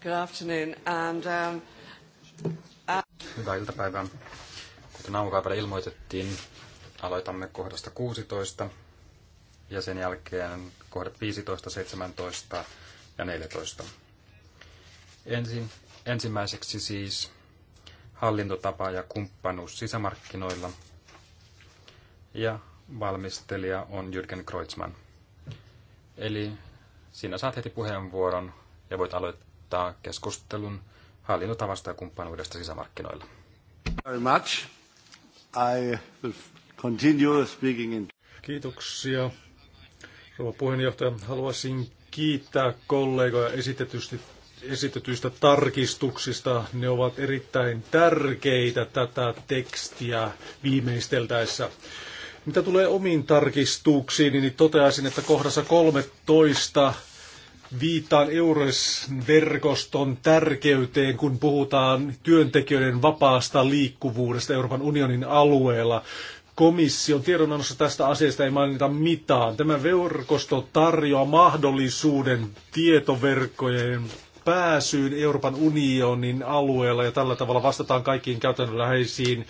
Good afternoon and, um, uh, Hyvää iltapäivää. Kuten aamupäivällä ilmoitettiin, aloitamme kohdasta 16 ja sen jälkeen kohdat 15, 17 ja 14. Ensin, ensimmäiseksi siis hallintotapa ja kumppanuus sisämarkkinoilla ja valmistelija on Jürgen Kreutzmann. Eli sinä saat heti puheenvuoron ja voit aloittaa keskustelun hallintotavasta ja kumppanuudesta sisämarkkinoilla. Very much. I will continue speaking in... Kiitoksia. Rouva puheenjohtaja, haluaisin kiittää kollegoja esitetysti esitetyistä tarkistuksista. Ne ovat erittäin tärkeitä tätä tekstiä viimeisteltäessä. Mitä tulee omiin tarkistuksiin, niin toteaisin, että kohdassa 13 viittaan EURES-verkoston tärkeyteen, kun puhutaan työntekijöiden vapaasta liikkuvuudesta Euroopan unionin alueella. Komission tiedonannossa tästä asiasta ei mainita mitään. Tämä verkosto tarjoaa mahdollisuuden tietoverkkojen pääsyyn Euroopan unionin alueella ja tällä tavalla vastataan kaikkiin käytännönläheisiin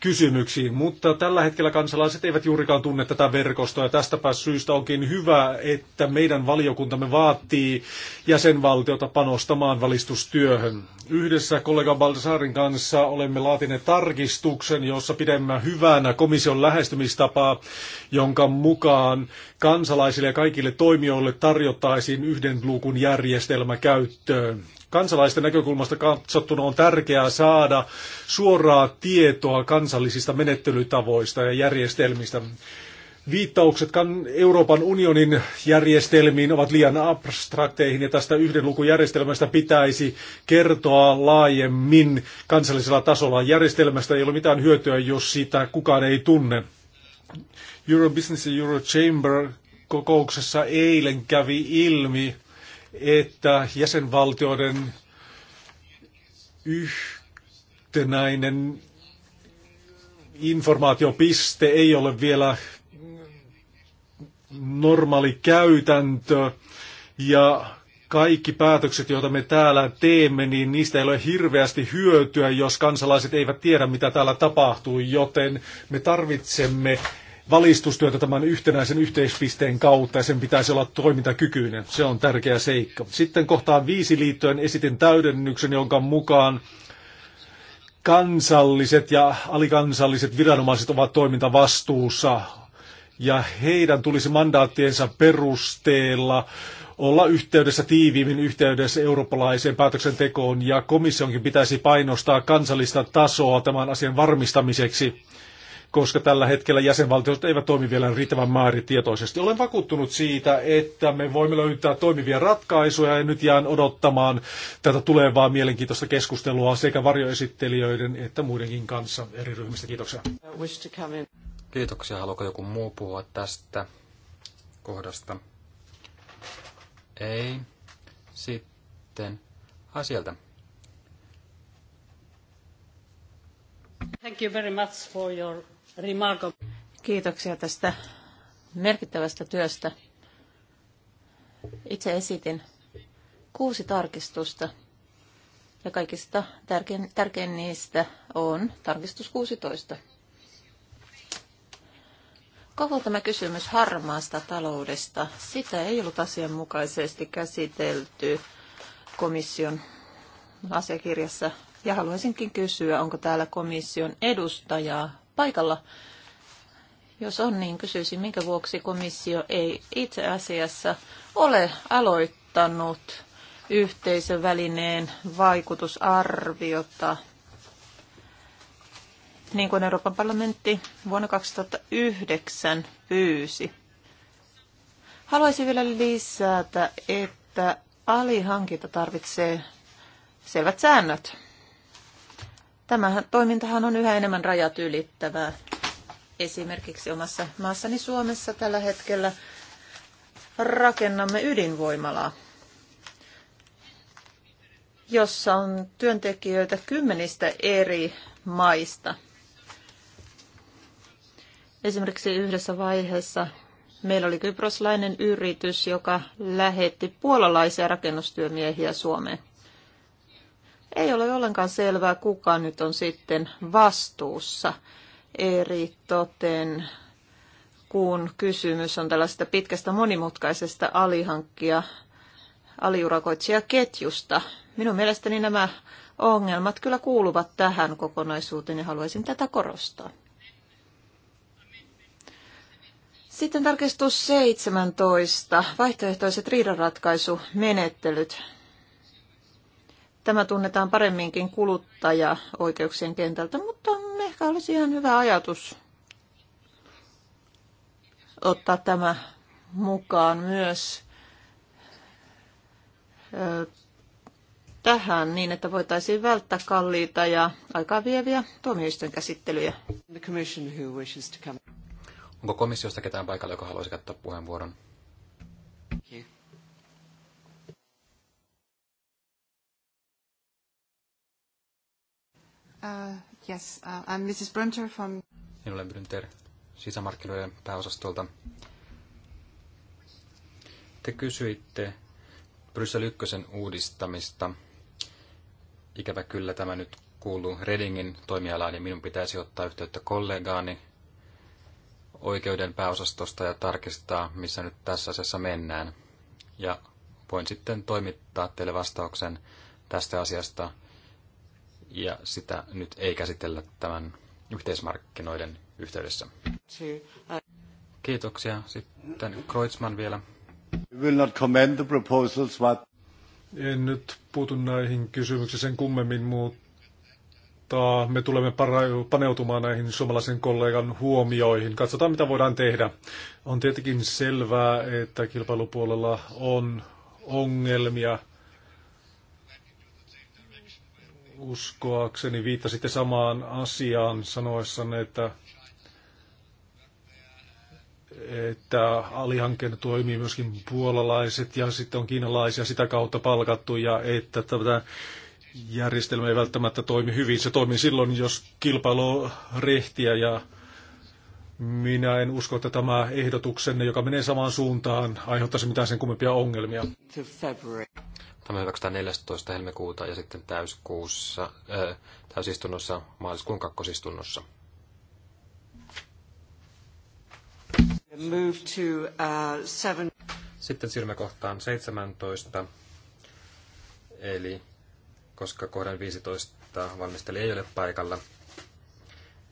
kysymyksiin, mutta tällä hetkellä kansalaiset eivät juurikaan tunne tätä verkostoa ja tästäpä syystä onkin hyvä, että meidän valiokuntamme vaatii jäsenvaltiota panostamaan valistustyöhön. Yhdessä kollega Baldasarin kanssa olemme laatineet tarkistuksen, jossa pidemmä hyvänä komission lähestymistapaa, jonka mukaan kansalaisille ja kaikille toimijoille tarjottaisiin yhden luukun järjestelmä käyttöön. Kansalaisten näkökulmasta katsottuna on tärkeää saada suoraa tietoa kansallisista menettelytavoista ja järjestelmistä. Viittaukset Euroopan unionin järjestelmiin ovat liian abstrakteihin ja tästä yhden lukujärjestelmästä pitäisi kertoa laajemmin kansallisella tasolla. Järjestelmästä ei ole mitään hyötyä, jos sitä kukaan ei tunne. Euro Business Euro Chamber kokouksessa eilen kävi ilmi, että jäsenvaltioiden yhtenäinen informaatiopiste ei ole vielä normaali käytäntö ja kaikki päätökset, joita me täällä teemme, niin niistä ei ole hirveästi hyötyä, jos kansalaiset eivät tiedä, mitä täällä tapahtuu, joten me tarvitsemme valistustyötä tämän yhtenäisen yhteispisteen kautta ja sen pitäisi olla toimintakykyinen. Se on tärkeä seikka. Sitten kohtaan viisi liittyen esitin täydennyksen, jonka mukaan kansalliset ja alikansalliset viranomaiset ovat toimintavastuussa ja heidän tulisi mandaattiensa perusteella olla yhteydessä tiiviimmin yhteydessä eurooppalaiseen päätöksentekoon ja komissionkin pitäisi painostaa kansallista tasoa tämän asian varmistamiseksi koska tällä hetkellä jäsenvaltiot eivät toimi vielä riittävän määritietoisesti. Olen vakuuttunut siitä, että me voimme löytää toimivia ratkaisuja ja nyt jään odottamaan tätä tulevaa mielenkiintoista keskustelua sekä varjoesittelijöiden että muidenkin kanssa eri ryhmistä. Kiitoksia. Kiitoksia. Haluatko joku muu puhua tästä kohdasta? Ei. Sitten asialta. Thank you very much for your Kiitoksia tästä merkittävästä työstä. Itse esitin kuusi tarkistusta ja kaikista tärkein, tärkein niistä on tarkistus 16. Koko tämä kysymys harmaasta taloudesta, sitä ei ollut asianmukaisesti käsitelty komission asiakirjassa. Ja haluaisinkin kysyä, onko täällä komission edustajaa paikalla. Jos on, niin kysyisin, minkä vuoksi komissio ei itse asiassa ole aloittanut yhteisövälineen vaikutusarviota, niin kuin Euroopan parlamentti vuonna 2009 pyysi. Haluaisin vielä lisätä, että alihankinta tarvitsee selvät säännöt. Tämä toimintahan on yhä enemmän rajat ylittävää. Esimerkiksi omassa maassani Suomessa tällä hetkellä rakennamme ydinvoimalaa, jossa on työntekijöitä kymmenistä eri maista. Esimerkiksi yhdessä vaiheessa meillä oli kyproslainen yritys, joka lähetti puolalaisia rakennustyömiehiä Suomeen ei ole ollenkaan selvää, kuka nyt on sitten vastuussa eri toten, kun kysymys on tällaista pitkästä monimutkaisesta alihankkia aliurakoitsijaketjusta. Minun mielestäni nämä ongelmat kyllä kuuluvat tähän kokonaisuuteen ja haluaisin tätä korostaa. Sitten tarkistus 17. Vaihtoehtoiset riidanratkaisumenettelyt. Tämä tunnetaan paremminkin kuluttaja-oikeuksien kentältä, mutta ehkä olisi ihan hyvä ajatus ottaa tämä mukaan myös tähän niin, että voitaisiin välttää kalliita ja aikaa vieviä tuomioistuin käsittelyjä. Onko komissiosta ketään paikalla, joka haluaisi käyttää puheenvuoron? Uh, yes, uh, I'm Mrs. Brunter from... Minä olen Brunter sisämarkkinoiden pääosastolta. Te kysyitte Bryssel ykkösen uudistamista. Ikävä kyllä tämä nyt kuuluu Redingin toimialaan ja niin minun pitäisi ottaa yhteyttä kollegaani oikeuden pääosastosta ja tarkistaa, missä nyt tässä asiassa mennään. Ja voin sitten toimittaa teille vastauksen tästä asiasta ja sitä nyt ei käsitellä tämän yhteismarkkinoiden yhteydessä. Kiitoksia. Sitten Kreutzmann vielä. Will not comment the proposals, but... En nyt puutu näihin kysymyksiin sen kummemmin, mutta me tulemme paneutumaan näihin suomalaisen kollegan huomioihin. Katsotaan, mitä voidaan tehdä. On tietenkin selvää, että kilpailupuolella on ongelmia – uskoakseni viittasitte samaan asiaan sanoessanne, että, että alihankkeen toimii myöskin puolalaiset ja sitten on kiinalaisia sitä kautta palkattu ja että tämä järjestelmä ei välttämättä toimi hyvin. Se toimii silloin, jos kilpailu on rehtiä ja minä en usko, että tämä ehdotuksenne, joka menee samaan suuntaan, aiheuttaisi mitään sen kummempia ongelmia. Tämä hyväksytään 14. helmikuuta ja sitten täyskuussa, ää, äh, täysistunnossa maaliskuun kakkosistunnossa. Move to, uh, seven. Sitten siirrymme kohtaan 17, eli koska kohdan 15 valmistelija ei ole paikalla,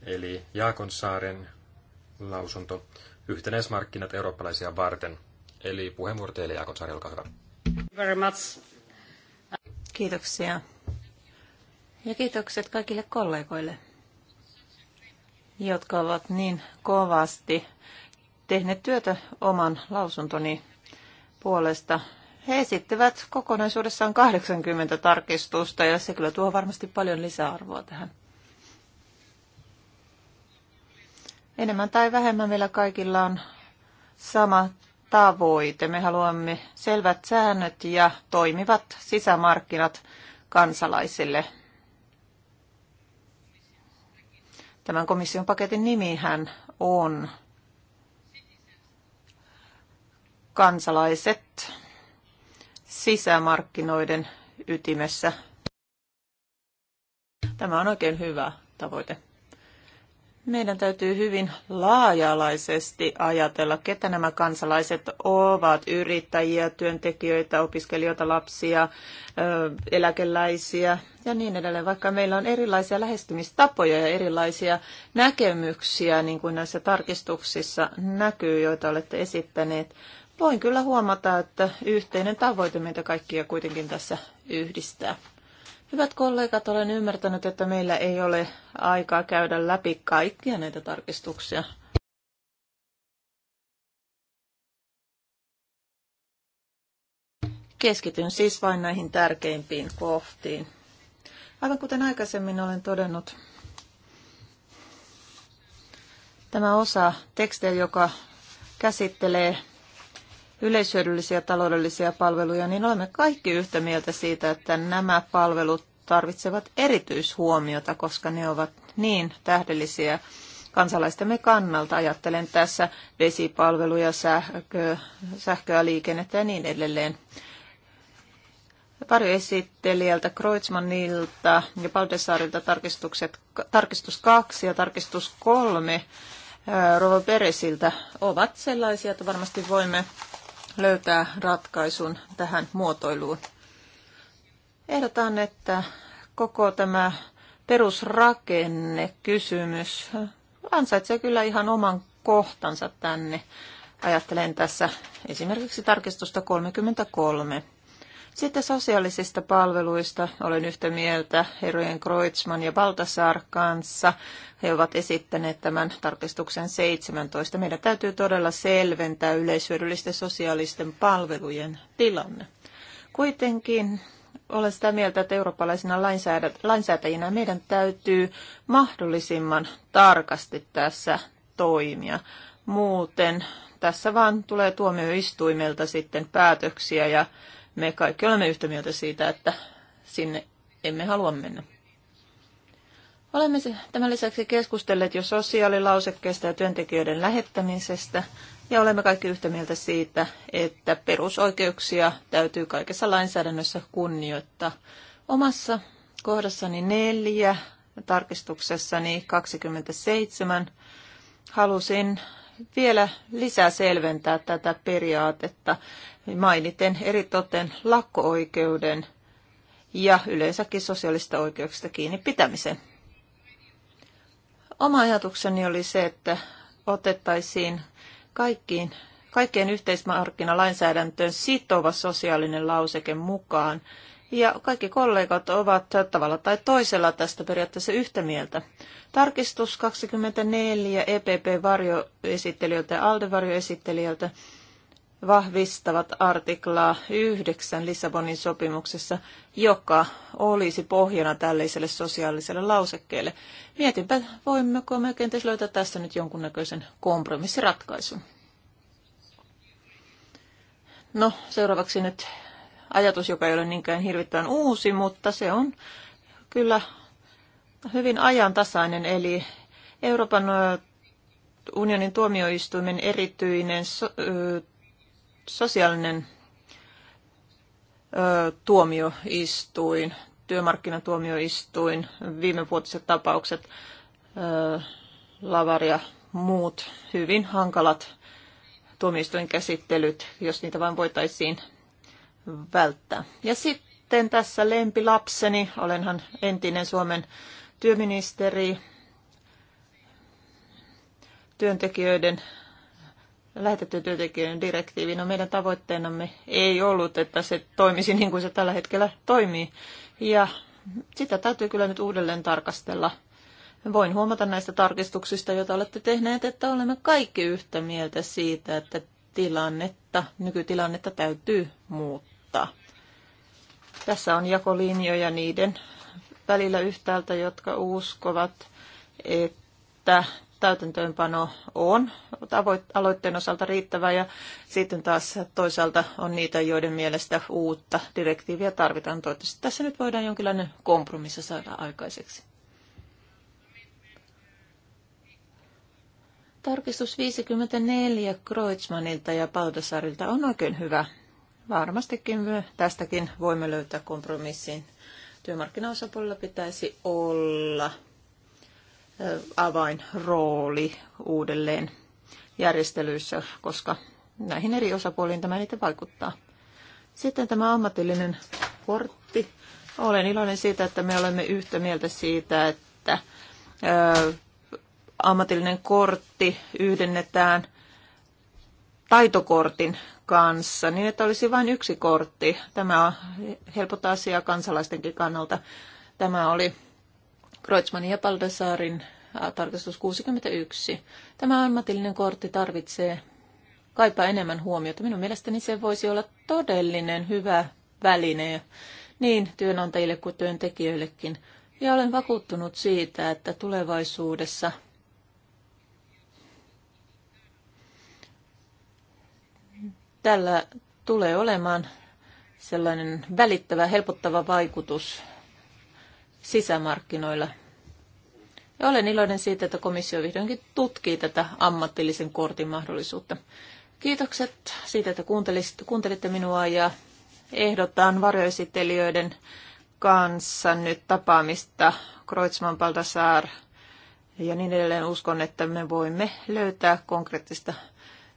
eli saaren lausunto Yhtenäismarkkinat eurooppalaisia varten. Eli puheenvuoro teille, Saari, olkaa hyvä. Very much. Kiitoksia. Ja kiitokset kaikille kollegoille, jotka ovat niin kovasti tehneet työtä oman lausuntoni puolesta. He esittävät kokonaisuudessaan 80 tarkistusta ja se kyllä tuo varmasti paljon lisäarvoa tähän. Enemmän tai vähemmän meillä kaikilla on sama tavoite. Me haluamme selvät säännöt ja toimivat sisämarkkinat kansalaisille. Tämän komission paketin nimihän on kansalaiset sisämarkkinoiden ytimessä. Tämä on oikein hyvä tavoite meidän täytyy hyvin laajalaisesti ajatella, ketä nämä kansalaiset ovat, yrittäjiä, työntekijöitä, opiskelijoita, lapsia, eläkeläisiä ja niin edelleen. Vaikka meillä on erilaisia lähestymistapoja ja erilaisia näkemyksiä, niin kuin näissä tarkistuksissa näkyy, joita olette esittäneet, voin kyllä huomata, että yhteinen tavoite meitä kaikkia kuitenkin tässä yhdistää. Hyvät kollegat, olen ymmärtänyt, että meillä ei ole aikaa käydä läpi kaikkia näitä tarkistuksia. Keskityn siis vain näihin tärkeimpiin kohtiin. Aivan kuten aikaisemmin olen todennut, tämä osa tekstejä, joka käsittelee yleishyödyllisiä taloudellisia palveluja, niin olemme kaikki yhtä mieltä siitä, että nämä palvelut tarvitsevat erityishuomiota, koska ne ovat niin tähdellisiä kansalaistemme kannalta. Ajattelen tässä vesipalveluja, sähkö, sähköä, liikennettä ja niin edelleen. Pari esittelijältä, Kreutzmannilta ja Paldesaarilta tarkistukset, tarkistus 2 ja tarkistus 3 Rova Peresiltä ovat sellaisia, että varmasti voimme löytää ratkaisun tähän muotoiluun. Ehdotan, että koko tämä perusrakennekysymys ansaitsee kyllä ihan oman kohtansa tänne. Ajattelen tässä esimerkiksi tarkistusta 33. Sitten sosiaalisista palveluista olen yhtä mieltä herrojen Kreutzmann ja Baltasar kanssa. He ovat esittäneet tämän tarkistuksen 17. Meidän täytyy todella selventää yleishyödyllisten sosiaalisten palvelujen tilanne. Kuitenkin olen sitä mieltä, että eurooppalaisina lainsäätäjinä meidän täytyy mahdollisimman tarkasti tässä toimia. Muuten tässä vaan tulee tuomioistuimelta sitten päätöksiä ja me kaikki olemme yhtä mieltä siitä, että sinne emme halua mennä. Olemme tämän lisäksi keskustelleet jo sosiaalilausekkeesta ja työntekijöiden lähettämisestä, ja olemme kaikki yhtä mieltä siitä, että perusoikeuksia täytyy kaikessa lainsäädännössä kunnioittaa. Omassa kohdassani neljä tarkistuksessani 27 halusin vielä lisää selventää tätä periaatetta mainiten eri toten lakko-oikeuden ja yleensäkin sosiaalista oikeuksista kiinni pitämisen. Oma ajatukseni oli se, että otettaisiin kaikkiin, kaikkien yhteismarkkinalainsäädäntöön sitova sosiaalinen lauseke mukaan ja kaikki kollegat ovat tavalla tai toisella tästä periaatteessa yhtä mieltä. Tarkistus 24 EPP-varjoesittelijöiltä ja ALDE-varjoesittelijöiltä vahvistavat artiklaa 9 Lissabonin sopimuksessa, joka olisi pohjana tällaiselle sosiaaliselle lausekkeelle. Mietinpä, voimmeko me kenties löytää tästä nyt jonkunnäköisen kompromissiratkaisun. No, seuraavaksi nyt ajatus, joka ei ole niinkään hirvittävän uusi, mutta se on kyllä hyvin ajantasainen, eli Euroopan unionin tuomioistuimen erityinen so, ö, sosiaalinen ö, tuomioistuin, työmarkkinatuomioistuin, viimevuotiset tapaukset, ö, muut hyvin hankalat tuomioistuinkäsittelyt, jos niitä vain voitaisiin välttää. Ja sitten tässä lempilapseni, olenhan entinen Suomen työministeri, työntekijöiden lähetettyjen työntekijöiden direktiivi. No meidän tavoitteenamme ei ollut, että se toimisi niin kuin se tällä hetkellä toimii. Ja sitä täytyy kyllä nyt uudelleen tarkastella. Voin huomata näistä tarkistuksista, joita olette tehneet, että olemme kaikki yhtä mieltä siitä, että tilannetta, nykytilannetta täytyy muuttaa kohtaa. Tässä on jakolinjoja niiden välillä yhtäältä, jotka uskovat, että täytäntöönpano on aloitteen osalta riittävä ja sitten taas toisaalta on niitä, joiden mielestä uutta direktiiviä tarvitaan. Toivottavasti tässä nyt voidaan jonkinlainen kompromissa saada aikaiseksi. Tarkistus 54 Kreutzmannilta ja Paldasarilta on oikein hyvä varmastikin tästäkin voimme löytää kompromissin. Työmarkkinaosapuolella pitäisi olla avainrooli uudelleen järjestelyissä, koska näihin eri osapuoliin tämä niitä vaikuttaa. Sitten tämä ammatillinen kortti. Olen iloinen siitä, että me olemme yhtä mieltä siitä, että ammatillinen kortti yhdennetään taitokortin kanssa, niin että olisi vain yksi kortti. Tämä on helpottaa asiaa kansalaistenkin kannalta. Tämä oli Kreutzmannin ja Paldasaarin tarkastus 61. Tämä ammatillinen kortti tarvitsee kaipaa enemmän huomiota. Minun mielestäni se voisi olla todellinen hyvä väline niin työnantajille kuin työntekijöillekin. Ja olen vakuuttunut siitä, että tulevaisuudessa – Tällä tulee olemaan sellainen välittävä, helpottava vaikutus sisämarkkinoilla. Ja olen iloinen siitä, että komissio vihdoinkin tutkii tätä ammatillisen kortin mahdollisuutta. Kiitokset siitä, että kuuntelitte minua ja ehdotan varjoesittelijöiden kanssa nyt tapaamista Kreutzmann, Baltasar ja niin edelleen. Uskon, että me voimme löytää konkreettista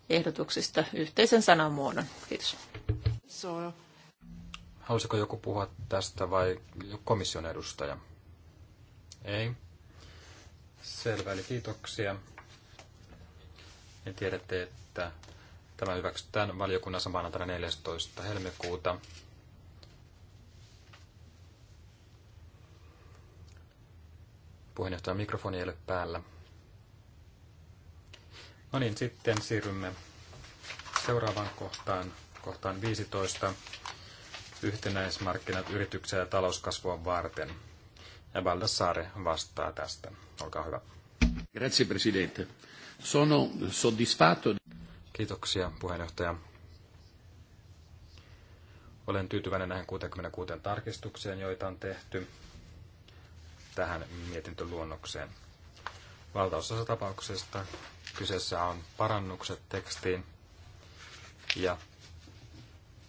ehdotuksista yhteisen sanamuodon. Kiitos. Halusiko joku puhua tästä vai komission edustaja? Ei. Selvä, eli kiitoksia. Ja tiedätte, että tämä hyväksytään valiokunnassa maanantaina 14. helmikuuta. Puheenjohtajan mikrofoni ei ole päällä. No niin, sitten siirrymme seuraavaan kohtaan, kohtaan 15, yhtenäismarkkinat yrityksiä ja talouskasvua varten. Ja Valdassaare vastaa tästä. Olkaa hyvä. Grazie, Presidente. Sono soddisfatto. Kiitoksia, puheenjohtaja. Olen tyytyväinen näihin 66 tarkistukseen, joita on tehty tähän mietintöluonnokseen. Valtaosassa tapauksista kyseessä on parannukset tekstiin ja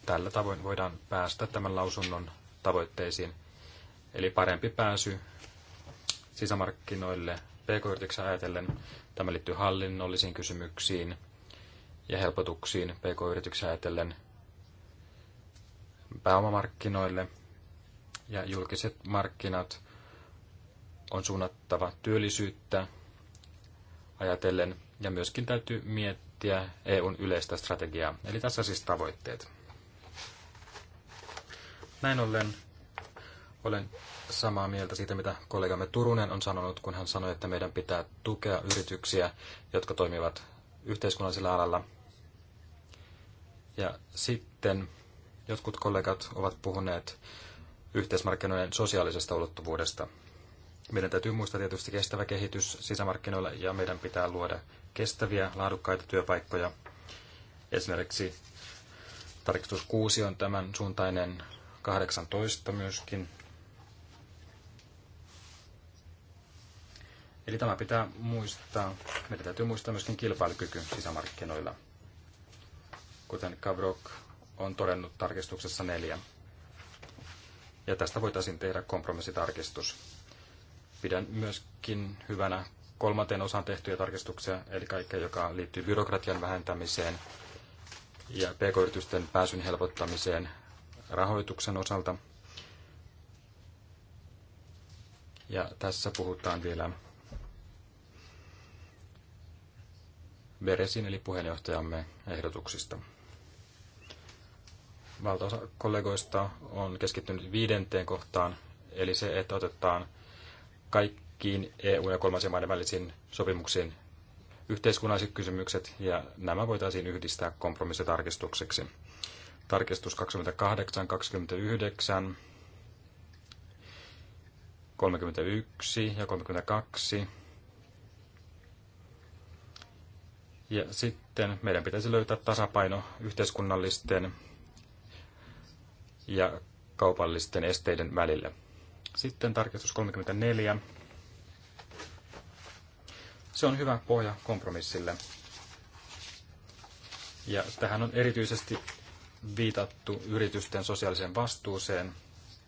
tällä tavoin voidaan päästä tämän lausunnon tavoitteisiin. Eli parempi pääsy sisämarkkinoille pk-yrityksen ajatellen. Tämä liittyy hallinnollisiin kysymyksiin ja helpotuksiin pk-yrityksen ajatellen pääomamarkkinoille ja julkiset markkinat on suunnattava työllisyyttä ajatellen, ja myöskin täytyy miettiä EUn yleistä strategiaa. Eli tässä siis tavoitteet. Näin ollen olen samaa mieltä siitä, mitä kollegamme Turunen on sanonut, kun hän sanoi, että meidän pitää tukea yrityksiä, jotka toimivat yhteiskunnallisella alalla. Ja sitten jotkut kollegat ovat puhuneet yhteismarkkinoiden sosiaalisesta ulottuvuudesta. Meidän täytyy muistaa tietysti kestävä kehitys sisämarkkinoilla ja meidän pitää luoda kestäviä, laadukkaita työpaikkoja. Esimerkiksi tarkistus 6 on tämän suuntainen 18 myöskin. Eli tämä pitää muistaa. Meidän täytyy muistaa myöskin kilpailukyky sisämarkkinoilla, kuten Kavrok on todennut tarkistuksessa 4. Ja tästä voitaisiin tehdä kompromissitarkistus. Pidän myöskin hyvänä kolmanteen osaan tehtyjä tarkistuksia, eli kaikkea, joka liittyy byrokratian vähentämiseen ja pk-yritysten pääsyn helpottamiseen rahoituksen osalta. Ja tässä puhutaan vielä Beresin eli puheenjohtajamme ehdotuksista. Valtaosa kollegoista on keskittynyt viidenteen kohtaan, eli se, että otetaan – kaikkiin EU- ja kolmansien maiden välisiin sopimuksiin yhteiskunnalliset kysymykset, ja nämä voitaisiin yhdistää kompromissitarkistukseksi. Tarkistus 28, 29, 31 ja 32. Ja sitten meidän pitäisi löytää tasapaino yhteiskunnallisten ja kaupallisten esteiden välille. Sitten tarkistus 34. Se on hyvä pohja kompromissille. Ja tähän on erityisesti viitattu yritysten sosiaaliseen vastuuseen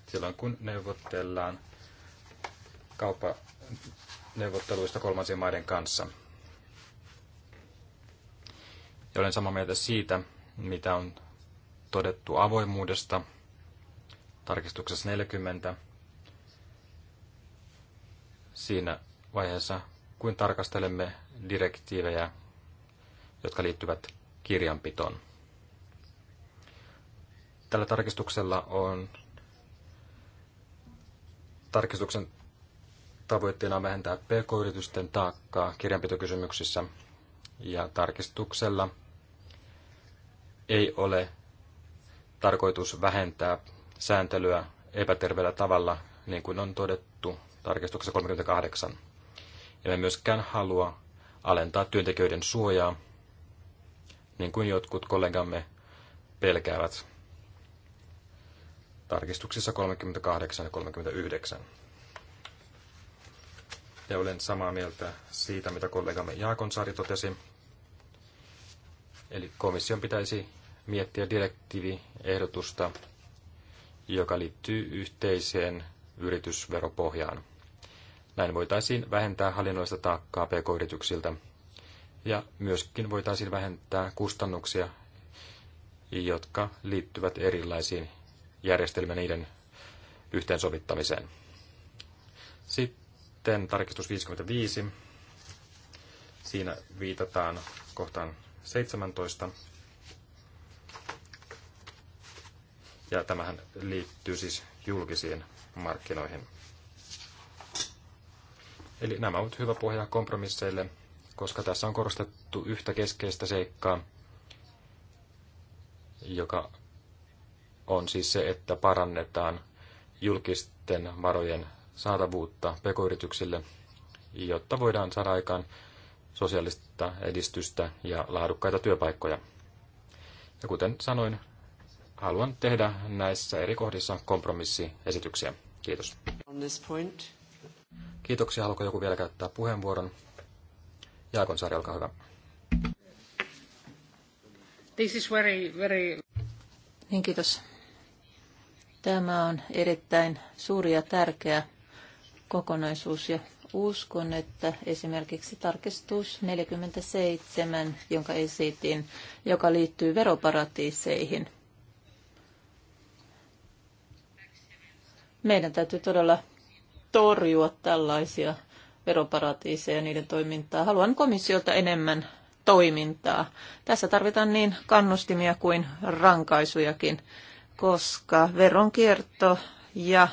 silloin, kun neuvotellaan kauppaneuvotteluista kolmansien maiden kanssa. Ja olen samaa mieltä siitä, mitä on todettu avoimuudesta tarkistuksessa 40 siinä vaiheessa, kuin tarkastelemme direktiivejä, jotka liittyvät kirjanpitoon. Tällä tarkistuksella on tarkistuksen tavoitteena on vähentää pk-yritysten taakkaa kirjanpitokysymyksissä ja tarkistuksella ei ole tarkoitus vähentää sääntelyä epäterveellä tavalla, niin kuin on todettu tarkistuksessa 38. Emme myöskään halua alentaa työntekijöiden suojaa, niin kuin jotkut kollegamme pelkäävät tarkistuksissa 38 ja 39. Ja olen samaa mieltä siitä, mitä kollegamme Saari totesi. Eli komission pitäisi miettiä direktiiviehdotusta, joka liittyy yhteiseen yritysveropohjaan. Näin voitaisiin vähentää hallinnollista taakkaa pk-yrityksiltä ja myöskin voitaisiin vähentää kustannuksia, jotka liittyvät erilaisiin järjestelmiin niiden yhteensovittamiseen. Sitten tarkistus 55. Siinä viitataan kohtaan 17. Ja tämähän liittyy siis julkisiin markkinoihin. Eli nämä ovat hyvä pohja kompromisseille, koska tässä on korostettu yhtä keskeistä seikkaa, joka on siis se, että parannetaan julkisten varojen saatavuutta pekoyrityksille, jotta voidaan saada aikaan sosiaalista edistystä ja laadukkaita työpaikkoja. Ja kuten sanoin, haluan tehdä näissä eri kohdissa kompromissiesityksiä. Kiitos. On this point. Kiitoksia. Haluatko joku vielä käyttää puheenvuoron? Saari, olkaa hyvä. This is very, very... Niin, kiitos. Tämä on erittäin suuri ja tärkeä kokonaisuus ja uskon, että esimerkiksi tarkistus 47, jonka esitin, joka liittyy veroparatiiseihin. Meidän täytyy todella torjua tällaisia veroparatiiseja ja niiden toimintaa. Haluan komissiolta enemmän toimintaa. Tässä tarvitaan niin kannustimia kuin rankaisujakin, koska veronkierto ja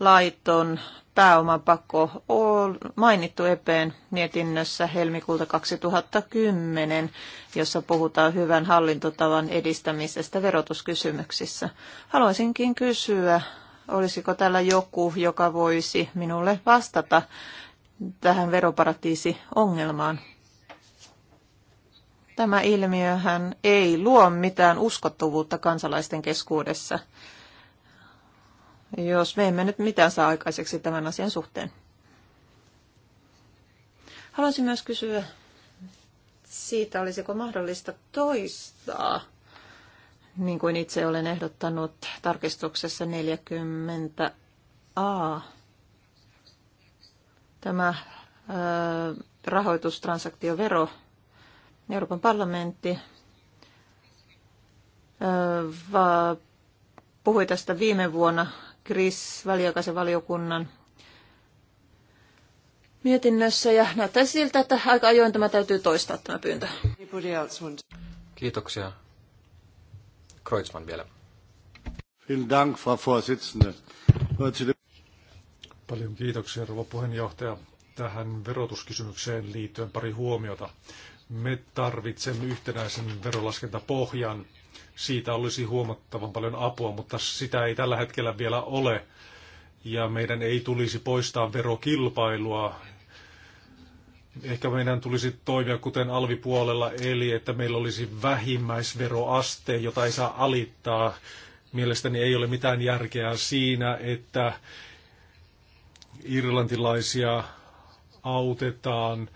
laiton pääomapako on mainittu EPEen mietinnössä helmikuulta 2010, jossa puhutaan hyvän hallintotavan edistämisestä verotuskysymyksissä. Haluaisinkin kysyä Olisiko täällä joku, joka voisi minulle vastata tähän veroparatiisi-ongelmaan? Tämä ilmiöhän ei luo mitään uskottavuutta kansalaisten keskuudessa, jos me emme nyt mitään saa aikaiseksi tämän asian suhteen. Haluaisin myös kysyä siitä, olisiko mahdollista toistaa niin kuin itse olen ehdottanut tarkistuksessa 40a. Tämä rahoitustransaktiovero Euroopan parlamentti puhui tästä viime vuonna Kris väliaikaisen valiokunnan mietinnössä ja näyttää siltä, että aika ajoin tämä täytyy toistaa tämä pyyntö. Kiitoksia. Kreutzmann vielä. Dank, Frau Vorsitzende. Paljon kiitoksia, rouva puheenjohtaja. Tähän verotuskysymykseen liittyen pari huomiota. Me tarvitsemme yhtenäisen verolaskentapohjan. Siitä olisi huomattavan paljon apua, mutta sitä ei tällä hetkellä vielä ole. Ja meidän ei tulisi poistaa verokilpailua Ehkä meidän tulisi toimia kuten alvipuolella, eli että meillä olisi vähimmäisveroaste, jota ei saa alittaa. Mielestäni ei ole mitään järkeä siinä, että irlantilaisia autetaan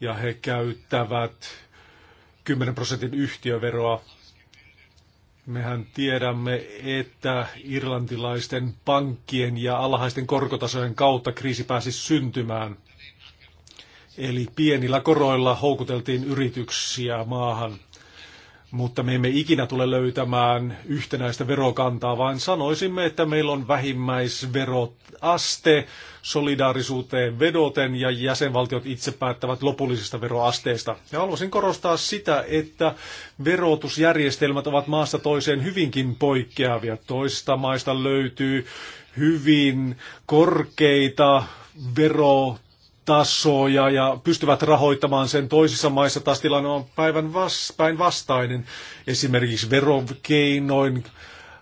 ja he käyttävät 10 prosentin yhtiöveroa. Mehän tiedämme, että irlantilaisten pankkien ja alhaisten korkotasojen kautta kriisi pääsi syntymään – Eli pienillä koroilla houkuteltiin yrityksiä maahan, mutta me emme ikinä tule löytämään yhtenäistä verokantaa, vaan sanoisimme, että meillä on vähimmäisveroaste solidaarisuuteen vedoten ja jäsenvaltiot itse päättävät lopullisista veroasteista. Ja haluaisin korostaa sitä, että verotusjärjestelmät ovat maasta toiseen hyvinkin poikkeavia. Toista maista löytyy hyvin korkeita vero tasoja ja pystyvät rahoittamaan sen. Toisissa maissa taas tilanne on päivän vas, vastainen. Esimerkiksi verokeinoin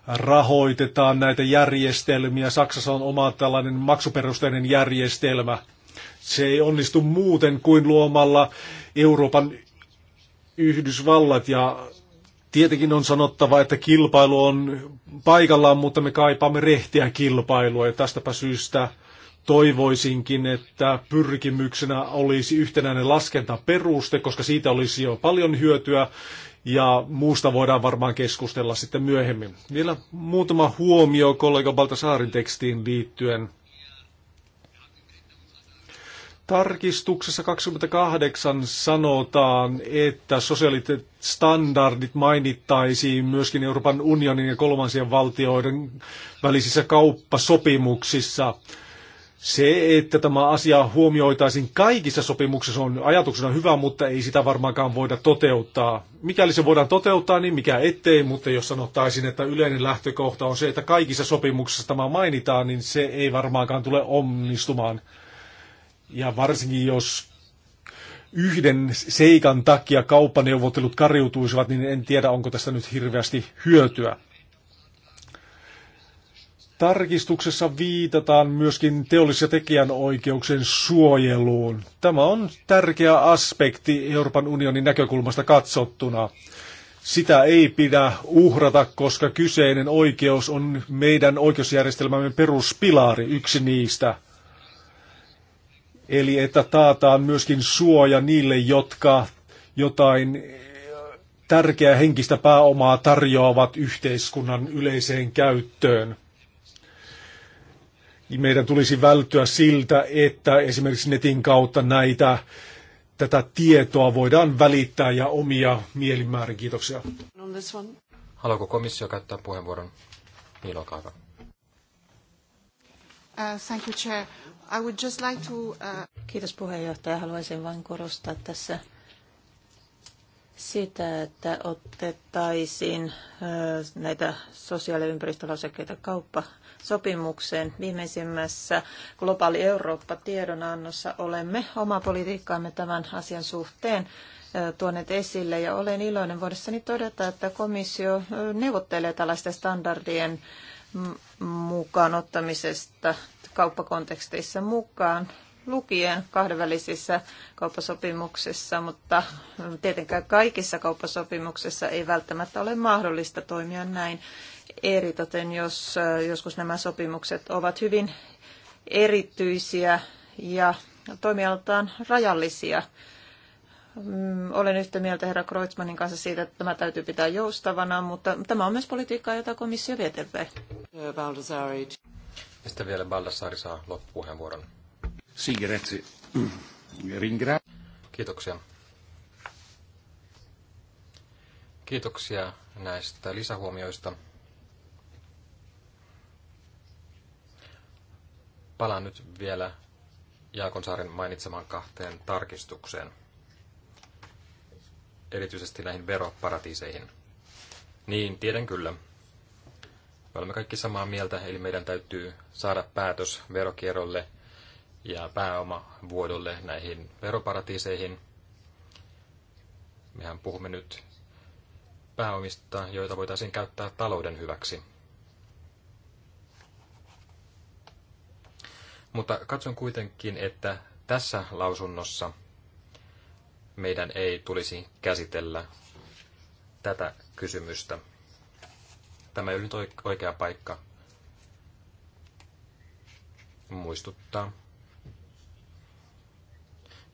rahoitetaan näitä järjestelmiä. Saksassa on oma tällainen maksuperusteinen järjestelmä. Se ei onnistu muuten kuin luomalla Euroopan Yhdysvallat ja tietenkin on sanottava, että kilpailu on paikallaan, mutta me kaipaamme rehtiä kilpailua ja tästäpä syystä toivoisinkin, että pyrkimyksenä olisi yhtenäinen laskentaperuste, koska siitä olisi jo paljon hyötyä ja muusta voidaan varmaan keskustella sitten myöhemmin. Vielä muutama huomio kollega Baltasaarin tekstiin liittyen. Tarkistuksessa 28 sanotaan, että sosiaaliset standardit mainittaisiin myöskin Euroopan unionin ja kolmansien valtioiden välisissä kauppasopimuksissa – se, että tämä asia huomioitaisiin kaikissa sopimuksissa on ajatuksena hyvä, mutta ei sitä varmaankaan voida toteuttaa. Mikäli se voidaan toteuttaa, niin mikä ettei, mutta jos sanottaisin, että yleinen lähtökohta on se, että kaikissa sopimuksissa tämä mainitaan, niin se ei varmaankaan tule onnistumaan. Ja varsinkin jos yhden seikan takia kauppaneuvottelut kariutuisivat, niin en tiedä, onko tästä nyt hirveästi hyötyä. Tarkistuksessa viitataan myöskin teollis- ja tekijänoikeuksien suojeluun. Tämä on tärkeä aspekti Euroopan unionin näkökulmasta katsottuna. Sitä ei pidä uhrata, koska kyseinen oikeus on meidän oikeusjärjestelmämme peruspilari, yksi niistä. Eli että taataan myöskin suoja niille, jotka jotain tärkeää henkistä pääomaa tarjoavat yhteiskunnan yleiseen käyttöön niin meidän tulisi välttyä siltä, että esimerkiksi netin kautta näitä tätä tietoa voidaan välittää ja omia mielimäärin. Kiitoksia. Haluaako komissio käyttää puheenvuoron? Niin, olkaa hyvä. Uh, uh, Kiitos puheenjohtaja. Haluaisin vain korostaa tässä sitä, että otettaisiin uh, näitä sosiaali- ja ympäristölausekkeita kauppa sopimukseen. Viimeisimmässä Globaali Eurooppa-tiedonannossa olemme oma politiikkaamme tämän asian suhteen tuoneet esille ja olen iloinen vuodessani todeta, että komissio neuvottelee tällaisten standardien mukaan ottamisesta kauppakonteksteissa mukaan lukien kahdenvälisissä kauppasopimuksissa, mutta tietenkään kaikissa kauppasopimuksissa ei välttämättä ole mahdollista toimia näin eritoten, jos joskus nämä sopimukset ovat hyvin erityisiä ja toimialtaan rajallisia. Mm, olen yhtä mieltä herra Kreutzmannin kanssa siitä, että tämä täytyy pitää joustavana, mutta tämä on myös politiikkaa, jota komissio vie eteenpäin. Ja sitten vielä Baldassari saa loppupuheenvuoron. Mm. Kiitoksia. Kiitoksia näistä lisähuomioista. Palaan nyt vielä Saarin mainitsemaan kahteen tarkistukseen, erityisesti näihin veroparatiiseihin. Niin, tiedän kyllä. Me olemme kaikki samaa mieltä, eli meidän täytyy saada päätös verokierrolle ja pääomavuodolle näihin veroparatiiseihin. Mehän puhumme nyt pääomista, joita voitaisiin käyttää talouden hyväksi. Mutta katson kuitenkin, että tässä lausunnossa meidän ei tulisi käsitellä tätä kysymystä. Tämä ei ole nyt oikea paikka muistuttaa,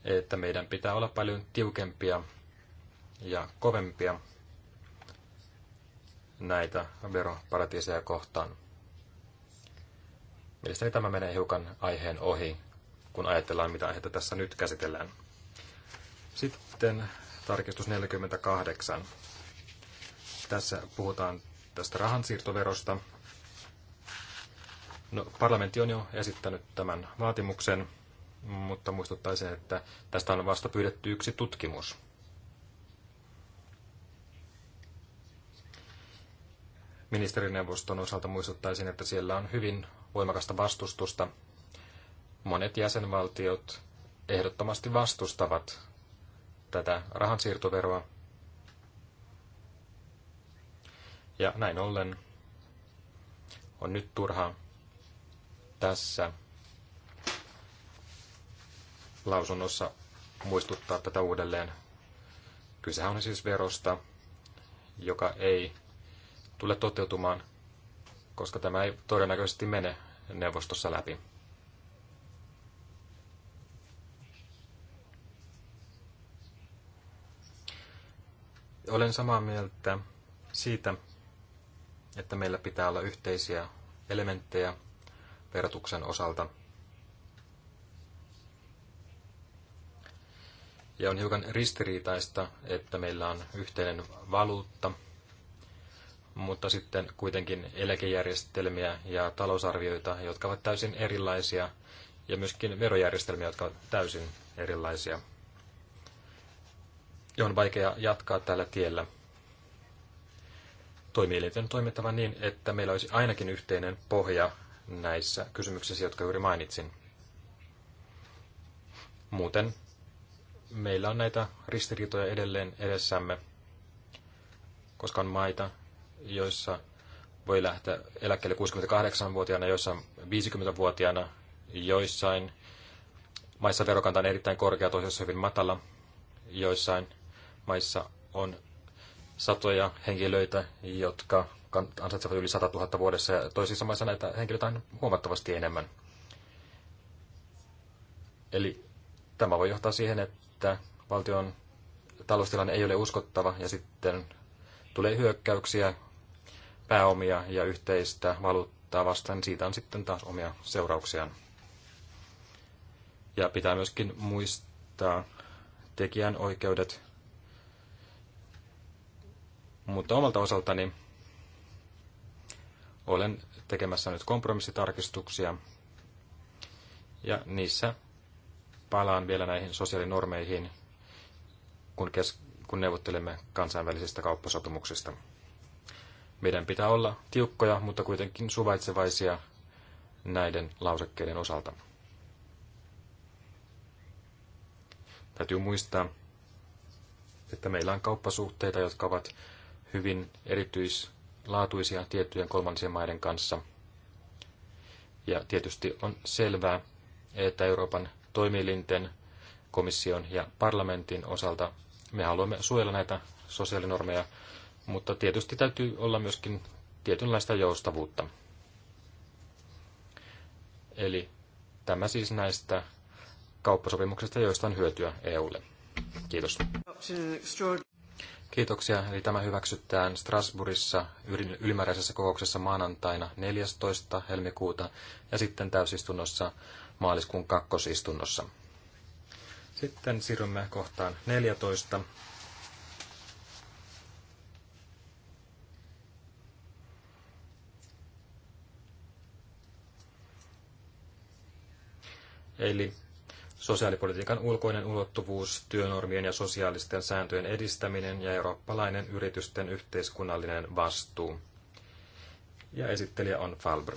että meidän pitää olla paljon tiukempia ja kovempia näitä veroparatiiseja kohtaan. Mielestäni tämä menee hiukan aiheen ohi, kun ajatellaan, mitä aiheita tässä nyt käsitellään. Sitten tarkistus 48. Tässä puhutaan tästä rahansiirtoverosta. No, parlamentti on jo esittänyt tämän vaatimuksen, mutta muistuttaisin, että tästä on vasta pyydetty yksi tutkimus – ministerineuvoston osalta muistuttaisin, että siellä on hyvin voimakasta vastustusta. Monet jäsenvaltiot ehdottomasti vastustavat tätä rahansiirtoveroa. Ja näin ollen on nyt turha tässä lausunnossa muistuttaa tätä uudelleen. Kysehän on siis verosta, joka ei tule toteutumaan, koska tämä ei todennäköisesti mene neuvostossa läpi. Olen samaa mieltä siitä, että meillä pitää olla yhteisiä elementtejä verotuksen osalta. Ja on hiukan ristiriitaista, että meillä on yhteinen valuutta – mutta sitten kuitenkin eläkejärjestelmiä ja talousarvioita, jotka ovat täysin erilaisia, ja myöskin verojärjestelmiä, jotka ovat täysin erilaisia. Ja on vaikea jatkaa tällä tiellä. Toimielinten on toimittava niin, että meillä olisi ainakin yhteinen pohja näissä kysymyksissä, jotka juuri mainitsin. Muuten meillä on näitä ristiriitoja edelleen edessämme, koska on maita, joissa voi lähteä eläkkeelle 68-vuotiaana, joissain 50-vuotiaana, joissain maissa verokanta on erittäin korkea, toisessa hyvin matala, joissain maissa on satoja henkilöitä, jotka ansaitsevat yli 100 000 vuodessa, ja toisissa maissa näitä henkilöitä on huomattavasti enemmän. Eli tämä voi johtaa siihen, että valtion taloustilanne ei ole uskottava, ja sitten tulee hyökkäyksiä pääomia ja yhteistä valuuttaa vastaan, niin siitä on sitten taas omia seurauksiaan. Ja pitää myöskin muistaa tekijänoikeudet. Mutta omalta osaltani olen tekemässä nyt kompromissitarkistuksia. Ja niissä palaan vielä näihin sosiaalinormeihin, kun, kes- kun neuvottelemme kansainvälisistä kauppasopimuksista. Meidän pitää olla tiukkoja, mutta kuitenkin suvaitsevaisia näiden lausekkeiden osalta. Täytyy muistaa, että meillä on kauppasuhteita, jotka ovat hyvin erityislaatuisia tiettyjen kolmansien maiden kanssa. Ja tietysti on selvää, että Euroopan toimielinten, komission ja parlamentin osalta me haluamme suojella näitä sosiaalinormeja, mutta tietysti täytyy olla myöskin tietynlaista joustavuutta. Eli tämä siis näistä kauppasopimuksista, joista on hyötyä EUlle. Kiitos. Kiitoksia. Eli tämä hyväksytään Strasbourgissa ylimääräisessä kokouksessa maanantaina 14. helmikuuta ja sitten täysistunnossa maaliskuun kakkosistunnossa. Sitten siirrymme kohtaan 14. eli sosiaalipolitiikan ulkoinen ulottuvuus, työnormien ja sosiaalisten sääntöjen edistäminen ja eurooppalainen yritysten yhteiskunnallinen vastuu. Ja esittelijä on Falbr.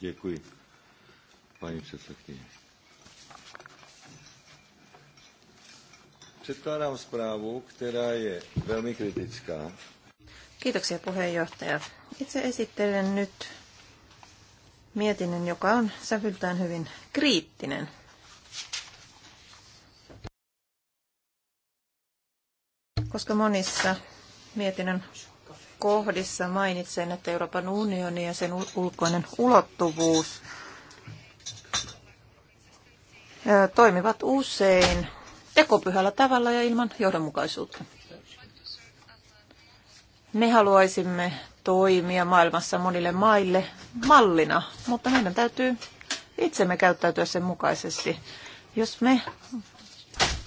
Děkuji, paní předsedkyně. Předkládám zprávu, která je velmi kritická Kiitoksia puheenjohtaja. Itse esittelen nyt mietinnön, joka on sävyltään hyvin kriittinen. Koska monissa mietinnön kohdissa mainitsen, että Euroopan unioni ja sen ulkoinen ulottuvuus toimivat usein tekopyhällä tavalla ja ilman johdonmukaisuutta. Me haluaisimme toimia maailmassa monille maille mallina, mutta meidän täytyy itsemme käyttäytyä sen mukaisesti. Jos me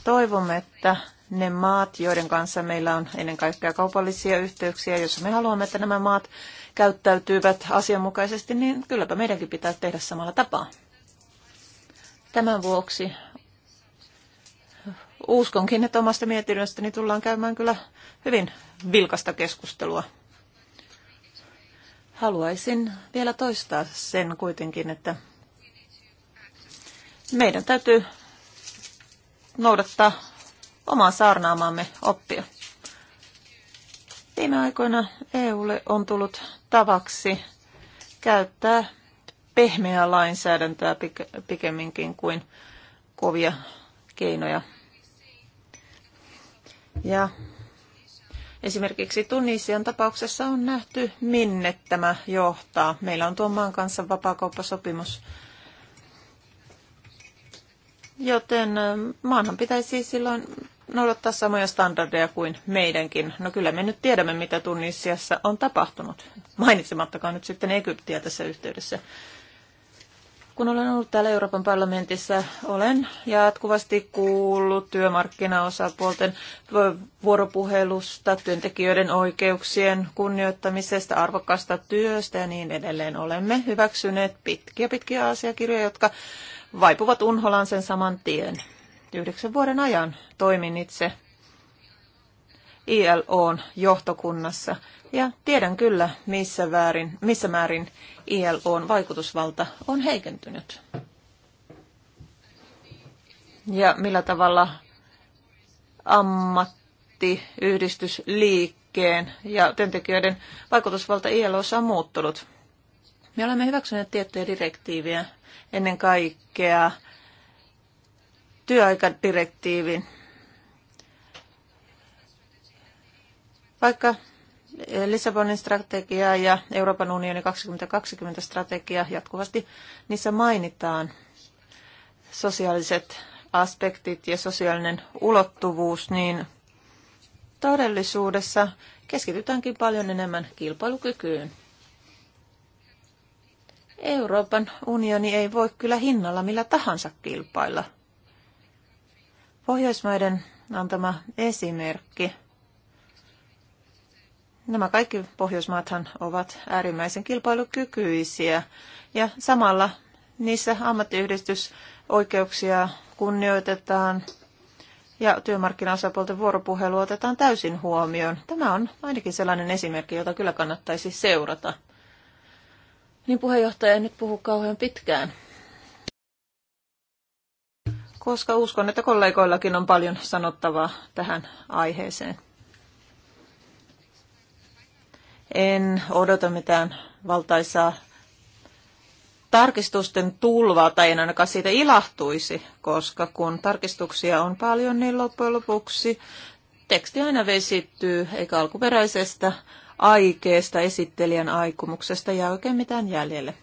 toivomme, että ne maat, joiden kanssa meillä on ennen kaikkea kaupallisia yhteyksiä, jos me haluamme, että nämä maat käyttäytyvät asianmukaisesti, niin kylläpä meidänkin pitää tehdä samalla tapaa. Tämän vuoksi uskonkin, että omasta mietinnöstäni tullaan käymään kyllä hyvin vilkasta keskustelua. Haluaisin vielä toistaa sen kuitenkin, että meidän täytyy noudattaa omaa saarnaamaamme oppia. Viime aikoina EUlle on tullut tavaksi käyttää pehmeää lainsäädäntöä pikemminkin kuin kovia keinoja ja esimerkiksi Tunisian tapauksessa on nähty, minne tämä johtaa. Meillä on tuon maan kanssa vapaakauppasopimus. Joten maanhan pitäisi silloin noudattaa samoja standardeja kuin meidänkin. No kyllä me nyt tiedämme, mitä Tunisiassa on tapahtunut, mainitsemattakaan nyt sitten Egyptiä tässä yhteydessä. Kun olen ollut täällä Euroopan parlamentissa, olen jatkuvasti kuullut työmarkkinaosapuolten vuoropuhelusta, työntekijöiden oikeuksien kunnioittamisesta, arvokasta työstä ja niin edelleen. Olemme hyväksyneet pitkiä pitkiä asiakirjoja, jotka vaipuvat unholaan sen saman tien. Yhdeksän vuoden ajan toimin itse ILOn johtokunnassa ja tiedän kyllä, missä, väärin, missä määrin ILOn vaikutusvalta on heikentynyt. Ja millä tavalla ammattiyhdistysliikkeen ja työntekijöiden vaikutusvalta ILOssa on muuttunut. Me olemme hyväksyneet tiettyjä direktiivejä, ennen kaikkea työaikadirektiivin Vaikka Lissabonin strategia ja Euroopan unionin 2020 strategia jatkuvasti niissä mainitaan sosiaaliset aspektit ja sosiaalinen ulottuvuus, niin todellisuudessa keskitytäänkin paljon enemmän kilpailukykyyn. Euroopan unioni ei voi kyllä hinnalla millä tahansa kilpailla. Pohjoismaiden antama esimerkki – Nämä kaikki Pohjoismaathan ovat äärimmäisen kilpailukykyisiä ja samalla niissä ammattiyhdistysoikeuksia kunnioitetaan ja työmarkkinaosapuolten vuoropuhelu otetaan täysin huomioon. Tämä on ainakin sellainen esimerkki, jota kyllä kannattaisi seurata. Niin puheenjohtaja, ei nyt puhu kauhean pitkään. Koska uskon, että kollegoillakin on paljon sanottavaa tähän aiheeseen. En odota mitään valtaisaa tarkistusten tulvaa, tai en ainakaan siitä ilahtuisi, koska kun tarkistuksia on paljon, niin loppujen lopuksi teksti aina vesittyy, eikä alkuperäisestä aikeesta, esittelijän aikomuksesta ja oikein mitään jäljelle.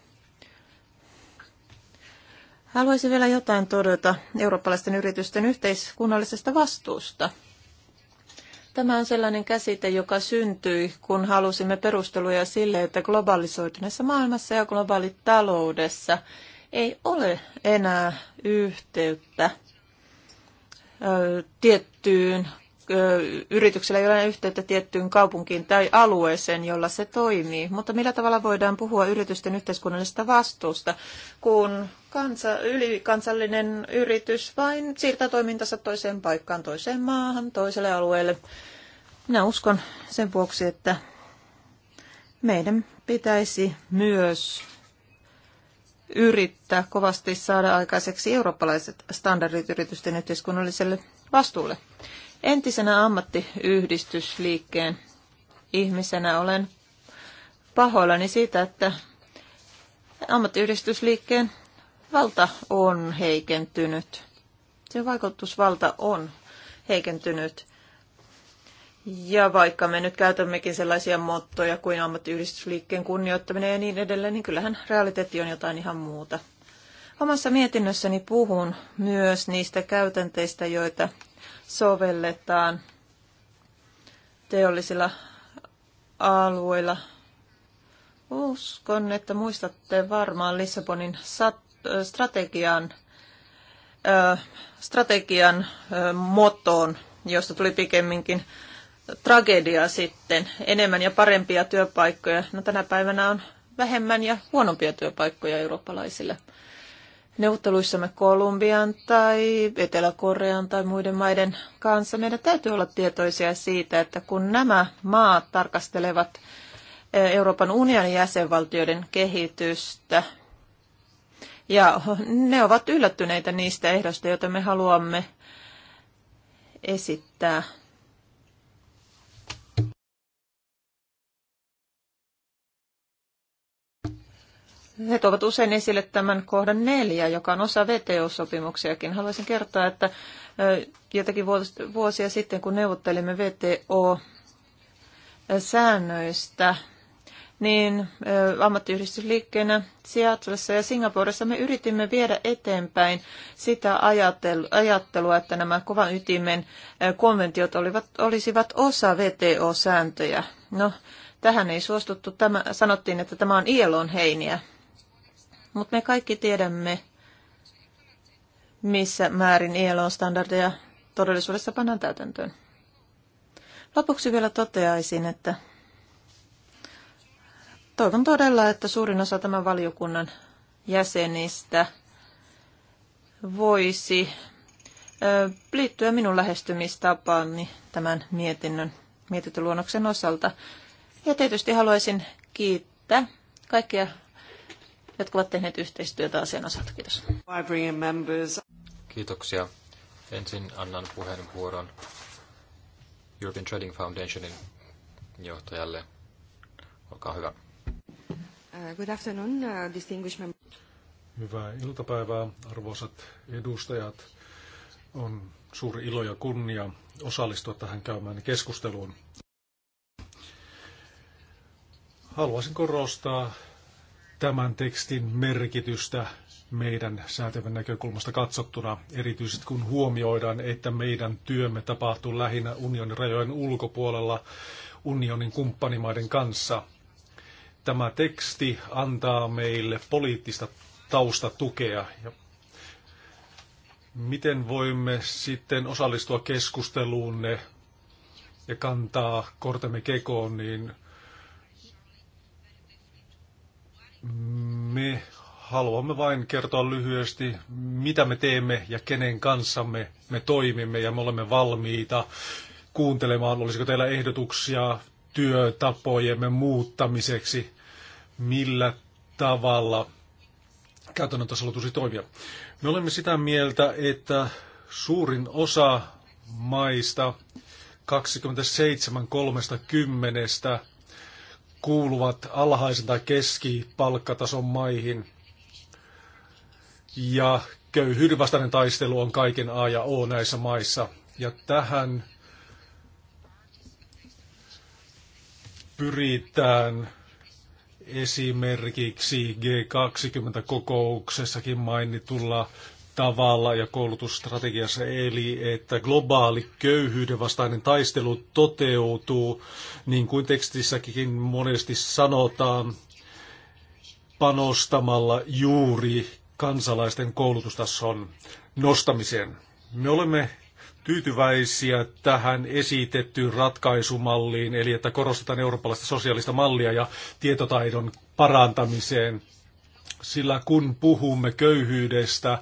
Haluaisin vielä jotain todeta eurooppalaisten yritysten yhteiskunnallisesta vastuusta. Tämä on sellainen käsite, joka syntyi, kun halusimme perusteluja sille, että globalisoituneessa maailmassa ja globaalitaloudessa ei ole enää yhteyttä ö, tiettyyn, yrityksellä ei ole yhteyttä tiettyyn kaupunkiin tai alueeseen, jolla se toimii. Mutta millä tavalla voidaan puhua yritysten yhteiskunnallisesta vastuusta, kun kansa, ylikansallinen yritys vain siirtää toimintansa toiseen paikkaan, toiseen maahan, toiselle alueelle – minä uskon sen vuoksi, että meidän pitäisi myös yrittää kovasti saada aikaiseksi eurooppalaiset standardit yritysten yhteiskunnalliselle vastuulle. Entisenä ammattiyhdistysliikkeen ihmisenä olen pahoillani siitä, että ammattiyhdistysliikkeen valta on heikentynyt. Se vaikutusvalta on heikentynyt. Ja vaikka me nyt käytämmekin sellaisia mottoja kuin ammattiyhdistysliikkeen kunnioittaminen ja niin edelleen, niin kyllähän realiteetti on jotain ihan muuta. Omassa mietinnössäni puhun myös niistä käytänteistä, joita sovelletaan teollisilla alueilla. Uskon, että muistatte varmaan Lissabonin strategian, strategian motoon, josta tuli pikemminkin tragediaa sitten, enemmän ja parempia työpaikkoja. No tänä päivänä on vähemmän ja huonompia työpaikkoja eurooppalaisille. Neuvotteluissamme Kolumbian tai Etelä-Korean tai muiden maiden kanssa meidän täytyy olla tietoisia siitä, että kun nämä maat tarkastelevat eh, Euroopan unionin jäsenvaltioiden kehitystä, ja ne ovat yllättyneitä niistä ehdoista, joita me haluamme esittää he tuovat usein esille tämän kohdan neljä, joka on osa VTO-sopimuksiakin. Haluaisin kertoa, että jotakin vuosia sitten, kun neuvottelimme VTO-säännöistä, niin ammattiyhdistysliikkeenä Seattleissa ja Singaporessa me yritimme viedä eteenpäin sitä ajattelua, että nämä kovan ytimen konventiot olivat, olisivat osa VTO-sääntöjä. No, tähän ei suostuttu. Tämä, sanottiin, että tämä on ILOn heiniä. Mutta me kaikki tiedämme, missä määrin ILO-standardeja todellisuudessa pannaan täytäntöön. Lopuksi vielä toteaisin, että toivon todella, että suurin osa tämän valiokunnan jäsenistä voisi liittyä minun lähestymistapaani tämän mietinnön, mietintöluonnoksen osalta. Ja tietysti haluaisin kiittää kaikkia jotka ovat tehneet yhteistyötä asian osalta. Kiitos. Kiitoksia. Ensin annan puheenvuoron European Trading Foundationin johtajalle. Olkaa hyvä. Uh, good afternoon, uh, distinguished members. Hyvää iltapäivää, arvoisat edustajat. On suuri ilo ja kunnia osallistua tähän käymään keskusteluun. Haluaisin korostaa tämän tekstin merkitystä meidän säätävän näkökulmasta katsottuna, erityisesti kun huomioidaan, että meidän työmme tapahtuu lähinnä unionin rajojen ulkopuolella unionin kumppanimaiden kanssa. Tämä teksti antaa meille poliittista taustatukea miten voimme sitten osallistua keskusteluunne ja kantaa kortemme kekoon, niin Me haluamme vain kertoa lyhyesti, mitä me teemme ja kenen kanssa me, me toimimme ja me olemme valmiita kuuntelemaan, olisiko teillä ehdotuksia työtapojemme muuttamiseksi, millä tavalla käytännön tasolla tulisi toimia. Me olemme sitä mieltä, että suurin osa maista 27 30 kuuluvat alhaisen tai keskipalkkatason maihin. Ja köyhyydenvastainen taistelu on kaiken A ja O näissä maissa. Ja tähän pyritään esimerkiksi G20-kokouksessakin mainitulla tavalla ja koulutusstrategiassa, eli että globaali köyhyyden vastainen taistelu toteutuu, niin kuin tekstissäkin monesti sanotaan, panostamalla juuri kansalaisten koulutustason nostamiseen. Me olemme tyytyväisiä tähän esitettyyn ratkaisumalliin, eli että korostetaan eurooppalaista sosiaalista mallia ja tietotaidon parantamiseen. Sillä kun puhumme köyhyydestä,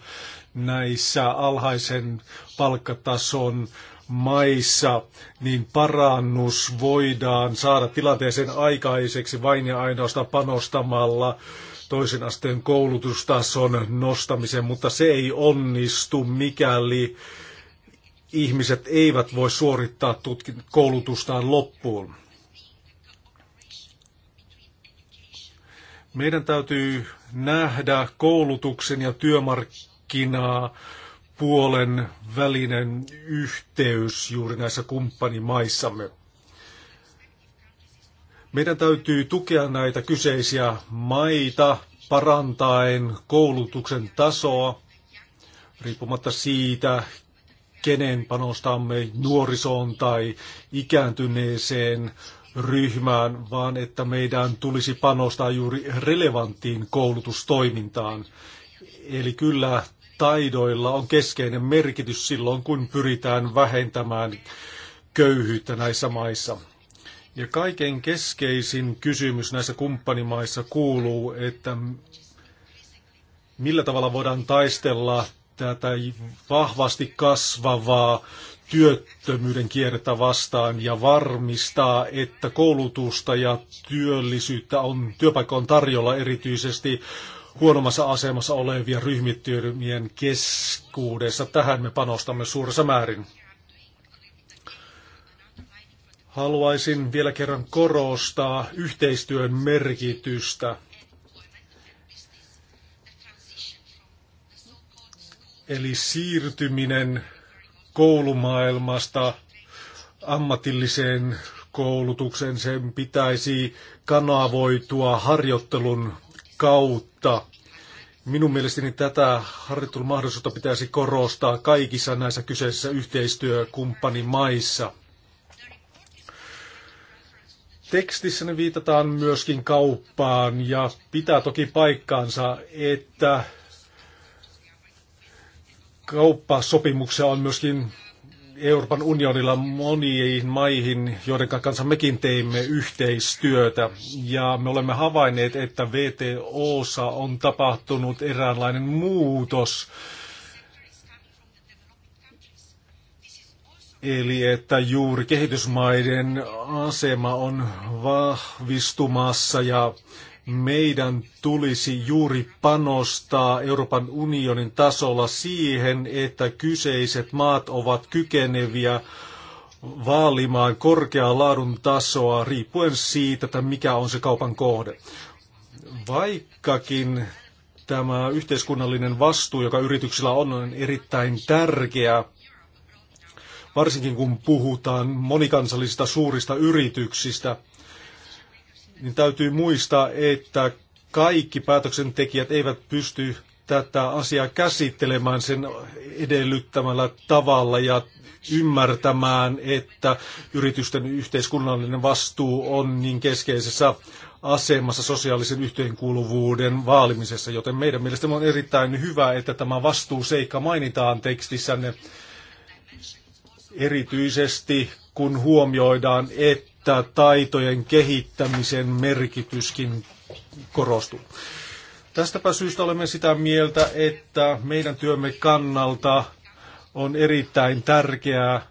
näissä alhaisen palkkatason maissa, niin parannus voidaan saada tilanteeseen aikaiseksi vain ja ainoastaan panostamalla toisen asteen koulutustason nostamiseen, mutta se ei onnistu, mikäli ihmiset eivät voi suorittaa tutkin- koulutustaan loppuun. Meidän täytyy nähdä koulutuksen ja työmarkkinoiden markkinaa, puolen välinen yhteys juuri näissä kumppanimaissamme. Meidän täytyy tukea näitä kyseisiä maita parantaen koulutuksen tasoa, riippumatta siitä, kenen panostamme nuorisoon tai ikääntyneeseen ryhmään, vaan että meidän tulisi panostaa juuri relevanttiin koulutustoimintaan. Eli kyllä taidoilla on keskeinen merkitys silloin, kun pyritään vähentämään köyhyyttä näissä maissa. Ja kaiken keskeisin kysymys näissä kumppanimaissa kuuluu, että millä tavalla voidaan taistella tätä vahvasti kasvavaa työttömyyden kierrettä vastaan ja varmistaa, että koulutusta ja työllisyyttä on, työpaikka on tarjolla erityisesti huonommassa asemassa olevia ryhmittymien keskuudessa. Tähän me panostamme suuressa määrin. Haluaisin vielä kerran korostaa yhteistyön merkitystä. Eli siirtyminen koulumaailmasta ammatilliseen koulutukseen sen pitäisi kanavoitua harjoittelun kautta. Minun mielestäni tätä harjoittelun mahdollisuutta pitäisi korostaa kaikissa näissä kyseisissä yhteistyökumppanimaissa. Tekstissä ne viitataan myöskin kauppaan ja pitää toki paikkaansa, että kauppasopimuksia on myöskin Euroopan unionilla moniin maihin, joiden kanssa mekin teimme yhteistyötä. Ja me olemme havainneet, että VTOssa on tapahtunut eräänlainen muutos. Eli että juuri kehitysmaiden asema on vahvistumassa ja meidän tulisi juuri panostaa Euroopan unionin tasolla siihen, että kyseiset maat ovat kykeneviä vaalimaan korkeaa laadun tasoa riippuen siitä, että mikä on se kaupan kohde. Vaikkakin tämä yhteiskunnallinen vastuu, joka yrityksillä on, on erittäin tärkeä, varsinkin kun puhutaan monikansallisista suurista yrityksistä – niin täytyy muistaa, että kaikki päätöksentekijät eivät pysty tätä asiaa käsittelemään sen edellyttämällä tavalla ja ymmärtämään, että yritysten yhteiskunnallinen vastuu on niin keskeisessä asemassa sosiaalisen yhteenkuuluvuuden vaalimisessa, joten meidän mielestämme on erittäin hyvä, että tämä vastuuseikka mainitaan tekstissänne erityisesti, kun huomioidaan, että tämä taitojen kehittämisen merkityskin korostuu. Tästäpä syystä olemme sitä mieltä, että meidän työmme kannalta on erittäin tärkeää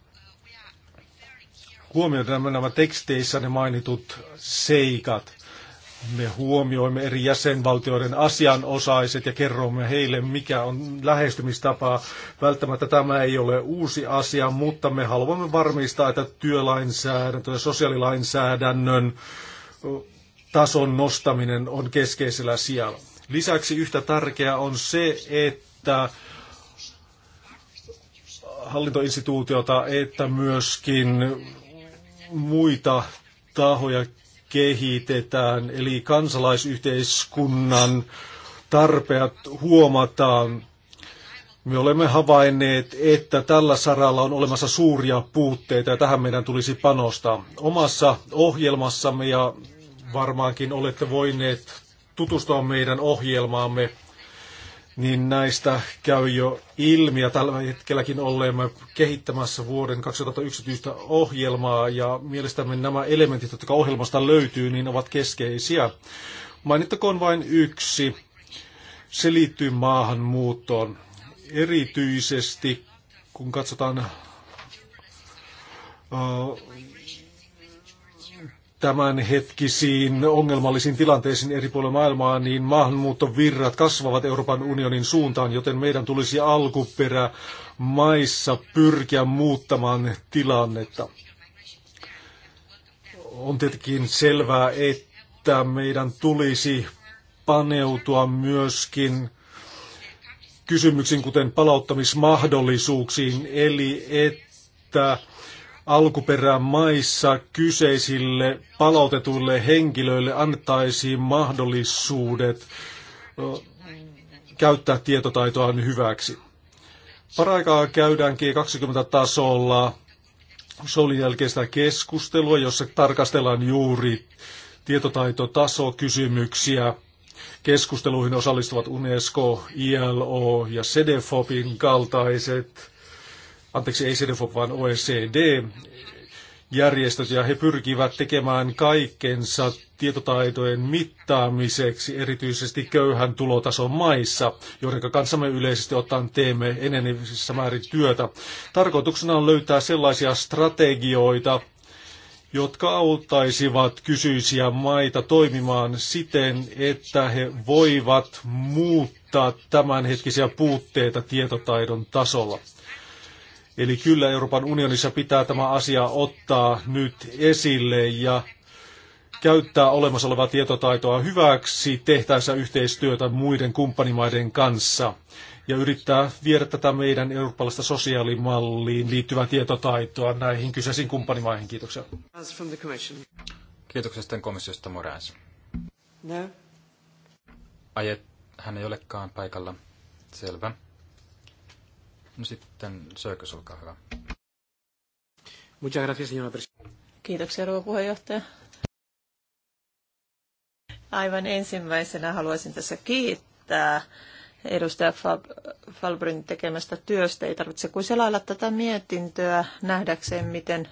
huomioida nämä teksteissä ne mainitut seikat me huomioimme eri jäsenvaltioiden asianosaiset ja kerromme heille, mikä on lähestymistapa. Välttämättä tämä ei ole uusi asia, mutta me haluamme varmistaa, että työlainsäädäntö ja sosiaalilainsäädännön tason nostaminen on keskeisellä sijalla. Lisäksi yhtä tärkeää on se, että hallintoinstituutiota, että myöskin muita tahoja kehitetään, eli kansalaisyhteiskunnan tarpeet huomataan. Me olemme havainneet, että tällä saralla on olemassa suuria puutteita ja tähän meidän tulisi panostaa. Omassa ohjelmassamme ja varmaankin olette voineet tutustua meidän ohjelmaamme niin näistä käy jo ilmi ja tällä hetkelläkin olemme kehittämässä vuoden 2011 ohjelmaa ja mielestämme nämä elementit, jotka ohjelmasta löytyy, niin ovat keskeisiä. Mainittakoon vain yksi. Se liittyy maahanmuuttoon. Erityisesti kun katsotaan tämänhetkisiin ongelmallisiin tilanteisiin eri puolilla maailmaa, niin maahanmuuttovirrat kasvavat Euroopan unionin suuntaan, joten meidän tulisi alkuperä maissa pyrkiä muuttamaan tilannetta. On tietenkin selvää, että meidän tulisi paneutua myöskin kysymyksiin, kuten palauttamismahdollisuuksiin, eli että maissa kyseisille palautetuille henkilöille annettaisiin mahdollisuudet käyttää tietotaitoaan hyväksi. Paraikaa käydään G20-tasolla Soulin jälkeistä keskustelua, jossa tarkastellaan juuri tietotaitotasokysymyksiä. Keskusteluihin osallistuvat UNESCO, ILO ja CDFOPin kaltaiset anteeksi ei CDFOP, vaan OECD, järjestöt ja he pyrkivät tekemään kaikkensa tietotaitojen mittaamiseksi, erityisesti köyhän tulotason maissa, joiden kanssa me yleisesti ottaen teemme enenevissä määrin työtä. Tarkoituksena on löytää sellaisia strategioita, jotka auttaisivat kysyisiä maita toimimaan siten, että he voivat muuttaa tämänhetkisiä puutteita tietotaidon tasolla. Eli kyllä Euroopan unionissa pitää tämä asia ottaa nyt esille ja käyttää olemassa olevaa tietotaitoa hyväksi tehtäessä yhteistyötä muiden kumppanimaiden kanssa ja yrittää viedä tätä meidän eurooppalaista sosiaalimalliin liittyvää tietotaitoa näihin kyseisiin kumppanimaihin. Kiitoksia. Kiitoksia sitten komissiosta Moraes. No. Ai, hän ei olekaan paikalla. Selvä. No sitten Söökös, olkaa hyvä. Muchas gracias, señora Kiitoksia, rouva puheenjohtaja. Aivan ensimmäisenä haluaisin tässä kiittää edustaja Falbrin tekemästä työstä. Ei tarvitse kuin selailla tätä mietintöä nähdäkseen, miten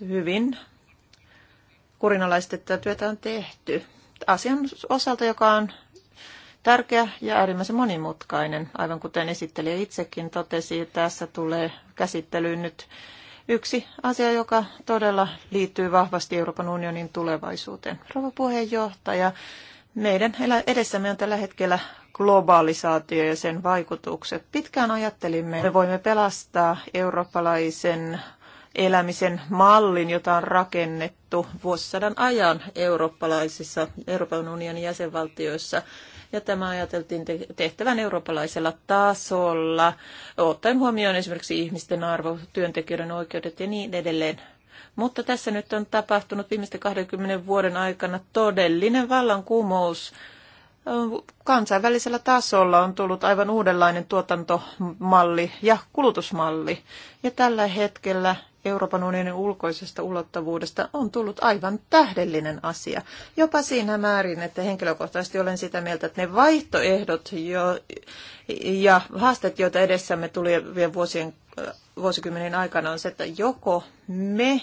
hyvin kurinalaistettua työtä on tehty. Asian osalta, joka on tärkeä ja äärimmäisen monimutkainen, aivan kuten esittelijä itsekin totesi. Tässä tulee käsittelyyn nyt yksi asia, joka todella liittyy vahvasti Euroopan unionin tulevaisuuteen. Rouva puheenjohtaja, meidän edessämme on tällä hetkellä globalisaatio ja sen vaikutukset. Pitkään ajattelimme, että me voimme pelastaa eurooppalaisen elämisen mallin, jota on rakennettu vuosisadan ajan eurooppalaisissa Euroopan unionin jäsenvaltioissa – ja tämä ajateltiin tehtävän eurooppalaisella tasolla, ottaen huomioon esimerkiksi ihmisten arvo, työntekijöiden oikeudet ja niin edelleen. Mutta tässä nyt on tapahtunut viimeisten 20 vuoden aikana todellinen vallankumous. Kansainvälisellä tasolla on tullut aivan uudenlainen tuotantomalli ja kulutusmalli. Ja tällä hetkellä Euroopan unionin ulkoisesta ulottavuudesta on tullut aivan tähdellinen asia. Jopa siinä määrin, että henkilökohtaisesti olen sitä mieltä, että ne vaihtoehdot jo, ja haasteet, joita edessämme tulevien vuosien, vuosikymmenen aikana on se, että joko me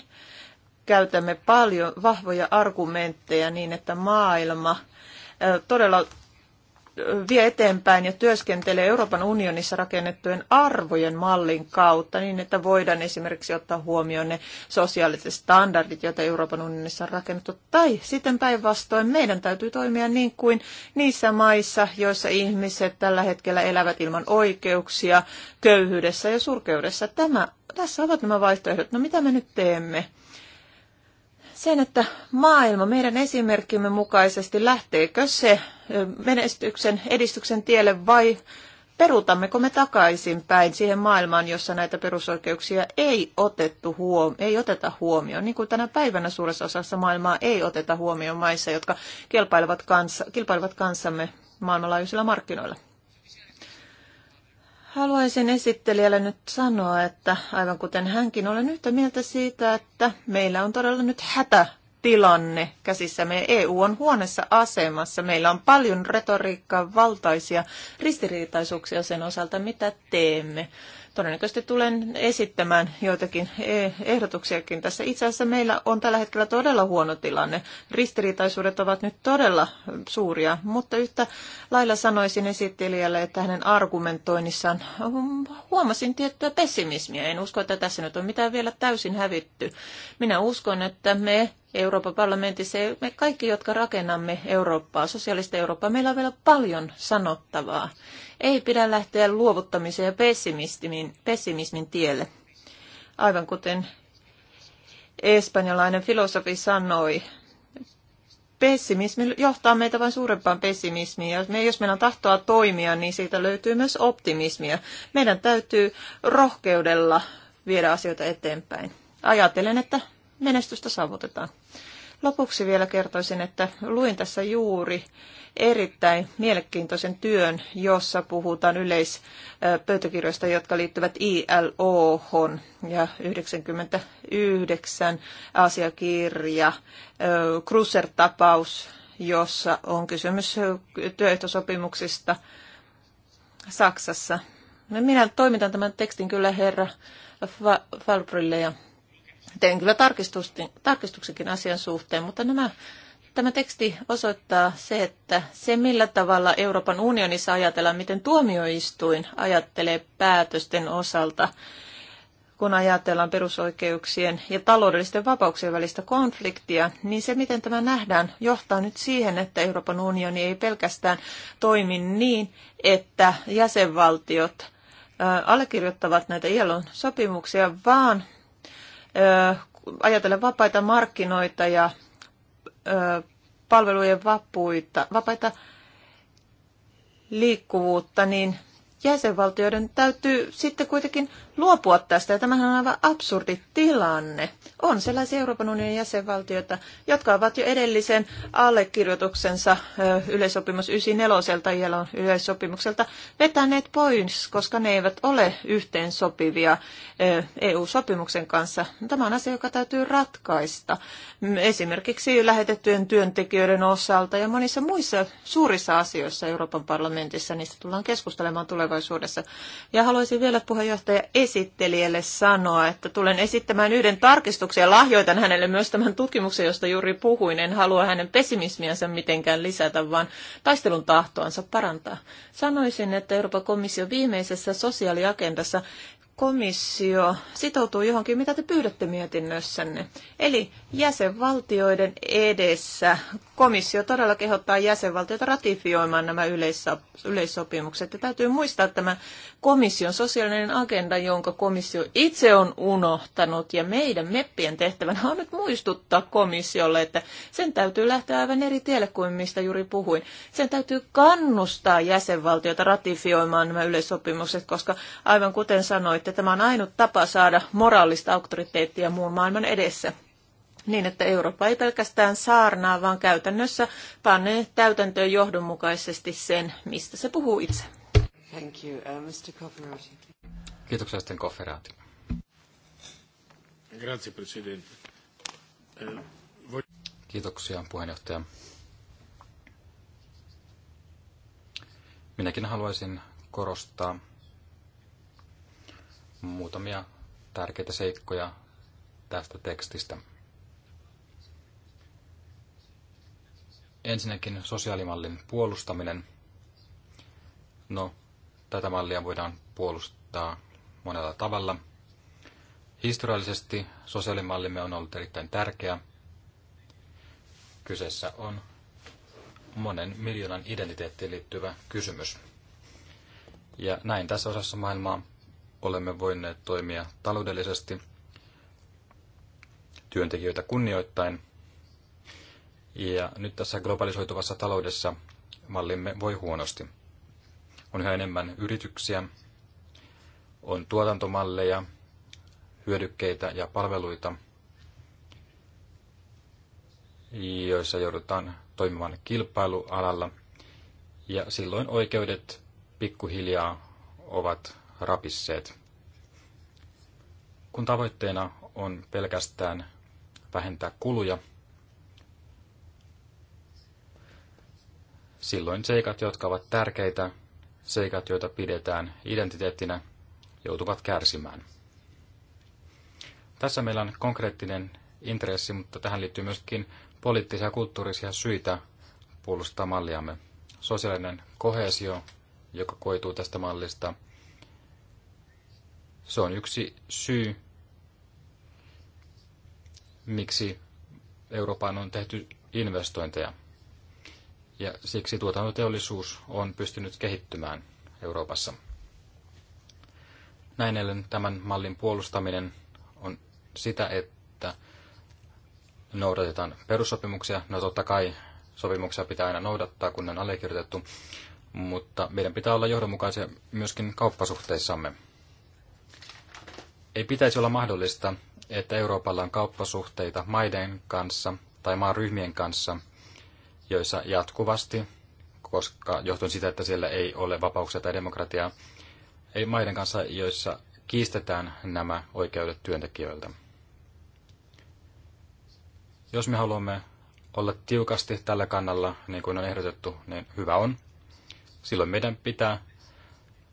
käytämme paljon vahvoja argumentteja niin, että maailma todella vie eteenpäin ja työskentelee Euroopan unionissa rakennettujen arvojen mallin kautta niin, että voidaan esimerkiksi ottaa huomioon ne sosiaaliset standardit, joita Euroopan unionissa on rakennettu. Tai sitten päinvastoin meidän täytyy toimia niin kuin niissä maissa, joissa ihmiset tällä hetkellä elävät ilman oikeuksia, köyhyydessä ja surkeudessa. Tämä, tässä ovat nämä vaihtoehdot. No mitä me nyt teemme? sen, että maailma meidän esimerkkimme mukaisesti lähteekö se menestyksen, edistyksen tielle vai perutammeko me takaisinpäin siihen maailmaan, jossa näitä perusoikeuksia ei, otettu huom- ei oteta huomioon. Niin kuin tänä päivänä suuressa osassa maailmaa ei oteta huomioon maissa, jotka kilpailevat, kans- kilpailevat kanssamme maailmanlaajuisilla markkinoilla. Haluaisin esittelijälle nyt sanoa, että aivan kuten hänkin, olen yhtä mieltä siitä, että meillä on todella nyt hätätilanne me EU on huonessa asemassa. Meillä on paljon retoriikkaa, valtaisia ristiriitaisuuksia sen osalta, mitä teemme. Todennäköisesti tulen esittämään joitakin e- ehdotuksiakin tässä. Itse asiassa meillä on tällä hetkellä todella huono tilanne. Ristiriitaisuudet ovat nyt todella suuria, mutta yhtä lailla sanoisin esittelijälle, että hänen argumentoinnissaan huomasin tiettyä pessimismiä. En usko, että tässä nyt on mitään vielä täysin hävitty. Minä uskon, että me Euroopan parlamentissa, me kaikki, jotka rakennamme Eurooppaa, sosiaalista Eurooppaa, meillä on vielä paljon sanottavaa. Ei pidä lähteä luovuttamiseen ja pessimismin, pessimismin tielle. Aivan kuten espanjalainen filosofi sanoi, pessimismi johtaa meitä vain suurempaan pessimismiin. Ja me, jos meillä on tahtoa toimia, niin siitä löytyy myös optimismia. Meidän täytyy rohkeudella viedä asioita eteenpäin. Ajattelen, että menestystä saavutetaan. Lopuksi vielä kertoisin, että luin tässä juuri erittäin mielenkiintoisen työn, jossa puhutaan yleispöytäkirjoista, jotka liittyvät ILO ja 99 asiakirja, Cruiser-tapaus, jossa on kysymys työehtosopimuksista Saksassa. Minä toimitan tämän tekstin kyllä herra Falbrille ja Tein kyllä tarkistuksenkin asian suhteen, mutta nämä, tämä teksti osoittaa se, että se millä tavalla Euroopan unionissa ajatellaan, miten tuomioistuin ajattelee päätösten osalta, kun ajatellaan perusoikeuksien ja taloudellisten vapauksien välistä konfliktia, niin se, miten tämä nähdään, johtaa nyt siihen, että Euroopan unioni ei pelkästään toimi niin, että jäsenvaltiot allekirjoittavat näitä ILOn sopimuksia, vaan ajatellen vapaita markkinoita ja palvelujen vapuita, vapaita liikkuvuutta, niin jäsenvaltioiden täytyy sitten kuitenkin luopua tästä. Ja tämähän on aivan absurdi tilanne. On sellaisia Euroopan unionin jäsenvaltioita, jotka ovat jo edellisen allekirjoituksensa yleissopimus 94 ILOn yleissopimukselta vetäneet pois, koska ne eivät ole yhteen sopivia EU-sopimuksen kanssa. Tämä on asia, joka täytyy ratkaista. Mm, esimerkiksi lähetettyjen työntekijöiden osalta ja monissa muissa suurissa asioissa Euroopan parlamentissa niistä tullaan keskustelemaan tulevaisuudessa. Ja haluaisin vielä puheenjohtaja esittelijälle sanoa, että tulen esittämään yhden tarkistuksen ja lahjoitan hänelle myös tämän tutkimuksen, josta juuri puhuin. En halua hänen pessimismiänsä mitenkään lisätä, vaan taistelun tahtoansa parantaa. Sanoisin, että Euroopan komission viimeisessä sosiaaliagendassa komissio sitoutuu johonkin, mitä te pyydätte mietinnössänne. Eli jäsenvaltioiden edessä komissio todella kehottaa jäsenvaltioita ratifioimaan nämä yleissopimukset. Ja täytyy muistaa tämä komission sosiaalinen agenda, jonka komissio itse on unohtanut. Ja meidän meppien tehtävänä on nyt muistuttaa komissiolle, että sen täytyy lähteä aivan eri tielle kuin mistä juuri puhuin. Sen täytyy kannustaa jäsenvaltioita ratifioimaan nämä yleissopimukset, koska aivan kuten sanoit, että tämä on ainut tapa saada moraalista auktoriteettia muun maailman edessä. Niin, että Eurooppa ei pelkästään saarnaa, vaan käytännössä panee täytäntöön johdonmukaisesti sen, mistä se puhuu itse. Thank you. Uh, Mr. Cofferati. Kiitoksia sitten Cofferati. Grazie, Presidente. Eh, Kiitoksia, puheenjohtaja. Minäkin haluaisin korostaa muutamia tärkeitä seikkoja tästä tekstistä. Ensinnäkin sosiaalimallin puolustaminen. No, tätä mallia voidaan puolustaa monella tavalla. Historiallisesti sosiaalimallimme on ollut erittäin tärkeä. Kyseessä on monen miljoonan identiteettiin liittyvä kysymys. Ja näin tässä osassa maailmaa olemme voineet toimia taloudellisesti työntekijöitä kunnioittain. Ja nyt tässä globalisoituvassa taloudessa mallimme voi huonosti. On yhä enemmän yrityksiä, on tuotantomalleja, hyödykkeitä ja palveluita, joissa joudutaan toimimaan kilpailualalla, ja silloin oikeudet pikkuhiljaa ovat rapisseet. Kun tavoitteena on pelkästään vähentää kuluja, silloin seikat, jotka ovat tärkeitä, seikat, joita pidetään identiteettinä, joutuvat kärsimään. Tässä meillä on konkreettinen intressi, mutta tähän liittyy myöskin poliittisia ja kulttuurisia syitä puolustaa malliamme. Sosiaalinen kohesio, joka koituu tästä mallista – se on yksi syy, miksi Euroopan on tehty investointeja. Ja siksi tuotantoteollisuus on pystynyt kehittymään Euroopassa. Näin ellen tämän mallin puolustaminen on sitä, että noudatetaan perussopimuksia. No totta kai sopimuksia pitää aina noudattaa, kun ne on allekirjoitettu, mutta meidän pitää olla johdonmukaisia myöskin kauppasuhteissamme. Ei pitäisi olla mahdollista, että Euroopalla on kauppasuhteita maiden kanssa tai maaryhmien kanssa, joissa jatkuvasti, koska johtuen sitä, että siellä ei ole vapauksia tai demokratiaa, ei maiden kanssa, joissa kiistetään nämä oikeudet työntekijöiltä. Jos me haluamme olla tiukasti tällä kannalla, niin kuin on ehdotettu, niin hyvä on. Silloin meidän pitää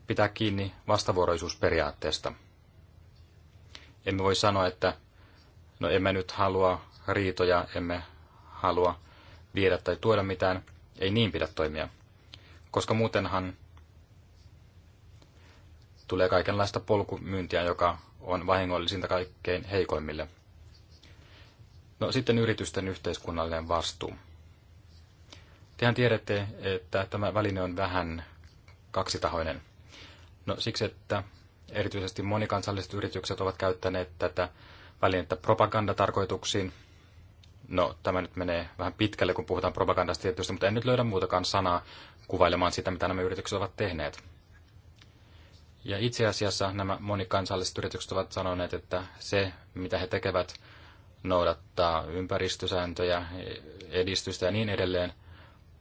pitää kiinni vastavuoroisuusperiaatteesta. Emme voi sanoa, että no emme nyt halua riitoja, emme halua viedä tai tuoda mitään. Ei niin pidä toimia, koska muutenhan tulee kaikenlaista polkumyyntiä, joka on vahingollisinta kaikkein heikoimmille. No sitten yritysten yhteiskunnallinen vastuu. Tehän tiedätte, että tämä väline on vähän kaksitahoinen. No siksi, että Erityisesti monikansalliset yritykset ovat käyttäneet tätä välinettä propagandatarkoituksiin. No, tämä nyt menee vähän pitkälle, kun puhutaan propagandasta tietysti, mutta en nyt löydä muutakaan sanaa kuvailemaan sitä, mitä nämä yritykset ovat tehneet. Ja itse asiassa nämä monikansalliset yritykset ovat sanoneet, että se, mitä he tekevät, noudattaa ympäristösääntöjä, edistystä ja niin edelleen –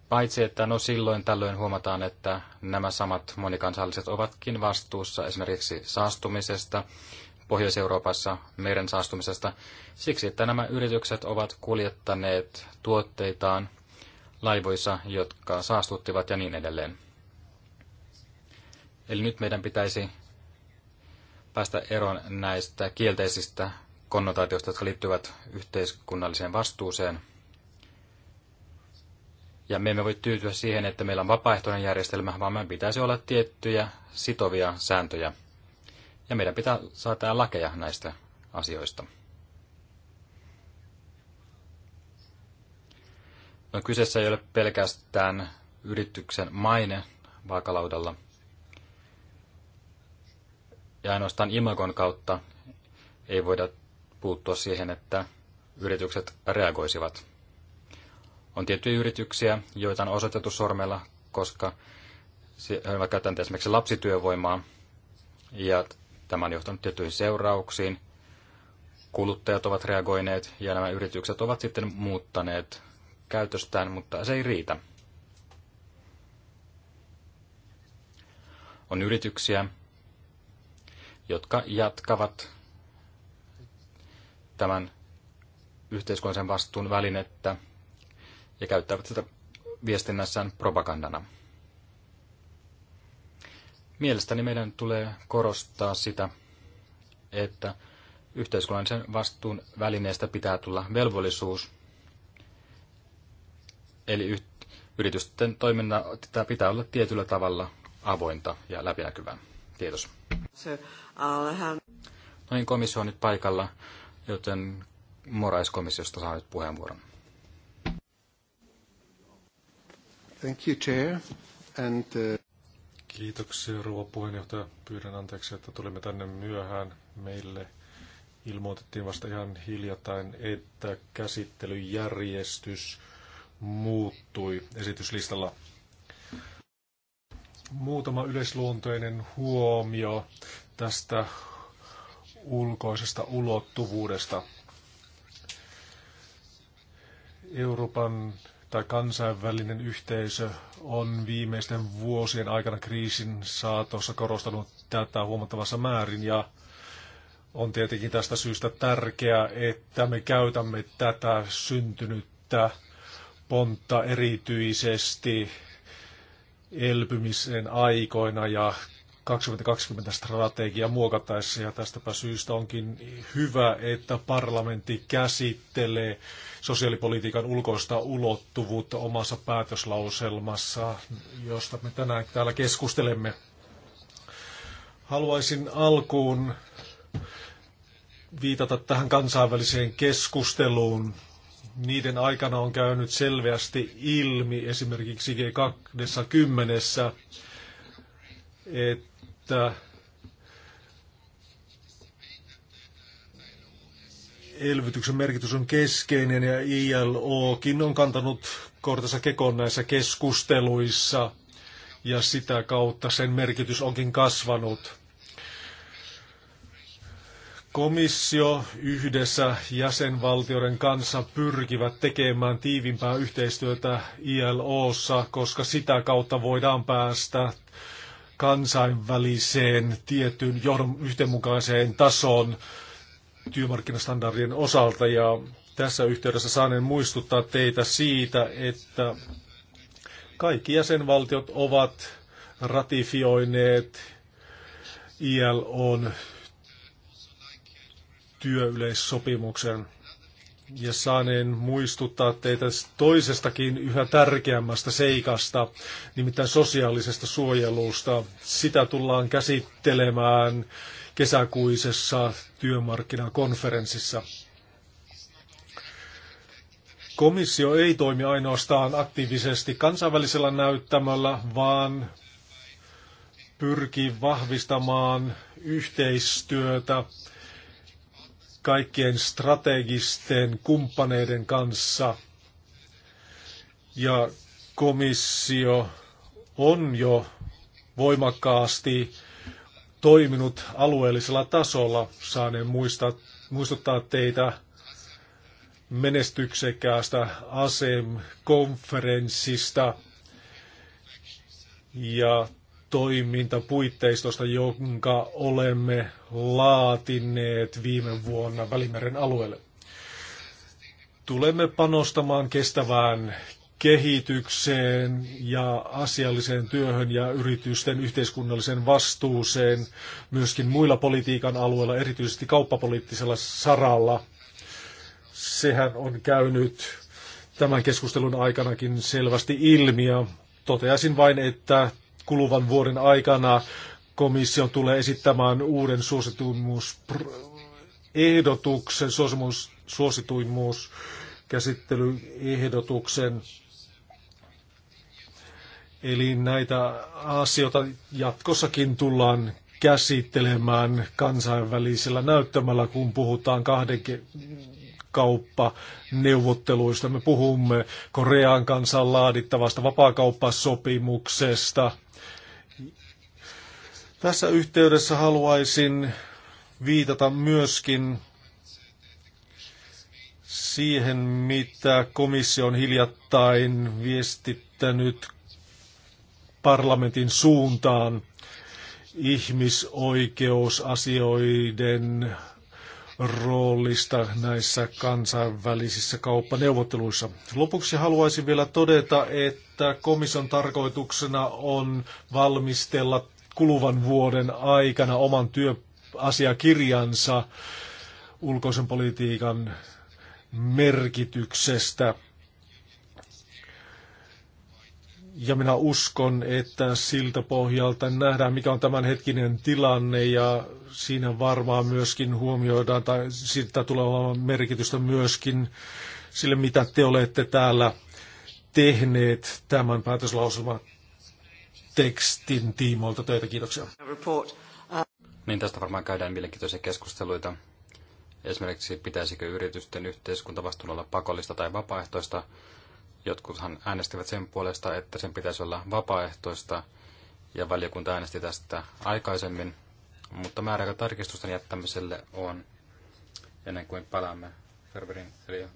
Paitsi, että no silloin tällöin huomataan, että nämä samat monikansalliset ovatkin vastuussa esimerkiksi saastumisesta, Pohjois-Euroopassa meren saastumisesta, siksi että nämä yritykset ovat kuljettaneet tuotteitaan laivoissa, jotka saastuttivat ja niin edelleen. Eli nyt meidän pitäisi päästä eroon näistä kielteisistä konnotaatioista, jotka liittyvät yhteiskunnalliseen vastuuseen – ja me emme voi tyytyä siihen, että meillä on vapaaehtoinen järjestelmä, vaan meidän pitäisi olla tiettyjä sitovia sääntöjä. Ja meidän pitää saada lakeja näistä asioista. No, kyseessä ei ole pelkästään yrityksen maine vaakalaudalla. Ja ainoastaan imagon kautta ei voida puuttua siihen, että yritykset reagoisivat. On tiettyjä yrityksiä, joita on osoitettu sormella, koska he ovat esimerkiksi lapsityövoimaa, ja tämä on johtanut tiettyihin seurauksiin. Kuluttajat ovat reagoineet, ja nämä yritykset ovat sitten muuttaneet käytöstään, mutta se ei riitä. On yrityksiä, jotka jatkavat tämän yhteiskunnallisen vastuun välinettä ja käyttävät sitä viestinnässään propagandana. Mielestäni meidän tulee korostaa sitä, että yhteiskunnallisen vastuun välineestä pitää tulla velvollisuus, eli yritysten toiminnan pitää olla tietyllä tavalla avointa ja läpinäkyvää. Kiitos. Noin niin, komissio on nyt paikalla, joten Moraiskomissiosta saa nyt puheenvuoron. Thank you, Chair. And, uh... Kiitoksia, rouva puheenjohtaja. Pyydän anteeksi, että tulimme tänne myöhään. Meille ilmoitettiin vasta ihan hiljattain, että käsittelyjärjestys muuttui esityslistalla. Muutama yleisluontoinen huomio tästä ulkoisesta ulottuvuudesta. Euroopan tai kansainvälinen yhteisö on viimeisten vuosien aikana kriisin saatossa korostanut tätä huomattavassa määrin ja on tietenkin tästä syystä tärkeää, että me käytämme tätä syntynyttä pontta erityisesti elpymisen aikoina ja 2020 strategia muokattaessa ja tästäpä syystä onkin hyvä, että parlamentti käsittelee sosiaalipolitiikan ulkoista ulottuvuutta omassa päätöslauselmassa, josta me tänään täällä keskustelemme. Haluaisin alkuun viitata tähän kansainväliseen keskusteluun. Niiden aikana on käynyt selvästi ilmi esimerkiksi G20, että että elvytyksen merkitys on keskeinen ja ILOkin on kantanut kortensa kekoon näissä keskusteluissa ja sitä kautta sen merkitys onkin kasvanut. Komissio yhdessä jäsenvaltioiden kanssa pyrkivät tekemään tiivimpää yhteistyötä ILOssa, koska sitä kautta voidaan päästä kansainväliseen tietyn johdon yhteenmukaiseen tasoon työmarkkinastandardien osalta ja tässä yhteydessä saanen muistuttaa teitä siitä, että kaikki jäsenvaltiot ovat ratifioineet ILOn työyleissopimuksen ja saaneen muistuttaa teitä toisestakin yhä tärkeämmästä seikasta, nimittäin sosiaalisesta suojelusta. Sitä tullaan käsittelemään kesäkuisessa työmarkkinakonferenssissa. Komissio ei toimi ainoastaan aktiivisesti kansainvälisellä näyttämällä, vaan pyrkii vahvistamaan yhteistyötä kaikkien strategisten kumppaneiden kanssa. Ja komissio on jo voimakkaasti toiminut alueellisella tasolla. Saaneen muistaa, muistuttaa teitä menestyksekkäästä ASEM-konferenssista ja toimintapuitteistosta, jonka olemme laatineet viime vuonna Välimeren alueelle. Tulemme panostamaan kestävään kehitykseen ja asialliseen työhön ja yritysten yhteiskunnalliseen vastuuseen myöskin muilla politiikan alueilla, erityisesti kauppapoliittisella saralla. Sehän on käynyt tämän keskustelun aikanakin selvästi ilmi ja toteaisin vain, että kuluvan vuoden aikana komission tulee esittämään uuden suosituimmuusehdotuksen, suosimus, ehdotuksen Eli näitä asioita jatkossakin tullaan käsittelemään kansainvälisellä näyttämällä, kun puhutaan kahden kauppaneuvotteluista. Me puhumme Korean kanssa laadittavasta vapaakauppasopimuksesta – tässä yhteydessä haluaisin viitata myöskin siihen, mitä komissio on hiljattain viestittänyt parlamentin suuntaan ihmisoikeusasioiden roolista näissä kansainvälisissä kauppaneuvotteluissa. Lopuksi haluaisin vielä todeta, että komission tarkoituksena on valmistella kuluvan vuoden aikana oman työasiakirjansa ulkoisen politiikan merkityksestä. Ja minä uskon, että siltä pohjalta nähdään, mikä on tämänhetkinen tilanne ja siinä varmaan myöskin huomioidaan, tai siitä tulee olemaan merkitystä myöskin sille, mitä te olette täällä tehneet tämän päätöslauselman tekstin tiimoilta töitä. Kiitoksia. Uh, niin tästä varmaan käydään mielenkiintoisia keskusteluita. Esimerkiksi pitäisikö yritysten yhteiskuntavastuun olla pakollista tai vapaaehtoista. Jotkuthan äänestivät sen puolesta, että sen pitäisi olla vapaaehtoista, ja valiokunta äänesti tästä aikaisemmin, mutta määräaika tarkistusten jättämiselle on ennen kuin palaamme Ferberin, eli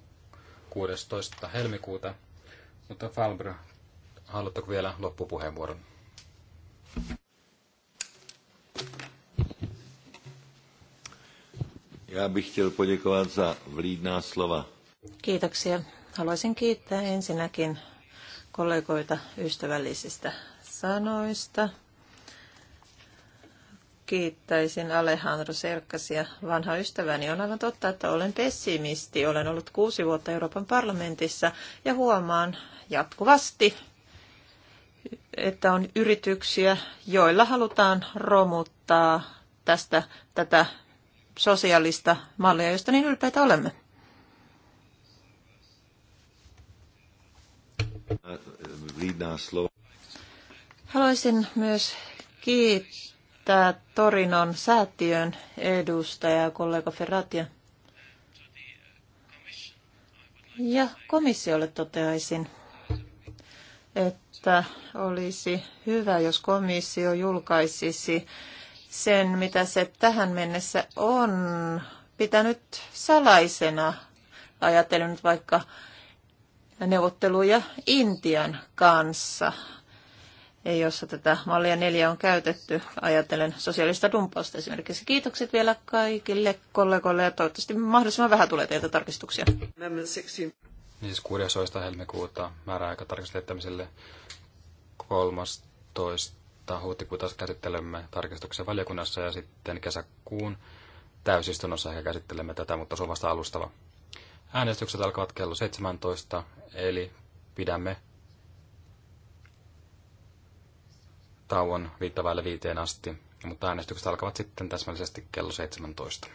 16. helmikuuta. Mutta Falbr, haluatteko vielä loppupuheenvuoron? Já bych chtěl poděkovat za vlídná slova. Kiitoksia. Haluaisin kiittää ensinnäkin kollegoita ystävällisistä sanoista. Kiittäisin Alejandro Serkkasia, vanha ystäväni. On aivan totta, että olen pessimisti. Olen ollut kuusi vuotta Euroopan parlamentissa ja huomaan jatkuvasti, että on yrityksiä, joilla halutaan romuttaa tästä tätä sosiaalista mallia, josta niin ylpeitä olemme. Haluaisin myös kiittää Torinon säätiön edustajaa, kollega Ferratia. Ja komissiolle toteaisin, että olisi hyvä, jos komissio julkaisisi sen, mitä se tähän mennessä on pitänyt salaisena. Ajattelen nyt vaikka neuvotteluja Intian kanssa, jossa tätä mallia neljä on käytetty. Ajattelen sosiaalista dumpausta esimerkiksi. Kiitokset vielä kaikille kollegoille ja toivottavasti mahdollisimman vähän tulee teiltä tarkistuksia. Niin siis 16. helmikuuta määräaika tarkistettamiselle 13 huhtikuuta käsittelemme tarkistuksen valiokunnassa ja sitten kesäkuun täysistunnossa ehkä käsittelemme tätä, mutta se on vasta alustava. Äänestykset alkavat kello 17, eli pidämme tauon viittavaille viiteen asti, mutta äänestykset alkavat sitten täsmällisesti kello 17.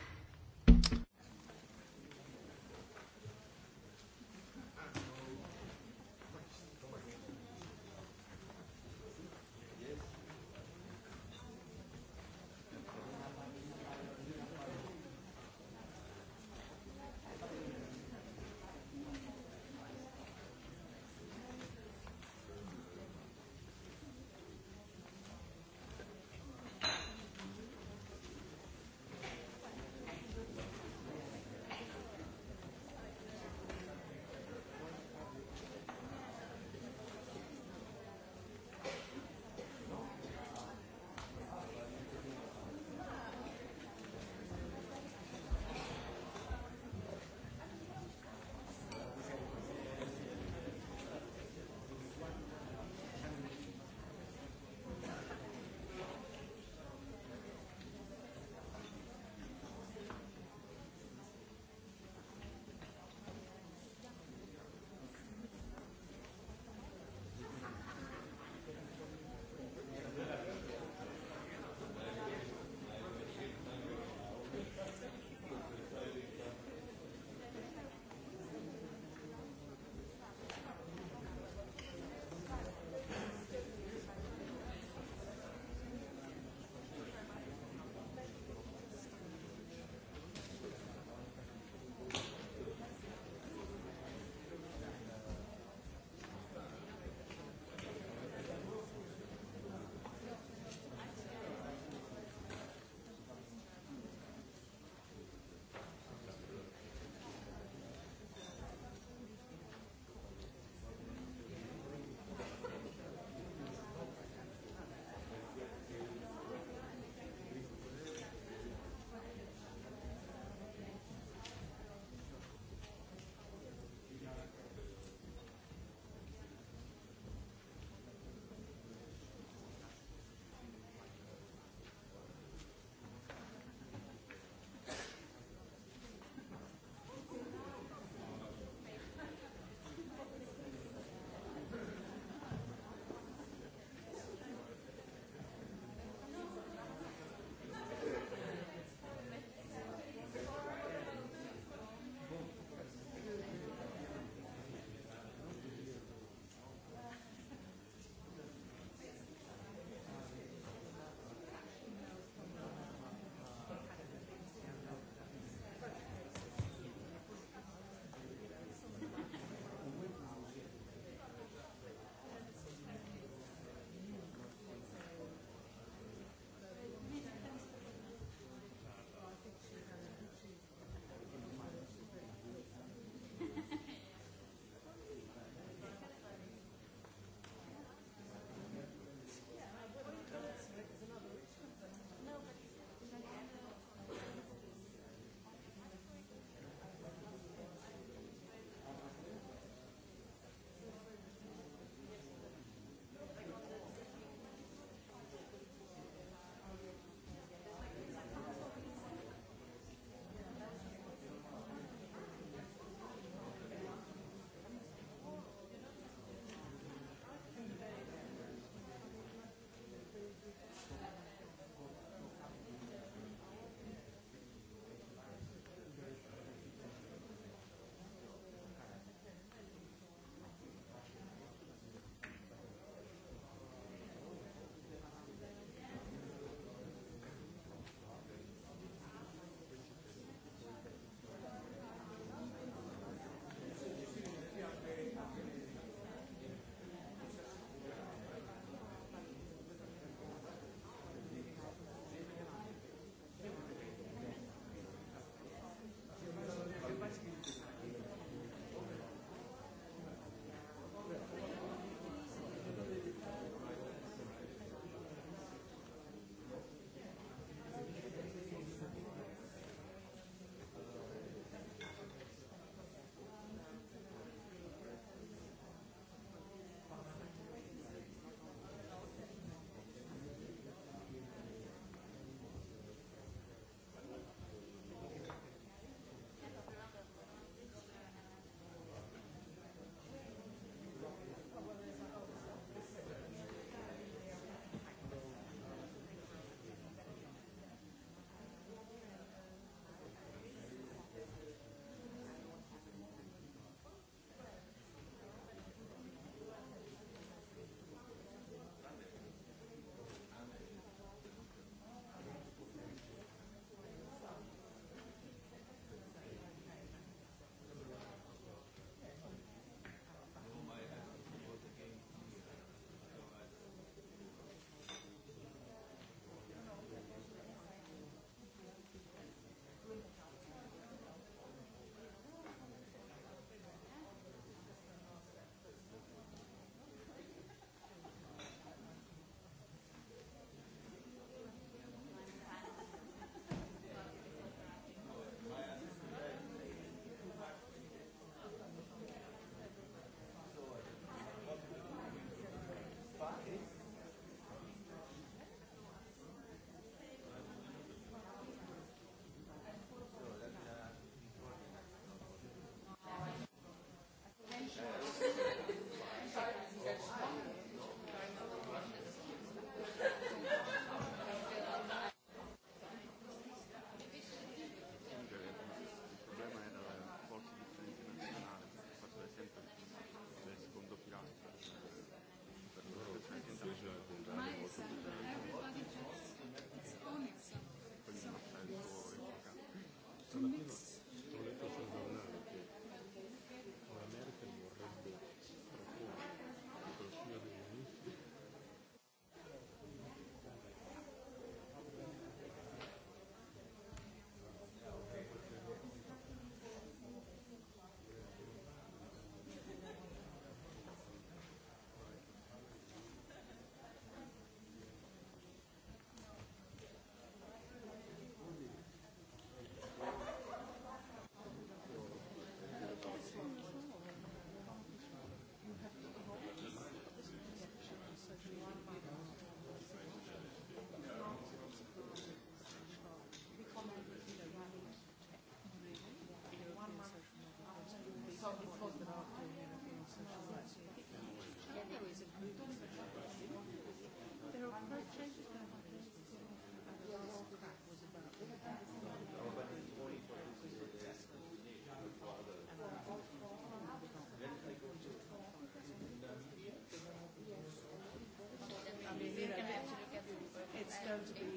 going to be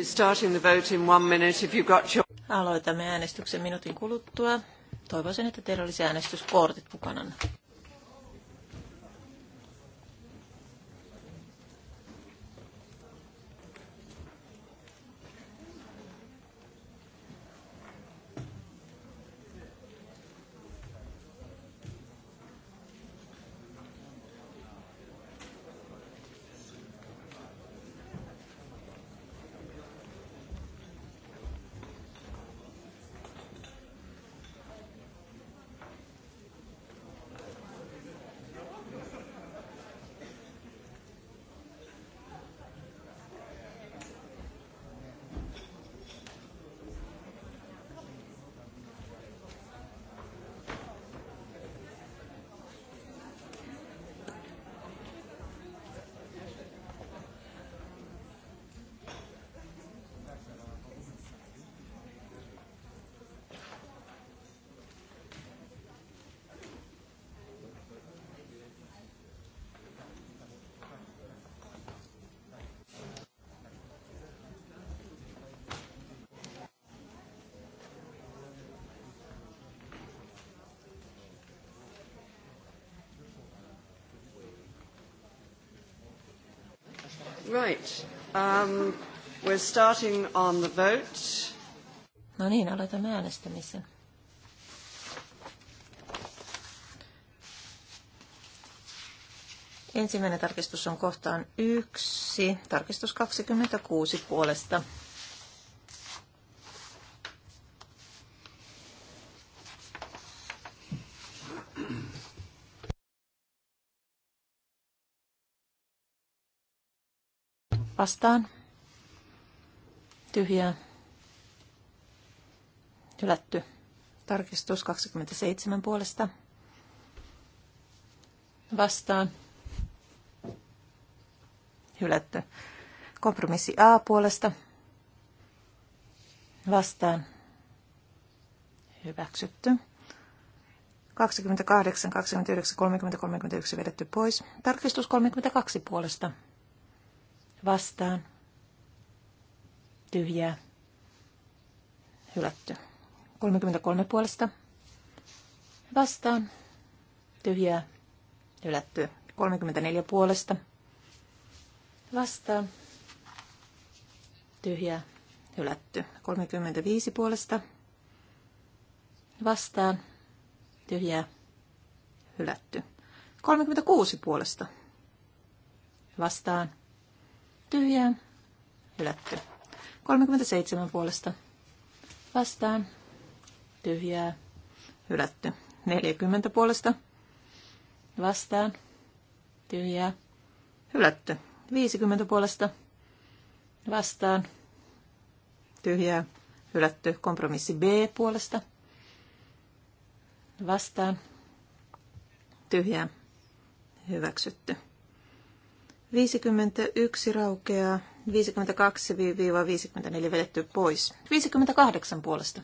be starting the vote in one minute if got your... Aloitamme äänestyksen minuutin kuluttua. Toivoisin, että teillä olisi äänestyskortit mukana. Right. Um, we're starting on the vote. No niin, aloitamme äänestämisen. Ensimmäinen tarkistus on kohtaan yksi, tarkistus 26 puolesta vastaan. Tyhjää. Hylätty. Tarkistus 27 puolesta. Vastaan. Hylätty. Kompromissi A puolesta. Vastaan. Hyväksytty. 28, 29, 30, 31 vedetty pois. Tarkistus 32 puolesta vastaan, tyhjää, hylätty. 33 puolesta vastaan, tyhjää, hylätty. 34 puolesta vastaan, tyhjää, hylätty. 35 puolesta vastaan, tyhjää, hylätty. 36 puolesta vastaan, tyhjää, hylätty. 37 puolesta vastaan, tyhjää, hylätty. 40 puolesta vastaan, tyhjää, hylätty. 50 puolesta vastaan, tyhjää, hylätty. Kompromissi B puolesta vastaan, tyhjää, hyväksytty. 51 raukeaa, 52-54 vedetty pois. 58 puolesta.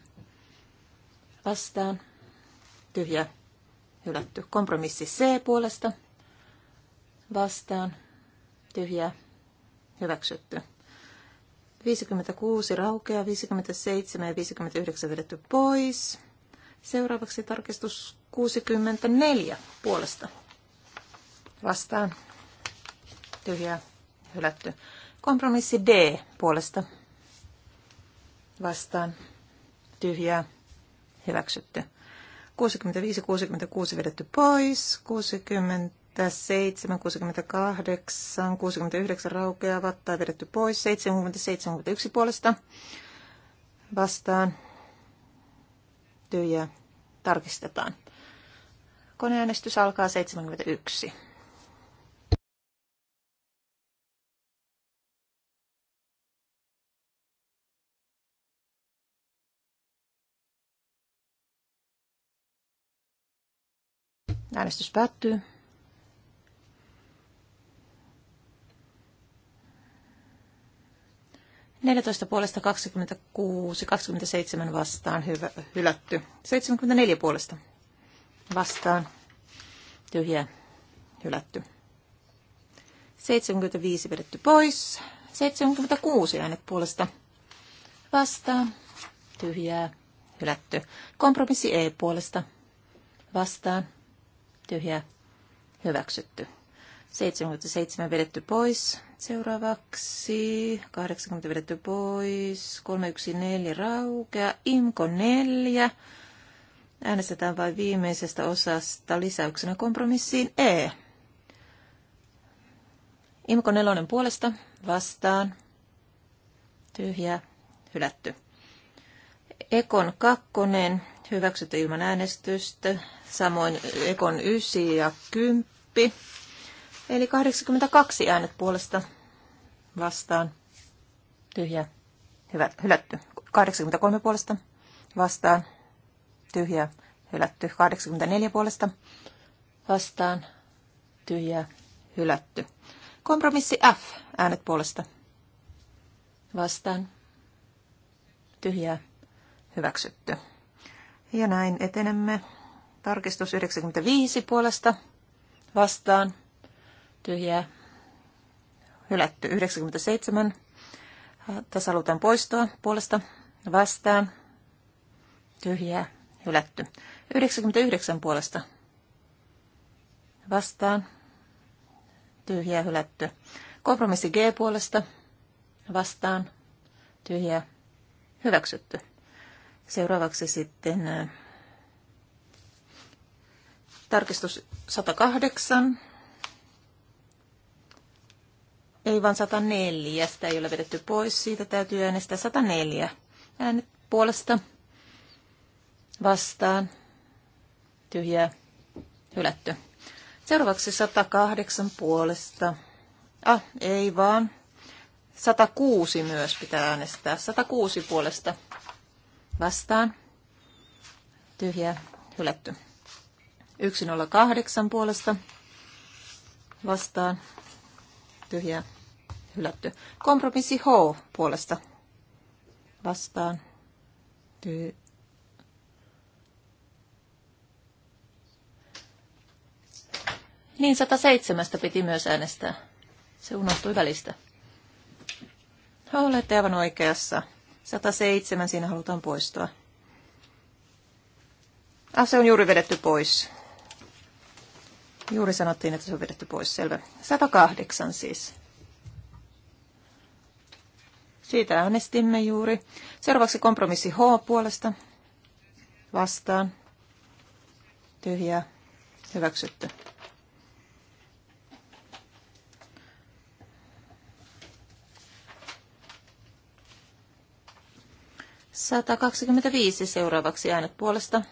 Vastaan. Tyhjä. Hylätty. Kompromissi C puolesta. Vastaan. Tyhjä. Hyväksytty. 56 raukeaa, 57 ja 59 vedetty pois. Seuraavaksi tarkistus 64 puolesta. Vastaan tyhjää hylätty. Kompromissi D puolesta vastaan tyhjää hyväksytty. 65-66 vedetty pois, 67, 68, 69 raukeaa vattaa vedetty pois, 70-71 puolesta vastaan tyhjää tarkistetaan. Koneäänestys alkaa 71. Äänestys päättyy. Neljätoista puolesta 26, 27 vastaan hyvä, hylätty. 74 puolesta vastaan tyhjä hylätty. 75 vedetty pois. 76 äänet puolesta vastaan tyhjää hylätty. Kompromissi E puolesta vastaan tyhjä hyväksytty. 77 vedetty pois. Seuraavaksi 80 vedetty pois. 314 raukea. Imko 4. Äänestetään vain viimeisestä osasta lisäyksenä kompromissiin E. Imko nelonen puolesta vastaan. Tyhjä, hylätty. Ekon kakkonen, hyväksytty ilman äänestystä samoin Ekon 9 ja 10. Eli 82 äänet puolesta vastaan. Tyhjä. Hyvä, hylätty. 83 puolesta vastaan. Tyhjä. Hylätty. 84 puolesta vastaan. Tyhjä. Hylätty. Kompromissi F. Äänet puolesta. Vastaan. tyhjä Hyväksytty. Ja näin etenemme Tarkistus 95 puolesta vastaan. Tyhjää. Hylätty 97. Tasaluuteen poistoa puolesta vastaan. Tyhjää. Hylätty. 99 puolesta vastaan. Tyhjää hylätty. Kompromissi G puolesta vastaan. Tyhjää hyväksytty. Seuraavaksi sitten äh, Tarkistus 108. Ei vaan 104. Sitä ei ole vedetty pois. Siitä täytyy äänestää 104. Äänet puolesta. Vastaan. Tyhjää. Hylätty. Seuraavaksi 108 puolesta. Ah, ei vaan. 106 myös pitää äänestää. 106 puolesta. Vastaan. Tyhjää. Hylätty. 108 puolesta vastaan tyhjä hylätty. Kompromissi H puolesta vastaan ty- Niin 107 piti myös äänestää. Se unohtui välistä. Olette aivan oikeassa. 107 siinä halutaan poistua. Ah, se on juuri vedetty pois. Juuri sanottiin, että se on vedetty pois, selvä. 108 siis. Siitä äänestimme juuri. Seuraavaksi kompromissi H puolesta. Vastaan. Tyhjää. Hyväksytty. Sata viisi seuraavaksi äänet puolesta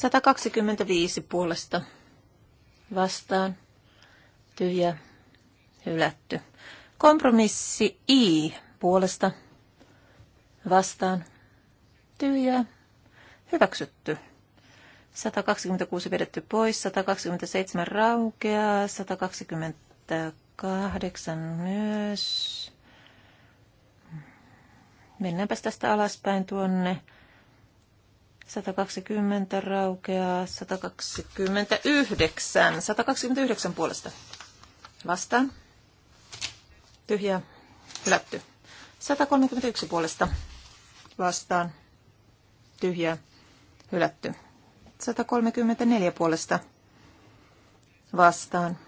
125 puolesta vastaan tyhjä hylätty. Kompromissi I puolesta vastaan tyhjä hyväksytty. 126 vedetty pois, 127 raukeaa, 128 myös. Mennäänpäs tästä alaspäin tuonne 120 raukeaa, 129, 129 puolesta. Vastaan. Tyhjä, hylätty. 131 puolesta. Vastaan. Tyhjä, hylätty. 134 puolesta. Vastaan.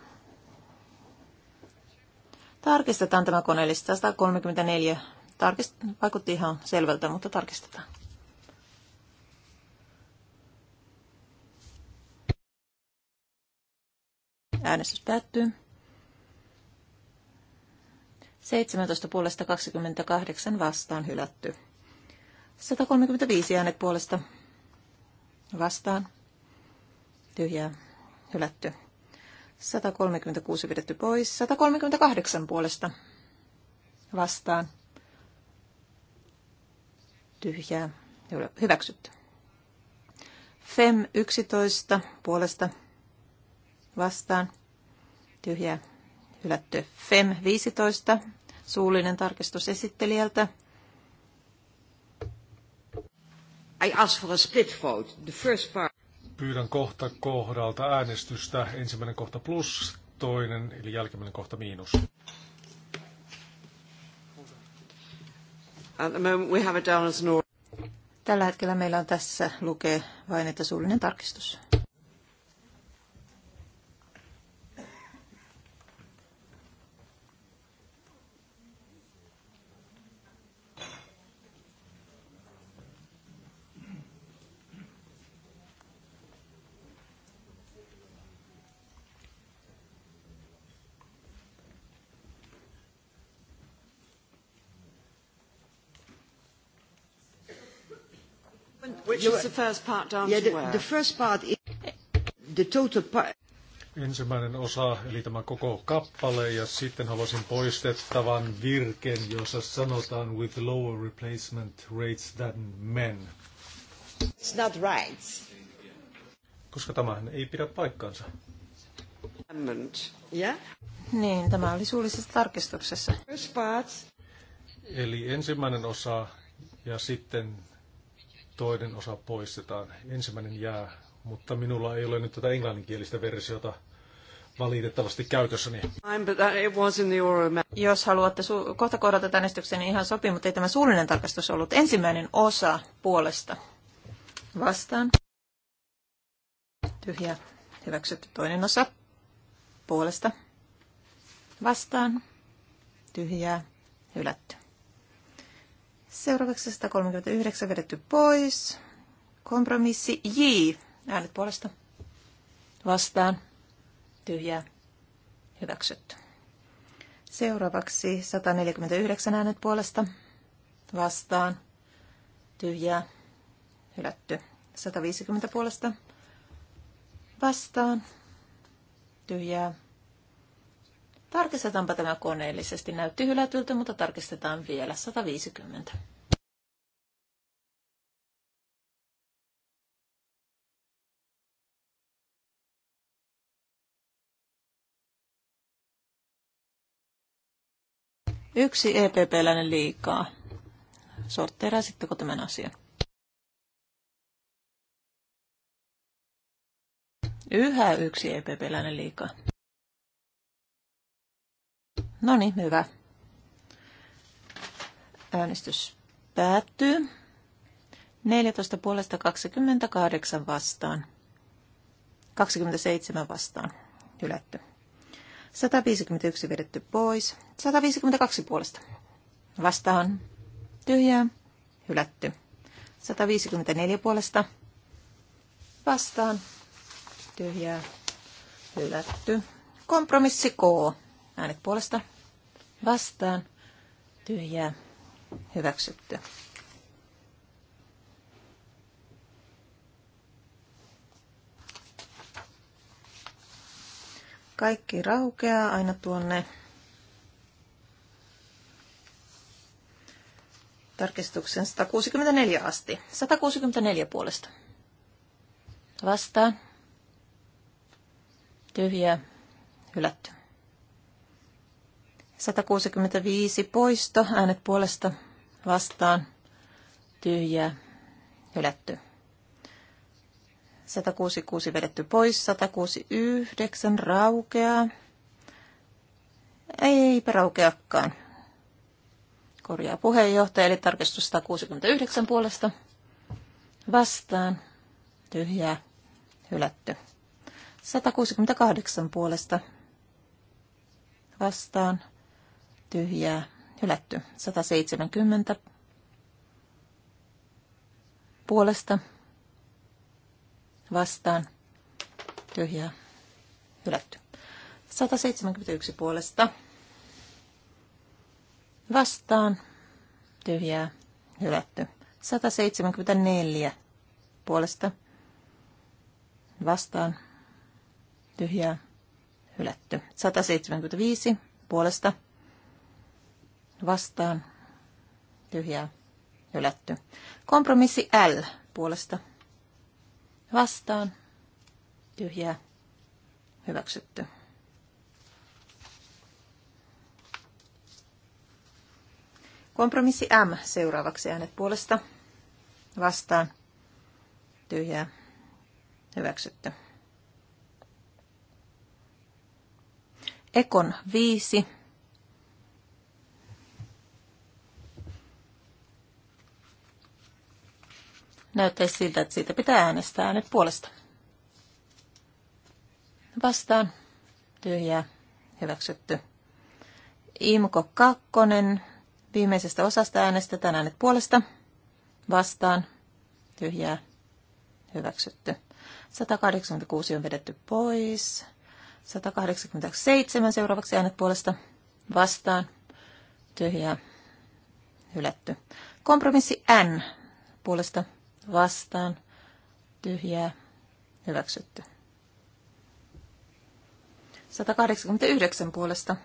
Tarkistetaan tämä koneellista. 134. Tarkist- vaikutti ihan selvältä, mutta tarkistetaan. Äänestys päättyy. 17 puolesta 28 vastaan hylätty. 135 äänet puolesta vastaan. Tyhjää hylätty. 136 pidetty pois. 138 puolesta vastaan. Tyhjää hyväksytty. FEM 11 puolesta vastaan, tyhjä hylätty. FEM 15, suullinen tarkistus esittelijältä. I ask for a split vote. The first part. Pyydän kohta kohdalta äänestystä. Ensimmäinen kohta plus, toinen eli jälkimmäinen kohta miinus. Tällä hetkellä meillä on tässä lukee vain, että suullinen tarkistus. which is the first part down to where? The first part is the total part. Ensimmäinen osa, eli tämä koko kappale, ja sitten haluaisin poistettavan virken, jossa sanotaan with lower replacement rates than men. It's not right. Koska tämähän ei pidä paikkaansa. Yeah? Niin, tämä oli suullisessa tarkistuksessa. Eli ensimmäinen osa ja sitten toinen osa poistetaan. Ensimmäinen jää, mutta minulla ei ole nyt tätä englanninkielistä versiota valitettavasti käytössäni. Jos haluatte su- kohta kohdata tämän esityksen, niin ihan sopii, mutta ei tämä suullinen tarkastus ollut ensimmäinen osa puolesta. Vastaan. Tyhjä. Hyväksytty toinen osa. Puolesta. Vastaan. Tyhjää. Hylätty. Seuraavaksi 139 vedetty pois. Kompromissi J. Äänet puolesta. Vastaan. Tyhjää. Hyväksytty. Seuraavaksi 149 äänet puolesta. Vastaan. Tyhjää. Hylätty. 150 puolesta. Vastaan. Tyhjää. Tarkistetaanpa tämä koneellisesti. Näytti hylätyltä, mutta tarkistetaan vielä 150. Yksi EPP-läinen liikaa. Sortteeraisitteko tämän asian? Yhä yksi EPP-läinen liikaa. No niin, hyvä. Äänestys päättyy. 14 puolesta 28 vastaan. 27 vastaan. Hylätty. 151 vedetty pois. 152 puolesta. Vastaan. Tyhjää. Hylätty. 154 puolesta. Vastaan. Tyhjää. Hylätty. Kompromissi K. Äänet puolesta vastaan tyhjää hyväksytty. Kaikki raukeaa aina tuonne tarkistuksen 164 asti. 164 puolesta. Vastaan. Tyhjää. Hylätty. 165 poisto, äänet puolesta vastaan, tyhjää, hylätty. 166 vedetty pois, 169 raukeaa. Eipä raukeakaan. Korjaa puheenjohtaja, eli tarkistus 169 puolesta. Vastaan, tyhjää, hylätty. 168 puolesta. Vastaan, tyhjää hylätty. 170 puolesta vastaan tyhjää hylätty. 171 puolesta vastaan tyhjää hylätty. 174 puolesta vastaan tyhjää hylätty. 175 puolesta vastaan, tyhjää, hylätty. Kompromissi L puolesta vastaan, tyhjää, hyväksytty. Kompromissi M seuraavaksi äänet puolesta vastaan, tyhjää, hyväksytty. Ekon viisi näyttäisi siltä, että siitä pitää äänestää äänet puolesta. Vastaan. Tyhjää. Hyväksytty. Imko Kakkonen. Viimeisestä osasta äänestetään äänet puolesta. Vastaan. Tyhjää. Hyväksytty. 186 on vedetty pois. 187 seuraavaksi äänet puolesta. Vastaan. Tyhjää. Hylätty. Kompromissi N puolesta vastaan, tyhjää, hyväksytty. 189 puolesta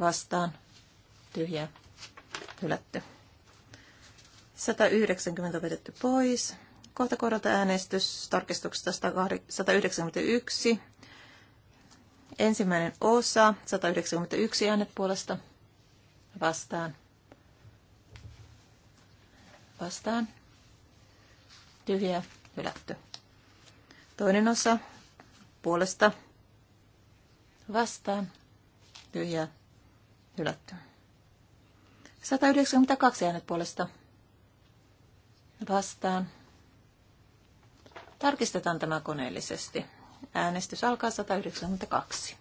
vastaan, tyhjää, hylätty. 190 vedetty pois. Kohta kohdalta äänestys tarkistuksesta 191. Ensimmäinen osa, 191 äänet puolesta vastaan. Vastaan tyhjä, hylätty. Toinen osa puolesta vastaan, tyhjä, hylätty. 192 äänet puolesta vastaan. Tarkistetaan tämä koneellisesti. Äänestys alkaa 192.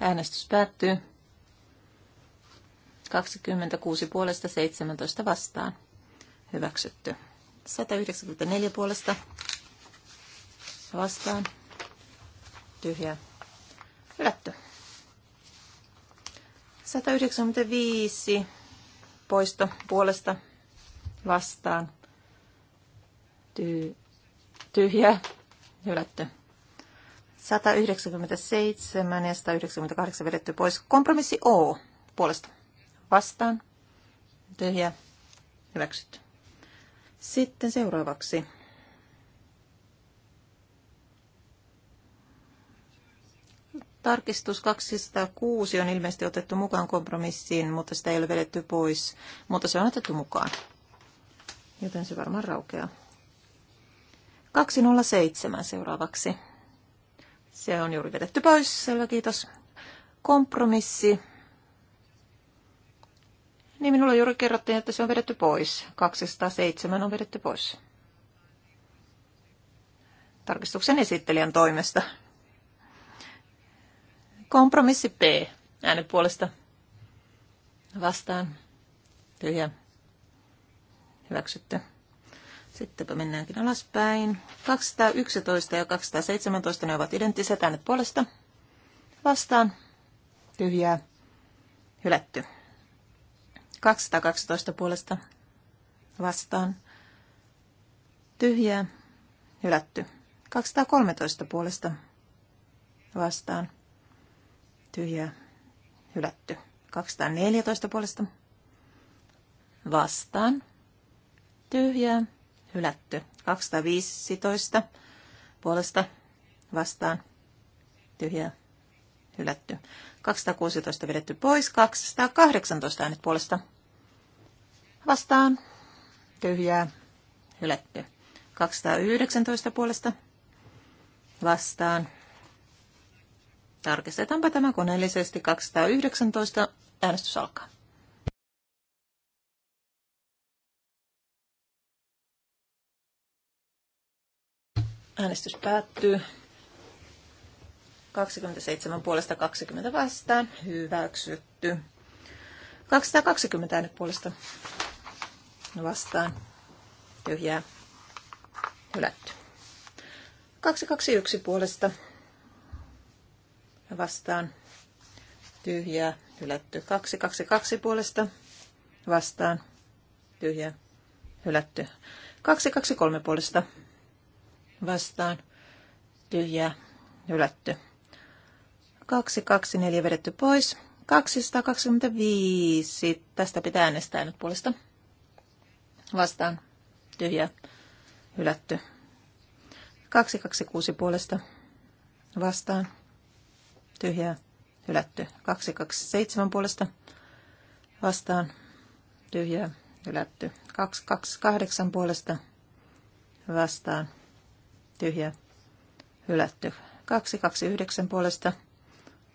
Äänestys päättyy. 26 puolesta 17 vastaan. Hyväksytty. 194 puolesta vastaan. Tyhjä. Hylätty. 195 poisto puolesta vastaan. Ty- tyhjä. Hylätty. 197 ja 198 vedetty pois. Kompromissi O puolesta. Vastaan. Tyhjä. Hyväksytty. Sitten seuraavaksi. Tarkistus 206 on ilmeisesti otettu mukaan kompromissiin, mutta sitä ei ole vedetty pois. Mutta se on otettu mukaan. Joten se varmaan raukeaa. 207 seuraavaksi. Se on juuri vedetty pois. Selvä, kiitos. Kompromissi. Niin minulle juuri kerrottiin, että se on vedetty pois. 207 on vedetty pois. Tarkistuksen esittelijän toimesta. Kompromissi P Äänet puolesta. Vastaan. Tyhjä. Hyväksytty. Sittenpä mennäänkin alaspäin. 211 ja 217, ne ovat identtiset äänet puolesta. Vastaan. Tyhjää. Hylätty. 212 puolesta. Vastaan. Tyhjää. Hylätty. 213 puolesta. Vastaan. Tyhjää. Hylätty. 214 puolesta. Vastaan. Tyhjää hylätty. 215 puolesta vastaan tyhjä hylätty. 216 vedetty pois, 218 äänet puolesta vastaan tyhjää hylätty. 219 puolesta vastaan. Tarkistetaanpa tämä koneellisesti. 219 äänestys alkaa. Äänestys päättyy. 27 puolesta 20 vastaan. Hyväksytty. 220 äänet puolesta vastaan. Tyhjää. Hylätty. 221 puolesta vastaan. Tyhjää. Hylätty. 222 puolesta vastaan. Tyhjää. Hylätty. 223 puolesta vastaan Tyhjä, hylätty. 224 vedetty pois. 225. Tästä pitää äänestää nyt puolesta. Vastaan Tyhjä, hylätty. 226 puolesta vastaan Tyhjä, hylätty. 227 puolesta vastaan Tyhjä, hylätty. 228 puolesta vastaan tyhjä, hylätty. 229 puolesta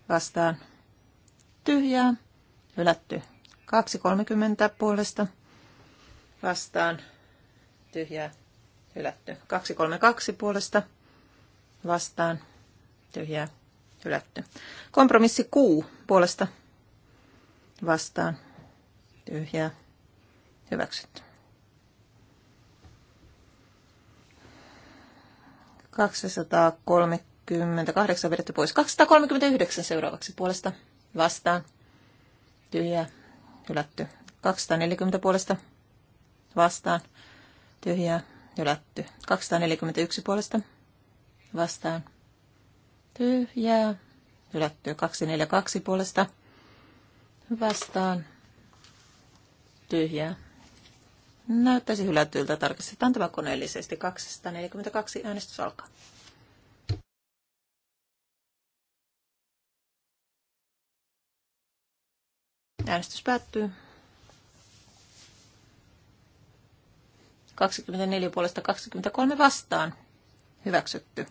vastaan tyhjää hylätty. 230 puolesta vastaan tyhjää hylätty. 232 puolesta vastaan tyhjää hylätty. Kompromissi Q puolesta vastaan tyhjää hyväksytty. 238 vedetty pois. 239 seuraavaksi puolesta vastaan. Tyhjää. Hylätty. 240 puolesta vastaan. Tyhjää. Hylätty. 241 puolesta vastaan. Tyhjää. Hylätty. 242 puolesta vastaan. Tyhjää Näyttäisi hylätyltä. Tarkistetaan tämä koneellisesti. 242 äänestys alkaa. Äänestys päättyy. 24 puolesta 23 vastaan. Hyväksytty.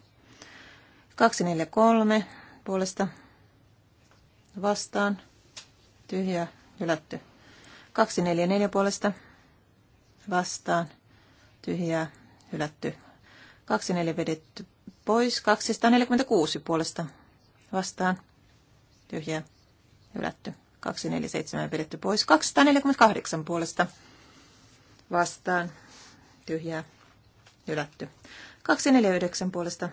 243 puolesta vastaan. Tyhjä, hylätty. 244 puolesta vastaan, tyhjää, hylätty. 24 vedetty pois, 246 puolesta vastaan, tyhjää, hylätty. 247 vedetty pois, 248 puolesta vastaan, tyhjää, hylätty. 249 puolesta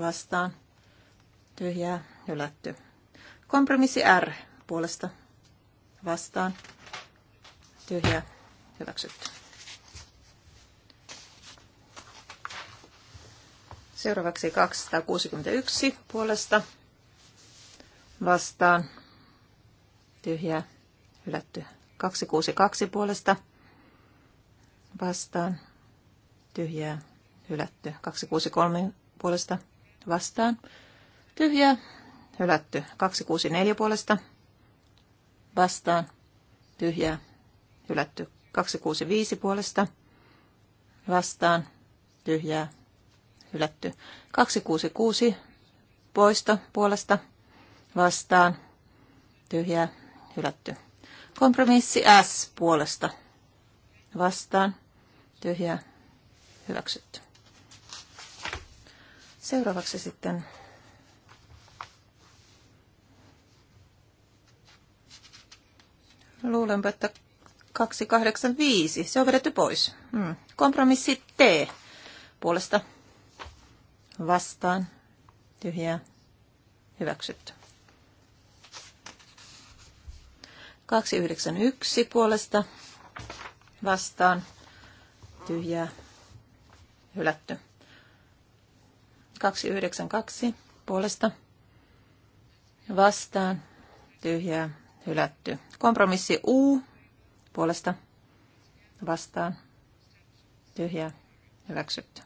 vastaan, tyhjää, hylätty. Kompromissi R puolesta vastaan, tyhjää, hyväksytty. Seuraavaksi 261 puolesta vastaan. Tyhjää hylätty. 262 puolesta vastaan. Tyhjää hylätty. 263 puolesta vastaan. Tyhjää hylätty. 264 puolesta vastaan. Tyhjää hylätty. 265 puolesta vastaan. Tyhjää hylätty. 266 poisto puolesta vastaan tyhjää hylätty. Kompromissi S puolesta vastaan tyhjää hyväksytty. Seuraavaksi sitten Luulenpa, että 285. Se on vedetty pois. Hmm. Kompromissi T puolesta vastaan, tyhjää, hyväksytty. 291 puolesta vastaan, tyhjää, hylätty. 292 puolesta vastaan, tyhjää, hylätty. Kompromissi U puolesta vastaan, tyhjää, hyväksytty.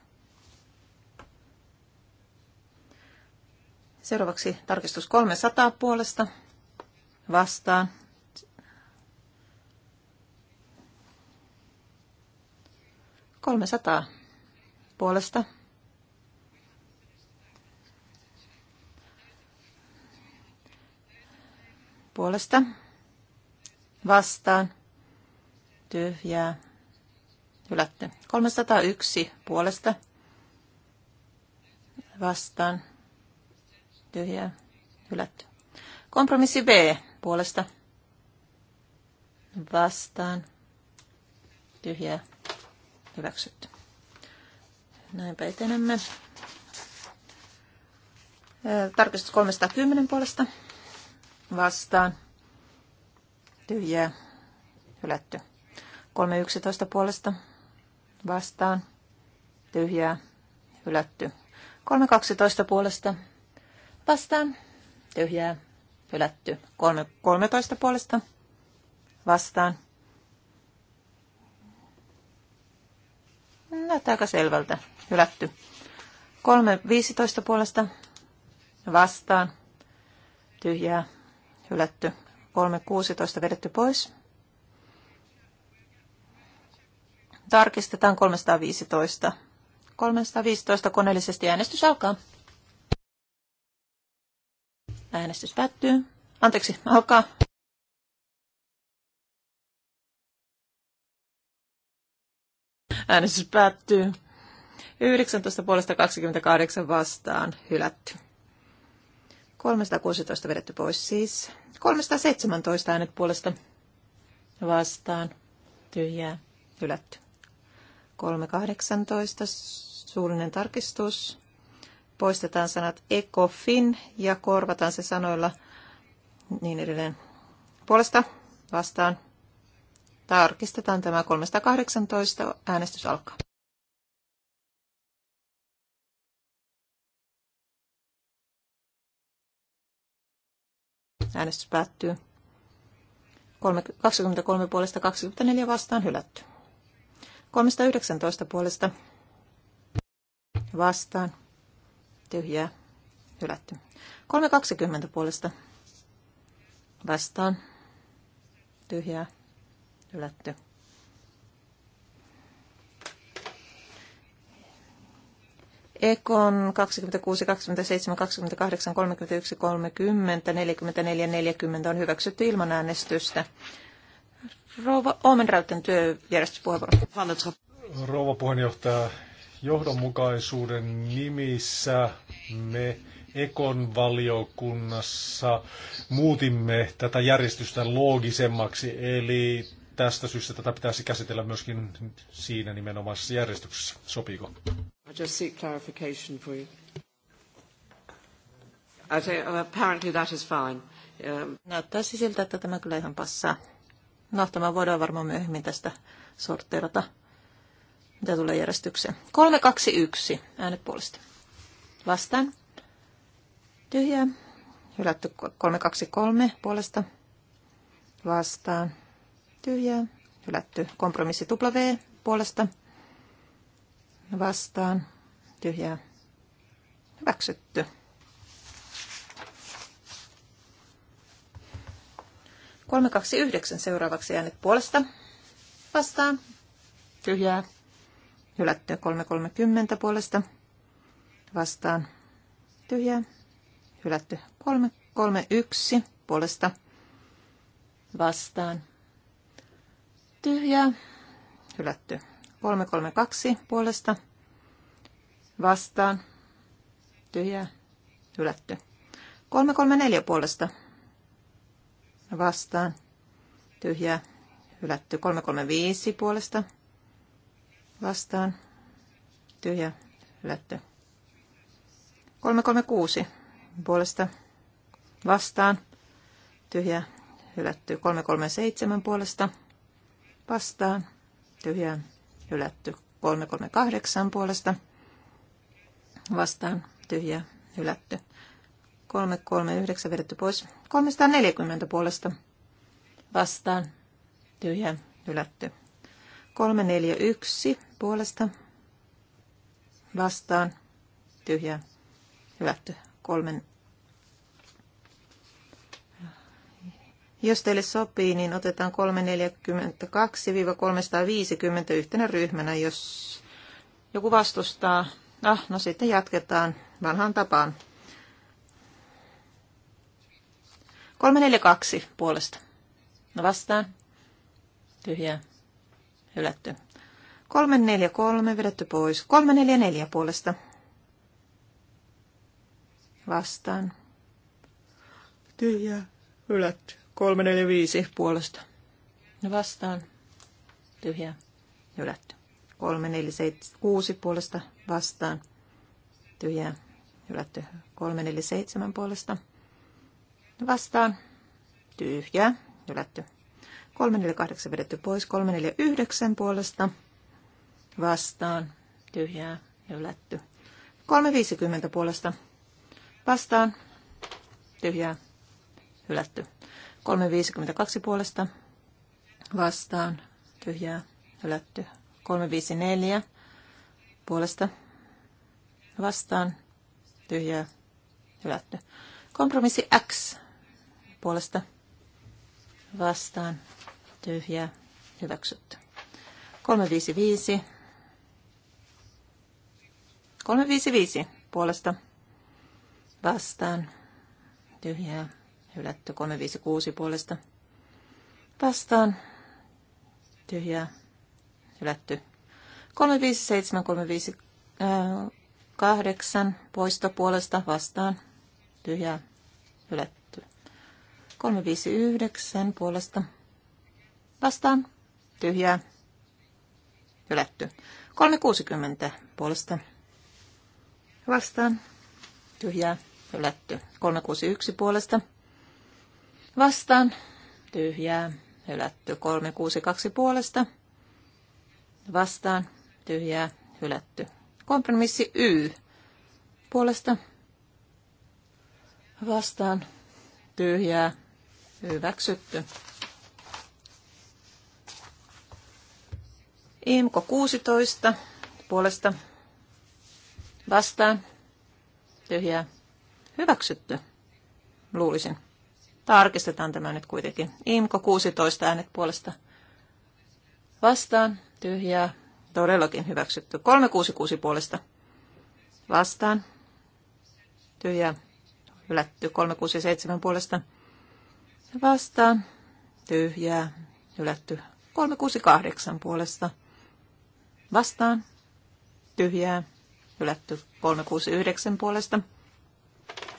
Seuraavaksi tarkistus 300 puolesta vastaan. Kolme sataa puolesta. Puolesta. Vastaan. Tyhjää. Hylätty. yksi puolesta. Vastaan tyhjää hylätty. Kompromissi B puolesta vastaan tyhjää hyväksytty. Näinpä etenemme. Tarkistus 310 puolesta vastaan tyhjää hylätty. 311 puolesta vastaan tyhjää hylätty. 312 puolesta Vastaan. Tyhjää. Hylätty. Kolme, 13 puolesta. Vastaan. Näyttää aika selvältä. Hylätty. 3, 15 puolesta. Vastaan. Tyhjää. Hylätty. 3, 16 vedetty pois. Tarkistetaan 315. 315 koneellisesti äänestys alkaa. Äänestys päättyy. Anteeksi, alkaa. Äänestys päättyy. 19 puolesta 28 vastaan hylätty. 316 vedetty pois siis. 317 äänet puolesta vastaan tyhjää hylätty. 318 suullinen tarkistus poistetaan sanat ECOFIN ja korvataan se sanoilla niin edelleen puolesta vastaan. Tarkistetaan tämä 318. Äänestys alkaa. Äänestys päättyy. 23 puolesta 24 vastaan hylätty. 319 puolesta vastaan tyhjää, hylätty. 3.20 puolesta vastaan, tyhjää, hylätty. Ekon 26, 27, 28, 31, 30, 44, 40 on hyväksytty ilman äänestystä. Rouva Omenräytten työjärjestyspuheenvuoro. Rouva puheenjohtaja, johdonmukaisuuden nimissä me Ekon valiokunnassa muutimme tätä järjestystä loogisemmaksi, eli tästä syystä tätä pitäisi käsitellä myöskin siinä nimenomaisessa järjestyksessä. Sopiiko? I just seek clarification for you. I uh, apparently that is fine. Um... Näyttäisi siltä, että tämä kyllä ihan passaa. No, tämä voidaan varmaan myöhemmin tästä sorteerata mitä tulee järjestykseen. 3, 2, 1. äänet puolesta. Vastaan. Tyhjää. Hylätty 3, 2, 3 puolesta. Vastaan. Tyhjää. Hylätty kompromissi W puolesta. Vastaan. Tyhjää. Hyväksytty. Kolme kaksi yhdeksän seuraavaksi äänet puolesta. Vastaan. Tyhjää. Hylättyä 3.30 puolesta vastaan tyhjää. Hylätty 3.31 puolesta vastaan tyhjää. Hylätty 3.32 puolesta vastaan tyhjää. Hylätty 3.34 puolesta vastaan tyhjää. Hylätty 335 puolesta vastaan, tyhjä, lättö. 336 puolesta vastaan, tyhjä, hylätty. 337 puolesta vastaan, tyhjä, hylätty. 338 puolesta vastaan, tyhjä, hylätty. 339 vedetty pois. 340 puolesta vastaan, tyhjä, hylätty. 341 puolesta vastaan tyhjä Hyvätty. Kolmen. Jos teille sopii, niin otetaan 342-350 yhtenä ryhmänä. Jos joku vastustaa, ah, no sitten jatketaan vanhaan tapaan. 342 puolesta. No vastaan. Tyhjää hylätty. 343 vedetty pois. 344 puolesta. Vastaan. Tyhjää. Hylätty. 345 puolesta. Vastaan. Tyhjää. Hylätty. 346 puolesta. Vastaan. Tyhjää. Hylätty. 347 puolesta. Vastaan. Tyhjää. Hylätty. 348 vedetty pois. 349 puolesta vastaan. Tyhjää. Hylätty. 350 puolesta vastaan. Tyhjää. Hylätty. 352 puolesta vastaan. Tyhjää. Hylätty. 354 puolesta vastaan. Tyhjää. Hylätty. Kompromissi X puolesta vastaan tyhjä, hyväksytty. 355. 355 puolesta vastaan, tyhjää, hylätty. 356 puolesta vastaan, tyhjää, hylätty. 357, 358 poisto puolesta vastaan, tyhjää, hylätty. 359 puolesta Vastaan. Tyhjää. Hylätty. 360 puolesta. Vastaan. Tyhjää. Hylätty. 361 puolesta. Vastaan. Tyhjää. Hylätty. 362 puolesta. Vastaan. Tyhjää. Hylätty. Kompromissi Y puolesta. Vastaan. Tyhjää. Hyväksytty. IMKO 16 puolesta vastaan. Tyhjää. Hyväksytty. Luulisin. Tarkistetaan tämä nyt kuitenkin. IMKO 16 äänet puolesta vastaan. Tyhjää. Todellakin hyväksytty. 366 puolesta vastaan. Tyhjää. Hylätty. 367 puolesta vastaan. Tyhjää. Hylätty. 368 puolesta Vastaan. Tyhjää. Hylätty 369 puolesta.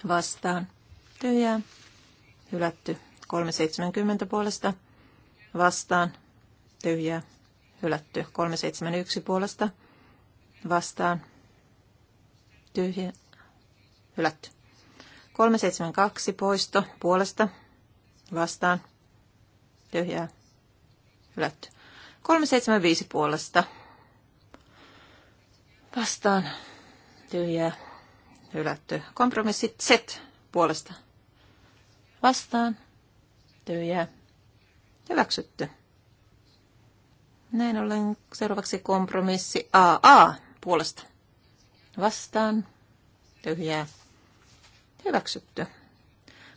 Vastaan. Tyhjää. Hylätty 370 puolesta. Vastaan. Tyhjää. Hylätty 371 puolesta. Vastaan. Tyhjää. Hylätty. 372 poisto puolesta. Vastaan. Tyhjää. Hylätty. 375 puolesta Vastaan. tyhjä Hylätty. Kompromissi Z puolesta. Vastaan. tyhjä Hyväksytty. Näin ollen seuraavaksi kompromissi AA puolesta. Vastaan. Tyhjää. Hyväksytty.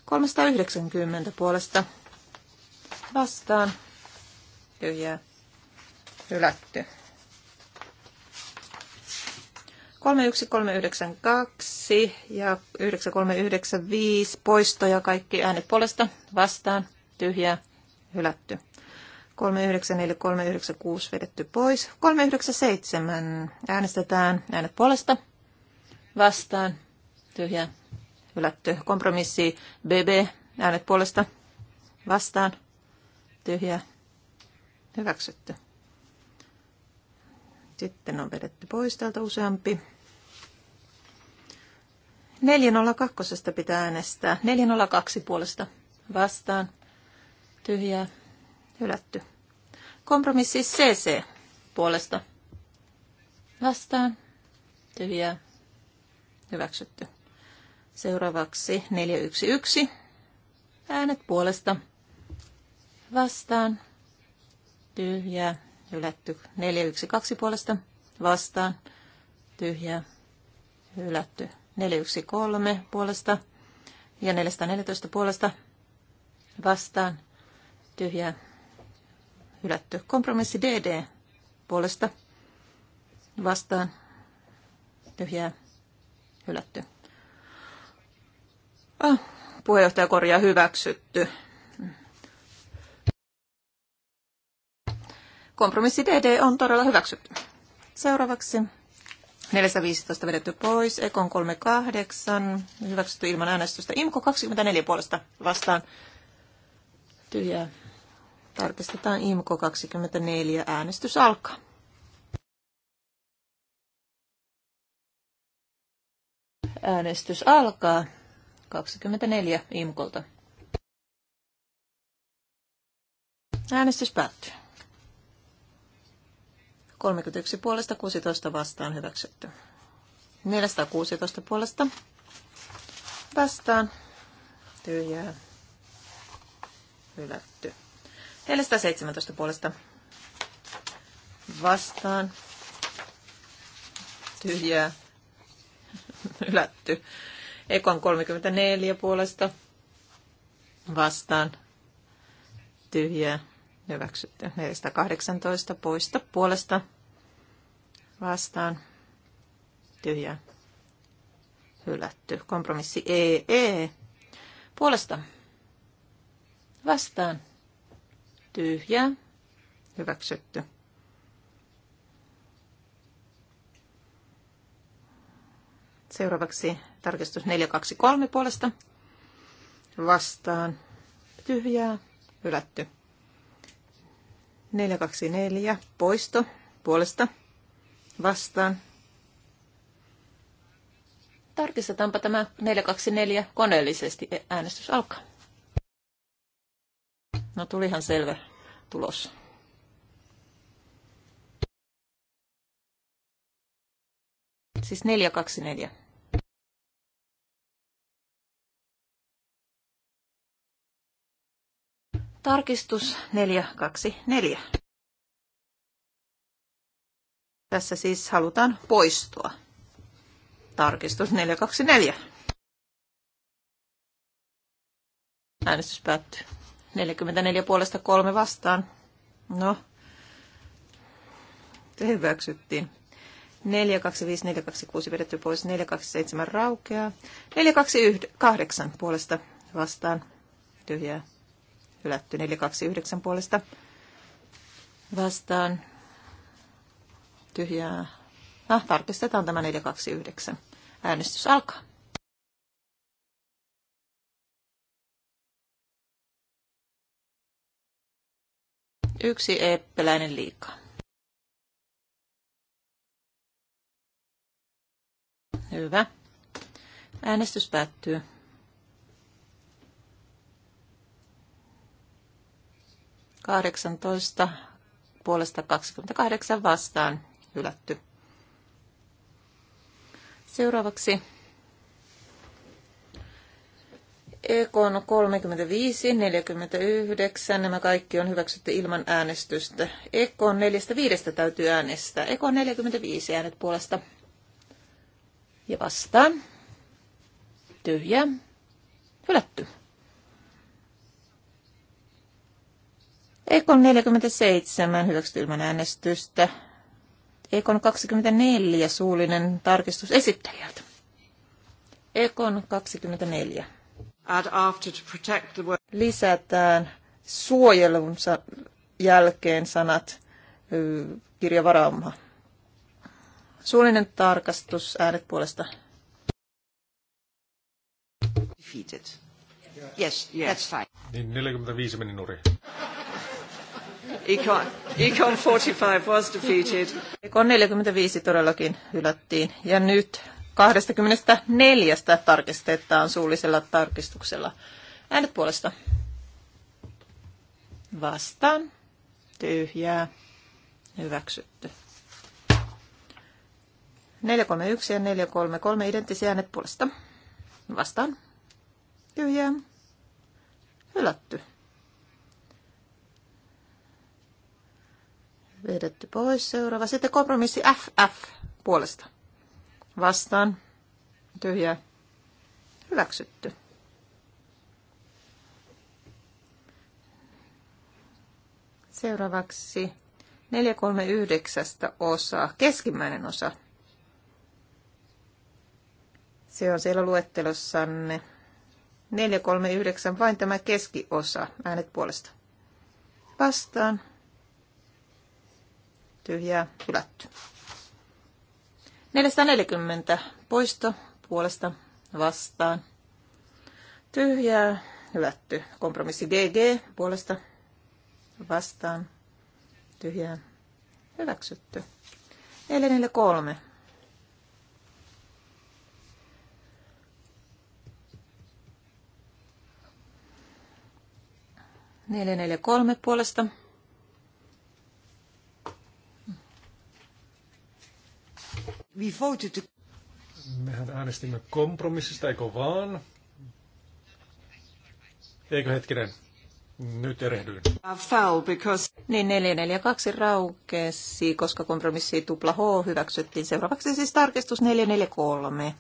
390 puolesta. Vastaan. Tyhjää. Hylätty. 31392 ja 9395 poistoja kaikki äänet puolesta vastaan tyhjää hylätty. 394396 vedetty pois. 397 äänestetään äänet puolesta vastaan tyhjää hylätty. Kompromissi BB äänet puolesta vastaan tyhjää hyväksytty. Sitten on vedetty pois täältä useampi. 402 pitää äänestää. 402 puolesta vastaan. Tyhjää. Hylätty. Kompromissi CC puolesta vastaan. Tyhjää. Hyväksytty. Seuraavaksi 411. Äänet puolesta vastaan. Tyhjää hylätty. 412 puolesta vastaan, tyhjä, hylätty. 413 puolesta ja 414 puolesta vastaan, tyhjä, hylätty. Kompromissi DD puolesta vastaan, tyhjä, hylätty. Ah, puheenjohtaja korjaa hyväksytty. Kompromissi DD on todella hyväksytty. Seuraavaksi 415 vedetty pois, Ekon 38, hyväksytty ilman äänestystä, Imko 24 puolesta vastaan, tyhjää. Tarkistetaan Imko 24, äänestys alkaa. Äänestys alkaa 24 Imkolta. Äänestys päättyy. 31 puolesta 16 vastaan hyväksytty. 416 puolesta vastaan tyhjää hylätty. 417 puolesta vastaan tyhjää hylätty. Ekon 34 puolesta vastaan tyhjää hyväksytty. 418 poista puolesta vastaan tyhjä, hylätty. Kompromissi EE e. puolesta vastaan tyhjä, hyväksytty. Seuraavaksi tarkistus 423 puolesta vastaan tyhjää hylätty. 424 poisto puolesta vastaan. Tarkistetaanpa tämä 424 koneellisesti. Äänestys alkaa. No tulihan selvä tulos. Siis 424. Tarkistus 424. Tässä siis halutaan poistua. Tarkistus 424. Äänestys päättyy. 44 puolesta kolme vastaan. No, se hyväksyttiin. 425, 426 vedetty pois, 427 raukeaa. 428 puolesta vastaan tyhjää hylätty 429 puolesta vastaan tyhjää. Ah, tarkistetaan tämä 429. Äänestys alkaa. Yksi eppeläinen liikaa. Hyvä. Äänestys päättyy. 18 puolesta 28 vastaan hylätty. Seuraavaksi EK on 35, 49. Nämä kaikki on hyväksytty ilman äänestystä. EK on 45 täytyy äänestää. EK on 45 äänet puolesta ja vastaan. Tyhjä. Hylätty. Ekon 47 hyväksytty ilman äänestystä. Ekon 24 suullinen tarkistus esittelijältä. Ekon 24. Lisätään suojelun jälkeen sanat kirjavaraumaan. Suullinen tarkastus äänet puolesta. Defeated. Yes, yes, that's fine. Niin 45 meni nurin. Econ, 45 was defeated. Econ 45 todellakin hylättiin. Ja nyt 24 tarkistetaan suullisella tarkistuksella. Äänet puolesta. Vastaan. Tyhjää. Hyväksytty. 431 ja 433 identtisiä äänet puolesta. Vastaan. Tyhjää. Hylätty. vedetty pois. Seuraava. Sitten kompromissi FF puolesta. Vastaan. Tyhjää. Hyväksytty. Seuraavaksi 439 osa, keskimmäinen osa. Se on siellä luettelossanne. 439, vain tämä keskiosa, äänet puolesta. Vastaan, tyhjää hylätty. 440 poisto puolesta vastaan. Tyhjää hylätty. Kompromissi GG puolesta vastaan. Tyhjää hyväksytty. 443 kolme puolesta We voted to... Mehän äänestimme kompromissista, eikö vaan? Eikö hetkinen? Nyt erehdyin. Foul because... Niin 442 raukesi, koska kompromissi tupla H hyväksyttiin. Seuraavaksi siis tarkistus 443.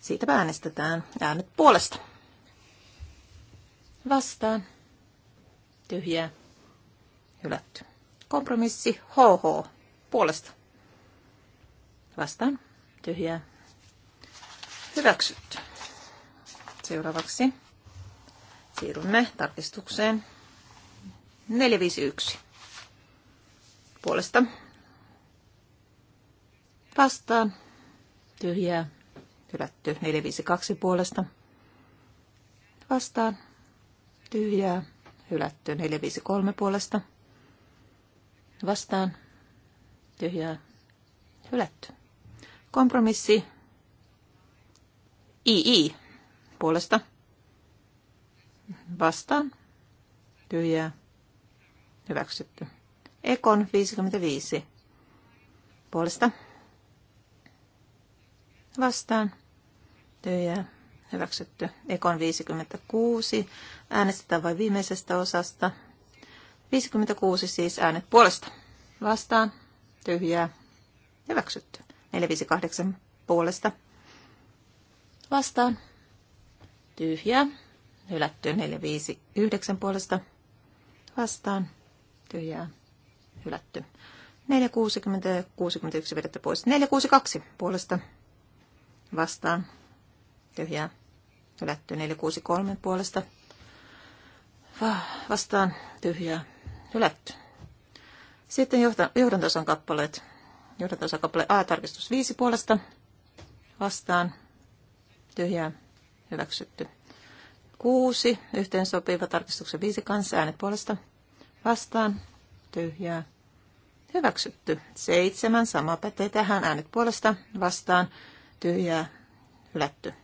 Siitä äänestetään äänet puolesta. Vastaan. Tyhjää. Hylätty. Kompromissi HH. Puolesta. Vastaan. Tyhjää. Hyväksytty. Seuraavaksi siirrymme tarkistukseen 451. Puolesta. Vastaan. Tyhjää. Hylätty 452 puolesta. Vastaan. Tyhjää. Hylätty 453 puolesta. Vastaan. Tyhjää. Hylätty. Kompromissi II puolesta vastaan tyhjää hyväksytty. Ekon 55 puolesta vastaan tyhjää hyväksytty. Ekon 56 äänestetään vain viimeisestä osasta. 56 siis äänet puolesta vastaan tyhjää hyväksytty. 458 puolesta vastaan. Tyhjä. Hylätty 459 puolesta vastaan. Tyhjää. Hylätty. 460 ja 61 vedettä pois. 462 puolesta vastaan. Tyhjää. Hylätty 463 puolesta vastaan. Tyhjää. Hylätty. Sitten johdantason kappaleet. Johdatusakaple A, tarkistus 5 puolesta. Vastaan. Tyhjää. Hyväksytty. 6. Yhteen sopiva tarkistuksen 5 kanssa. Äänet puolesta. Vastaan. Tyhjää. Hyväksytty. 7. Sama pätee tähän. Äänet puolesta. Vastaan. Tyhjää. Hylätty.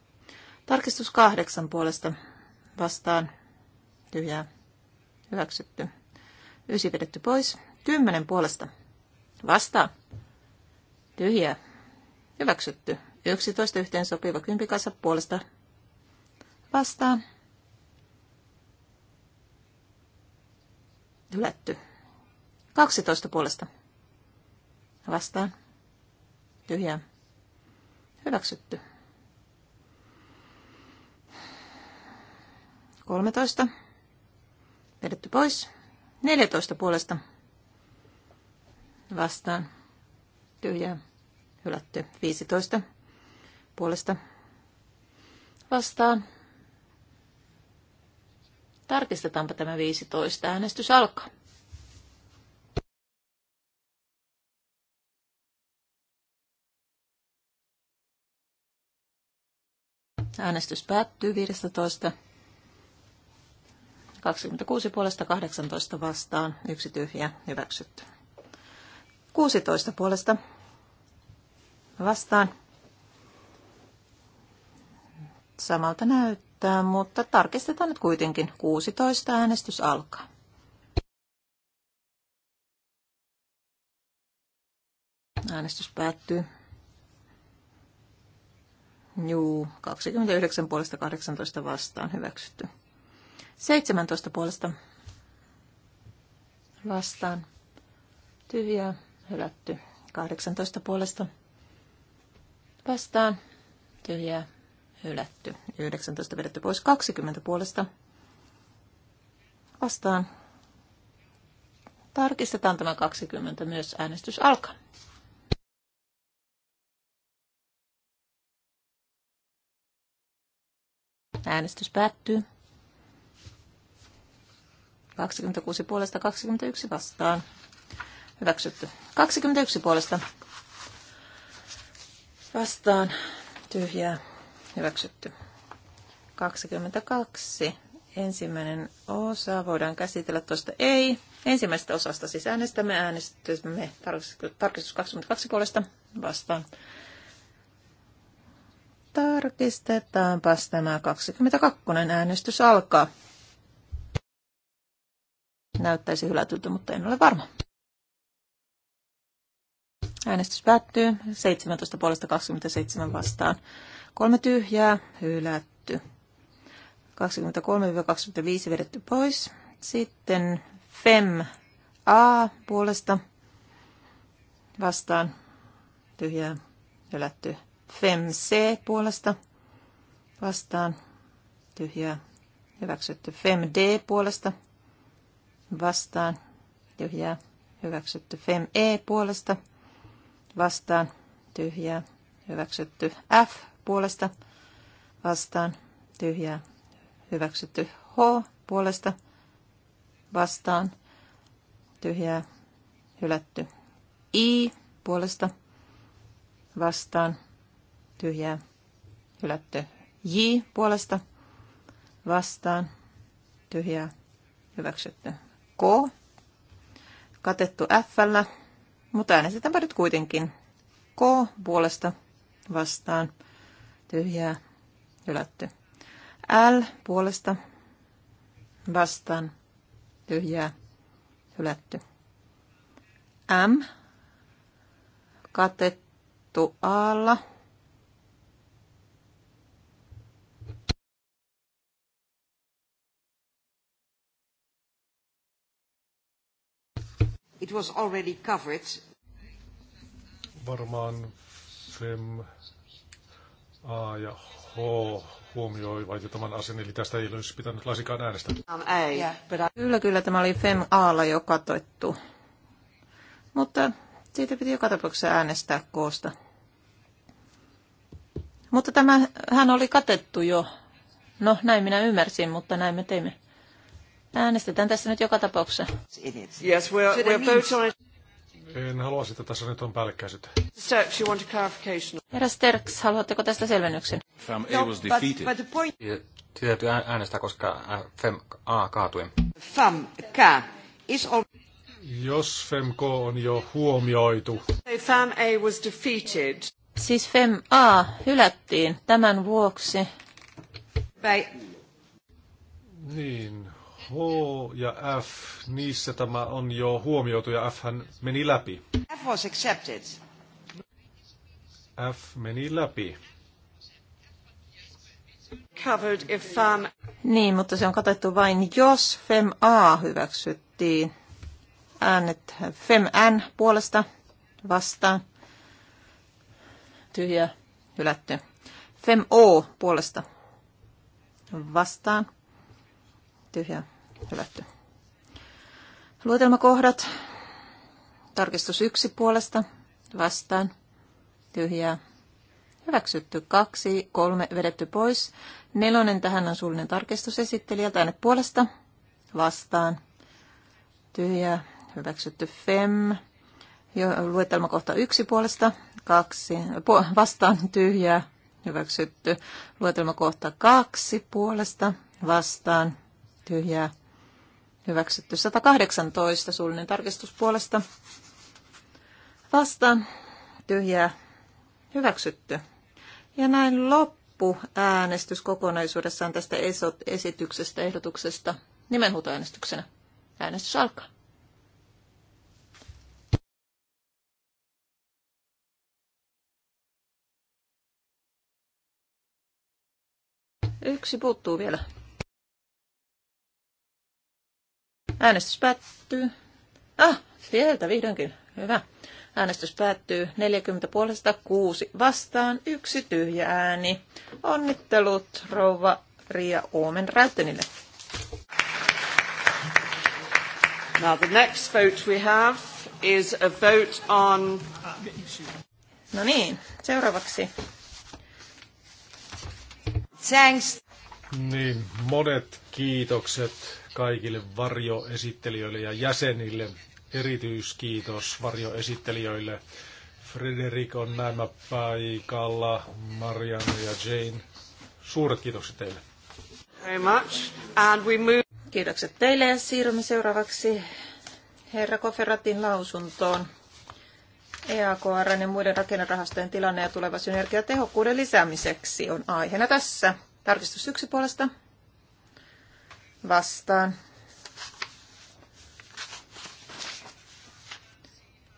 Tarkistus 8 puolesta. Vastaan. Tyhjää. Hyväksytty. 9 vedetty pois. 10 puolesta. Vastaan. Tyhjä. Hyväksytty. 11 yhteen sopiva kympikasa puolesta vastaan. Hylätty. 12 puolesta vastaan. Tyhjä. Hyväksytty. 13. Vedetty pois. 14 puolesta vastaan tyhjää hylätty. 15 puolesta vastaan. Tarkistetaanpa tämä 15. Äänestys alkaa. Äänestys päättyy 15. 26 puolesta 18 vastaan, yksi tyhjä, hyväksytty. 16 puolesta vastaan. Samalta näyttää, mutta tarkistetaan nyt kuitenkin. 16 äänestys alkaa. Äänestys päättyy. Juu, 29 puolesta 18 vastaan hyväksytty. 17 puolesta vastaan. Tyhjää hylätty. 18 puolesta vastaan, tyhjää, hylätty. 19 vedetty pois, 20 puolesta vastaan. Tarkistetaan tämä 20 myös äänestys alkaa. Äänestys päättyy. 26 puolesta 21 vastaan. Hyväksytty. 21 puolesta. Vastaan. Tyhjää. Hyväksytty. 22. Ensimmäinen osa. Voidaan käsitellä tuosta ei. Ensimmäisestä osasta siis äänestämme. Äänestämme tarkistus 22 puolesta. Vastaan. Tarkistetaanpas tämä 22. Äänestys alkaa. Näyttäisi hylätyltä, mutta en ole varma. Äänestys päättyy 17 puolesta 27 vastaan. Kolme tyhjää, hylätty. 23-25 vedetty pois. Sitten FEM A puolesta vastaan tyhjää, hylätty. FEM C puolesta vastaan tyhjää, hyväksytty. FEM D puolesta vastaan tyhjää, hyväksytty. FEM E puolesta vastaan, vastaan, tyhjää, hyväksytty. F puolesta vastaan, tyhjää, hyväksytty. H puolesta vastaan, tyhjää, hylätty. I puolesta vastaan, tyhjää, hylätty. J puolesta vastaan, tyhjää, hyväksytty. K katettu F:llä mutta äänestetäänpä nyt kuitenkin. K puolesta vastaan. Tyhjää. Hylätty. L puolesta vastaan. Tyhjää. Hylätty. M katettu alla. It was already covered varmaan FEM A ja H huomioivat jo tämän asian, eli tästä ei olisi pitänyt laisinkaan äänestää. Um, kyllä, kyllä, tämä oli FEM Aalla jo katoittu. Mutta siitä piti joka tapauksessa äänestää koosta. Mutta tämä, hän oli katettu jo. No, näin minä ymmärsin, mutta näin me teimme. Äänestetään tässä nyt joka tapauksessa. Yes, we are, we are en halua sitä tässä nyt on päällekkäisyyttä. Herra Sterks, haluatteko tästä selvennyksen? Fem A no, was defeated. point... Täytyy äänestää, koska Fem A kaatui. Fem K is on... Jos FEMK on jo huomioitu. Fem A was defeated. Siis Fem A hylättiin tämän vuoksi. Niin, H ja F, niissä tämä on jo huomioitu ja F hän meni läpi. F was accepted. F meni läpi. Covered if FAM... Niin, mutta se on katettu vain, jos FEM A hyväksyttiin. Äänet FEM N puolesta vastaan. Tyhjä, hylätty. FEM O puolesta vastaan. Tyhjä, Hylätty. Luetelmakohdat. Tarkistus yksi puolesta. Vastaan. Tyhjää. Hyväksytty. Kaksi, kolme vedetty pois. Nelonen tähän on suullinen tarkistus esittelijältä. tänne puolesta. Vastaan. Tyhjää. Hyväksytty. Fem. Jo, luetelmakohta yksi puolesta. Kaksi. Pu- vastaan. Tyhjää. Hyväksytty. Luetelmakohta kaksi puolesta. Vastaan. Tyhjää Hyväksytty 118 suullinen tarkistus puolesta. Vastaan. Tyhjää. Hyväksytty. Ja näin loppu äänestys kokonaisuudessaan tästä esityksestä, ehdotuksesta nimenhuutoäänestyksenä. Äänestys alkaa. Yksi puuttuu vielä. Äänestys päättyy. Ah, sieltä vihdoinkin. Hyvä. Äänestys päättyy 40 puolesta 6 vastaan, yksi tyhjä ääni. Onnittelut rouva Ria Oomen Räyttönille. Now the next vote we have is a vote on... No niin, seuraavaksi. Thanks. Niin, monet kiitokset kaikille varjoesittelijöille ja jäsenille. Erityiskiitos varjoesittelijöille. Frederik on näemmä paikalla, Marianne ja Jane. Suuret kiitokset teille. Very much. And we move... Kiitokset teille ja siirrymme seuraavaksi herra Koferatin lausuntoon. EAKR ja muiden rakennerahastojen tilanne ja tuleva synergiatehokkuuden lisäämiseksi on aiheena tässä. Tarkistus yksi puolesta vastaan.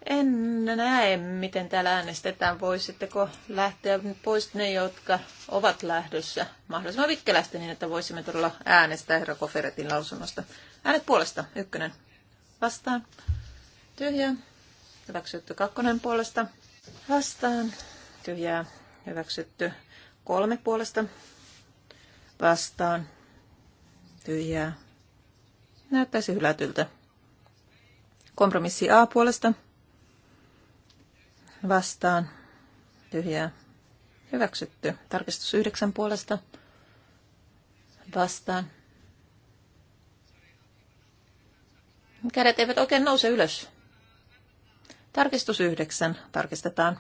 En näe, miten täällä äänestetään. Voisitteko lähteä pois ne, jotka ovat lähdössä mahdollisimman vikkelästi niin, että voisimme todella äänestää herra Koferetin lausunnosta. Äänet puolesta, ykkönen. Vastaan. Tyhjä. Hyväksytty kakkonen puolesta. Vastaan. Tyhjää. Hyväksytty kolme puolesta. Vastaan tyhjää. Näyttäisi hylätyltä. Kompromissi A puolesta. Vastaan. Tyhjää. Hyväksytty. Tarkistus 9 puolesta. Vastaan. Kädet eivät oikein nouse ylös. Tarkistus 9. Tarkistetaan.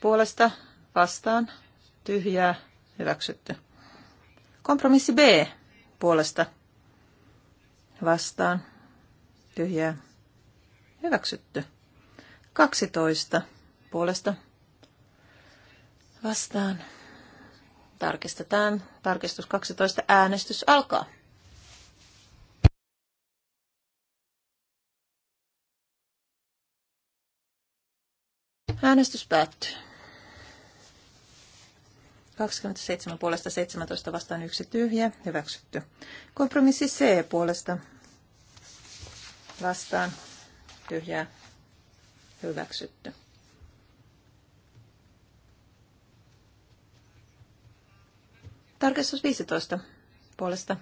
Puolesta vastaan, tyhjää, hyväksytty. Kompromissi B puolesta vastaan, tyhjää, hyväksytty. 12 puolesta vastaan. Tarkistetaan. Tarkistus 12. Äänestys alkaa. Äänestys päättyy. 27 puolesta 17 vastaan yksi tyhjä. Hyväksytty. Kompromissi C puolesta vastaan tyhjä, Hyväksytty. Tarkistus 15 puolesta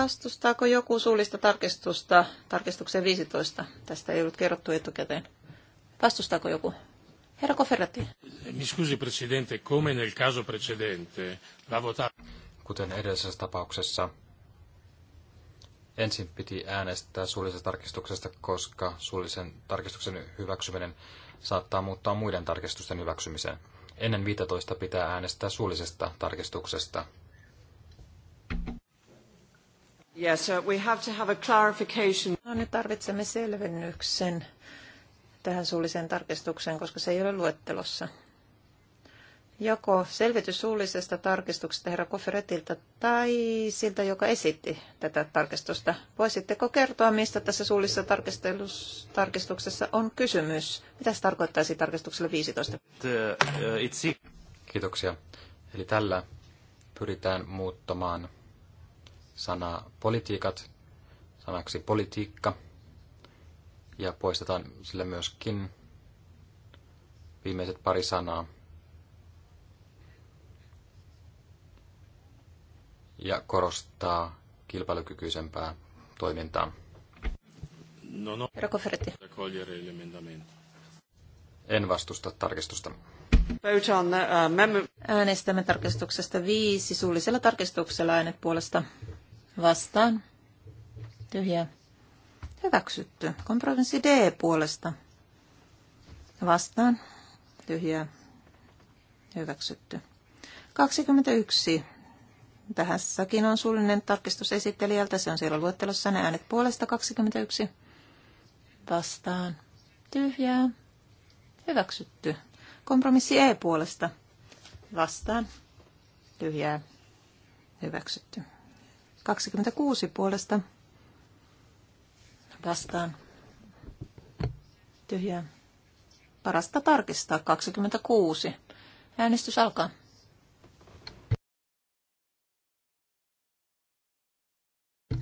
Vastustaako joku suullista tarkistusta tarkistukseen 15? Tästä ei ollut kerrottu etukäteen. Vastustaako joku? Herra Koferrati? Mi scusi presidente, come nel caso precedente, la vota... Kuten edellisessä tapauksessa, ensin piti äänestää suullisesta tarkistuksesta, koska suullisen tarkistuksen hyväksyminen saattaa muuttaa muiden tarkistusten hyväksymiseen. Ennen 15 pitää äänestää suullisesta tarkistuksesta, Yes, yeah, we have to have a clarification. No, nyt tarvitsemme selvennyksen tähän suulliseen tarkistukseen, koska se ei ole luettelossa. Joko selvitys suullisesta tarkistuksesta herra Koferetilta tai siltä, joka esitti tätä tarkistusta. Voisitteko kertoa, mistä tässä suullisessa tarkistuksessa on kysymys? Mitä se tarkoittaisi tarkistuksella 15? Kiitoksia. Eli tällä pyritään muuttamaan sanaa politiikat sanaksi politiikka ja poistetaan sille myöskin viimeiset pari sanaa. Ja korostaa kilpailukykyisempää toimintaa. No, no. En vastusta tarkistusta. Äh, Äänestämme tarkistuksesta viisi suullisella tarkistuksella äänet puolesta vastaan tyhjää hyväksytty. Kompromissi D puolesta vastaan tyhjää hyväksytty. 21. Tässäkin on suullinen tarkistus esittelijältä. Se on siellä luettelossa. Ne äänet puolesta 21 vastaan. Tyhjää. Hyväksytty. Kompromissi E puolesta vastaan. Tyhjää. Hyväksytty. 26 puolesta vastaan tyhjää. Parasta tarkistaa 26. Äänestys alkaa.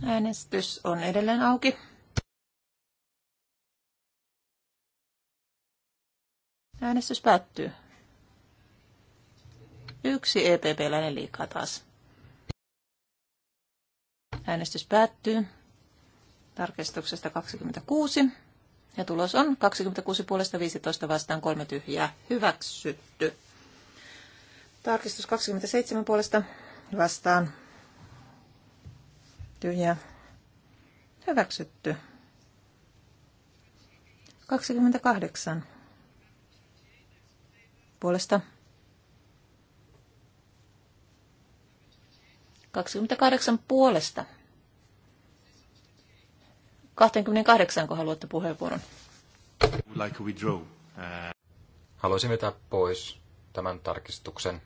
Äänestys on edelleen auki. Äänestys päättyy. Yksi EPP-läinen liikaa taas. Äänestys päättyy tarkistuksesta 26. Ja tulos on 26 puolesta 15 vastaan kolme tyhjää hyväksytty. Tarkistus 27 puolesta vastaan tyhjää hyväksytty. 28 puolesta 28 puolesta 28, kun haluatte puheenvuoron. Like withdraw. Uh, Haluaisin vetää pois tämän tarkistuksen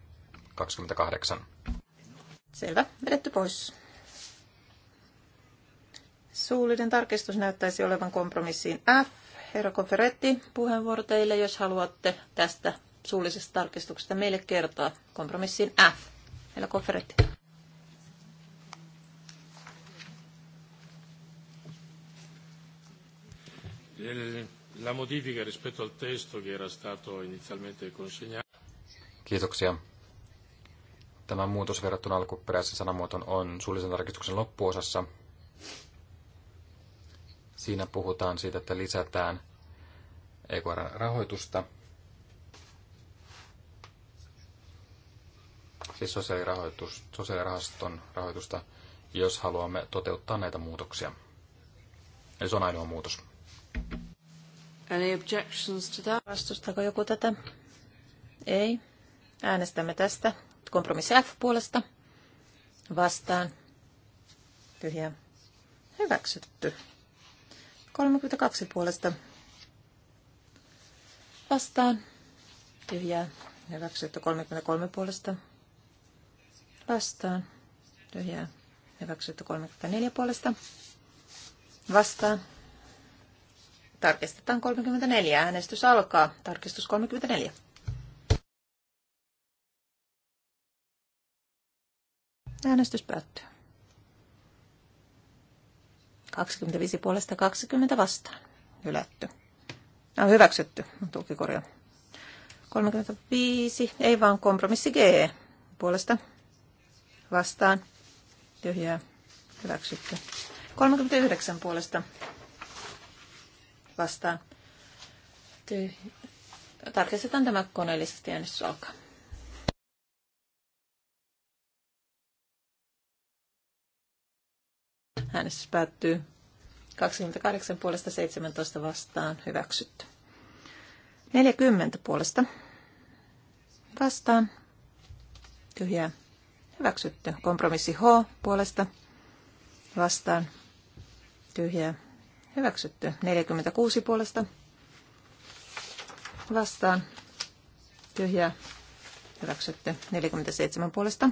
28. Selvä, vedetty pois. Suullinen tarkistus näyttäisi olevan kompromissiin F. Herra Konferetti, puheenvuoro teille, jos haluatte tästä suullisesta tarkistuksesta meille kertoa kompromissiin F. Herra Konferetti. modifica rispetto al testo che era stato inizialmente consegnato. Kiitoksia. Tämä muutos verrattuna alkuperäisen sanamuoton on suullisen tarkistuksen loppuosassa. Siinä puhutaan siitä, että lisätään EKR-rahoitusta, siis sosiaalirahoitus, sosiaalirahaston rahoitusta, jos haluamme toteuttaa näitä muutoksia. Eli se on ainoa muutos. Any objections to that? Vastustako joku tätä? Ei. Äänestämme tästä. Kompromissi F puolesta. Vastaan. Tyhjä. Hyväksytty. 32 puolesta. Vastaan. Tyhjä. Hyväksytty 33 puolesta. Vastaan. Tyhjä. Hyväksytty 34 puolesta. Vastaan. Tarkistetaan 34. Äänestys alkaa. Tarkistus 34. Äänestys päättyy. 25 puolesta 20 vastaan. Hylätty. No, hyväksytty. Tulkikorja. 35. Ei vaan kompromissi G. Puolesta vastaan. Tyhjää. Hyväksytty. 39 puolesta vastaan. Tarkistetaan tämä koneellisesti äänestys alkaa. Äänestys päättyy 28 puolesta 17 vastaan hyväksytty. 40 puolesta vastaan tyhjää hyväksytty. Kompromissi H puolesta vastaan tyhjää Hyväksytty. 46 puolesta. Vastaan. Tyhjää. Hyväksytty. 47 puolesta.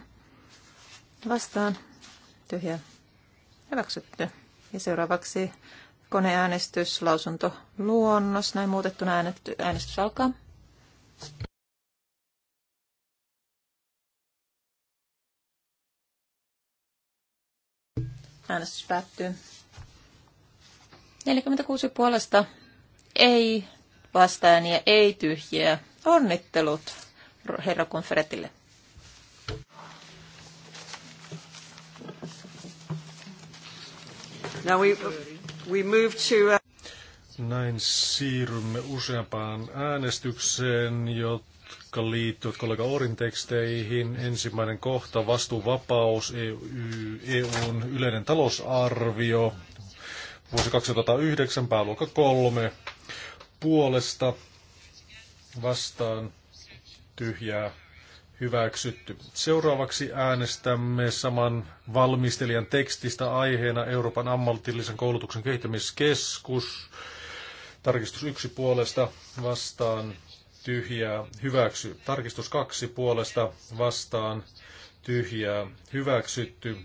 Vastaan. Tyhjää. Hyväksytty. Ja seuraavaksi koneäänestys, lausunto, luonnos, näin muutettuna äänestys alkaa. Äänestys päättyy. 46 puolesta ei vastaajia, ei tyhjiä. Onnittelut herra Konferetille. Now we, we move to, uh... Näin siirrymme useampaan äänestykseen, jotka liittyvät kollega Orin teksteihin. Ensimmäinen kohta, vastuuvapaus, EU, EUn yleinen talousarvio. Vuosi 2009, pääluokka 3, puolesta vastaan tyhjää hyväksytty. Seuraavaksi äänestämme saman valmistelijan tekstistä aiheena Euroopan ammatillisen koulutuksen kehittämiskeskus. Tarkistus yksi puolesta vastaan tyhjää hyväksy. Tarkistus kaksi puolesta vastaan tyhjää hyväksytty.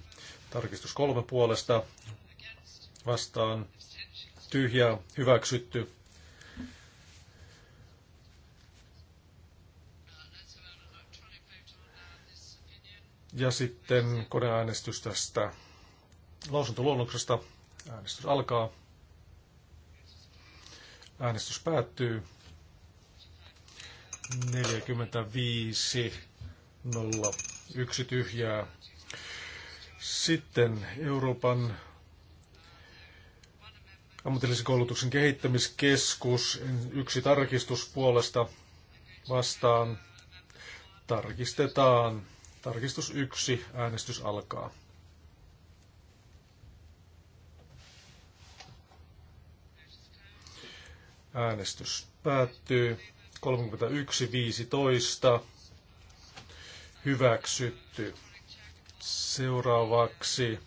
Tarkistus kolme puolesta vastaan tyhjä hyväksytty. Ja sitten koneäänestys tästä lausuntoluonnoksesta. Äänestys alkaa. Äänestys päättyy. 45 0 tyhjää. Sitten Euroopan Ammatillisen koulutuksen kehittämiskeskus, yksi tarkistus puolesta vastaan. Tarkistetaan. Tarkistus yksi äänestys alkaa. Äänestys päättyy. 31.15. Hyväksytty. Seuraavaksi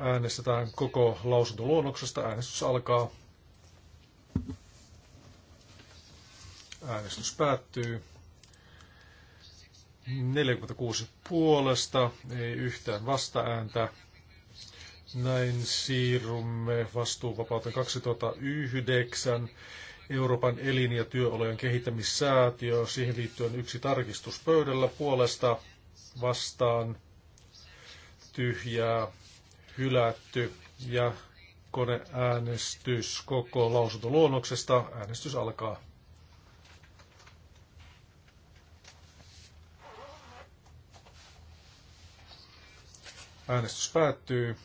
äänestetään koko lausuntoluonnoksesta. Äänestys alkaa. Äänestys päättyy. 46 puolesta, ei yhtään vastaääntä. Näin siirrumme vastuuvapauteen 2009. Euroopan elin- ja työolojen kehittämissäätiö. Siihen liittyen yksi tarkistus pöydällä puolesta vastaan tyhjää hylätty ja koneäänestys koko lausuntoluonnoksesta. Äänestys alkaa. Äänestys päättyy.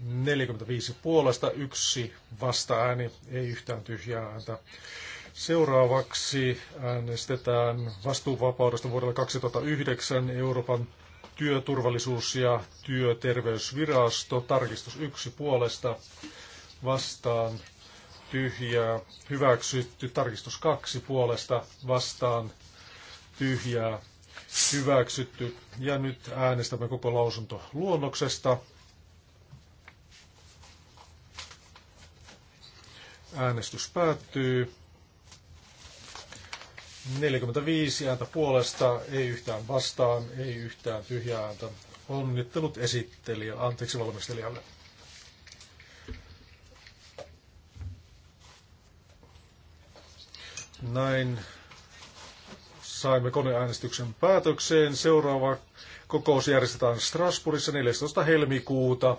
45 puolesta, yksi vastaääni, ei yhtään tyhjää ääntä. Seuraavaksi äänestetään vastuuvapaudesta vuodelle 2009 Euroopan työturvallisuus- ja työterveysvirasto, tarkistus yksi puolesta vastaan tyhjää, hyväksytty, tarkistus kaksi puolesta vastaan tyhjää, hyväksytty. Ja nyt äänestämme koko lausunto luonnoksesta. Äänestys päättyy. 45 ääntä puolesta, ei yhtään vastaan, ei yhtään tyhjää ääntä. Onnittelut esittelijä, anteeksi valmistelijalle. Näin saimme koneäänestyksen päätökseen. Seuraava kokous järjestetään Strasbourgissa 14. helmikuuta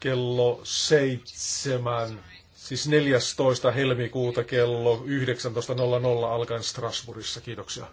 kello seitsemän. Siis 14. helmikuuta kello 19.00 alkaen Strasbourgissa. Kiitoksia.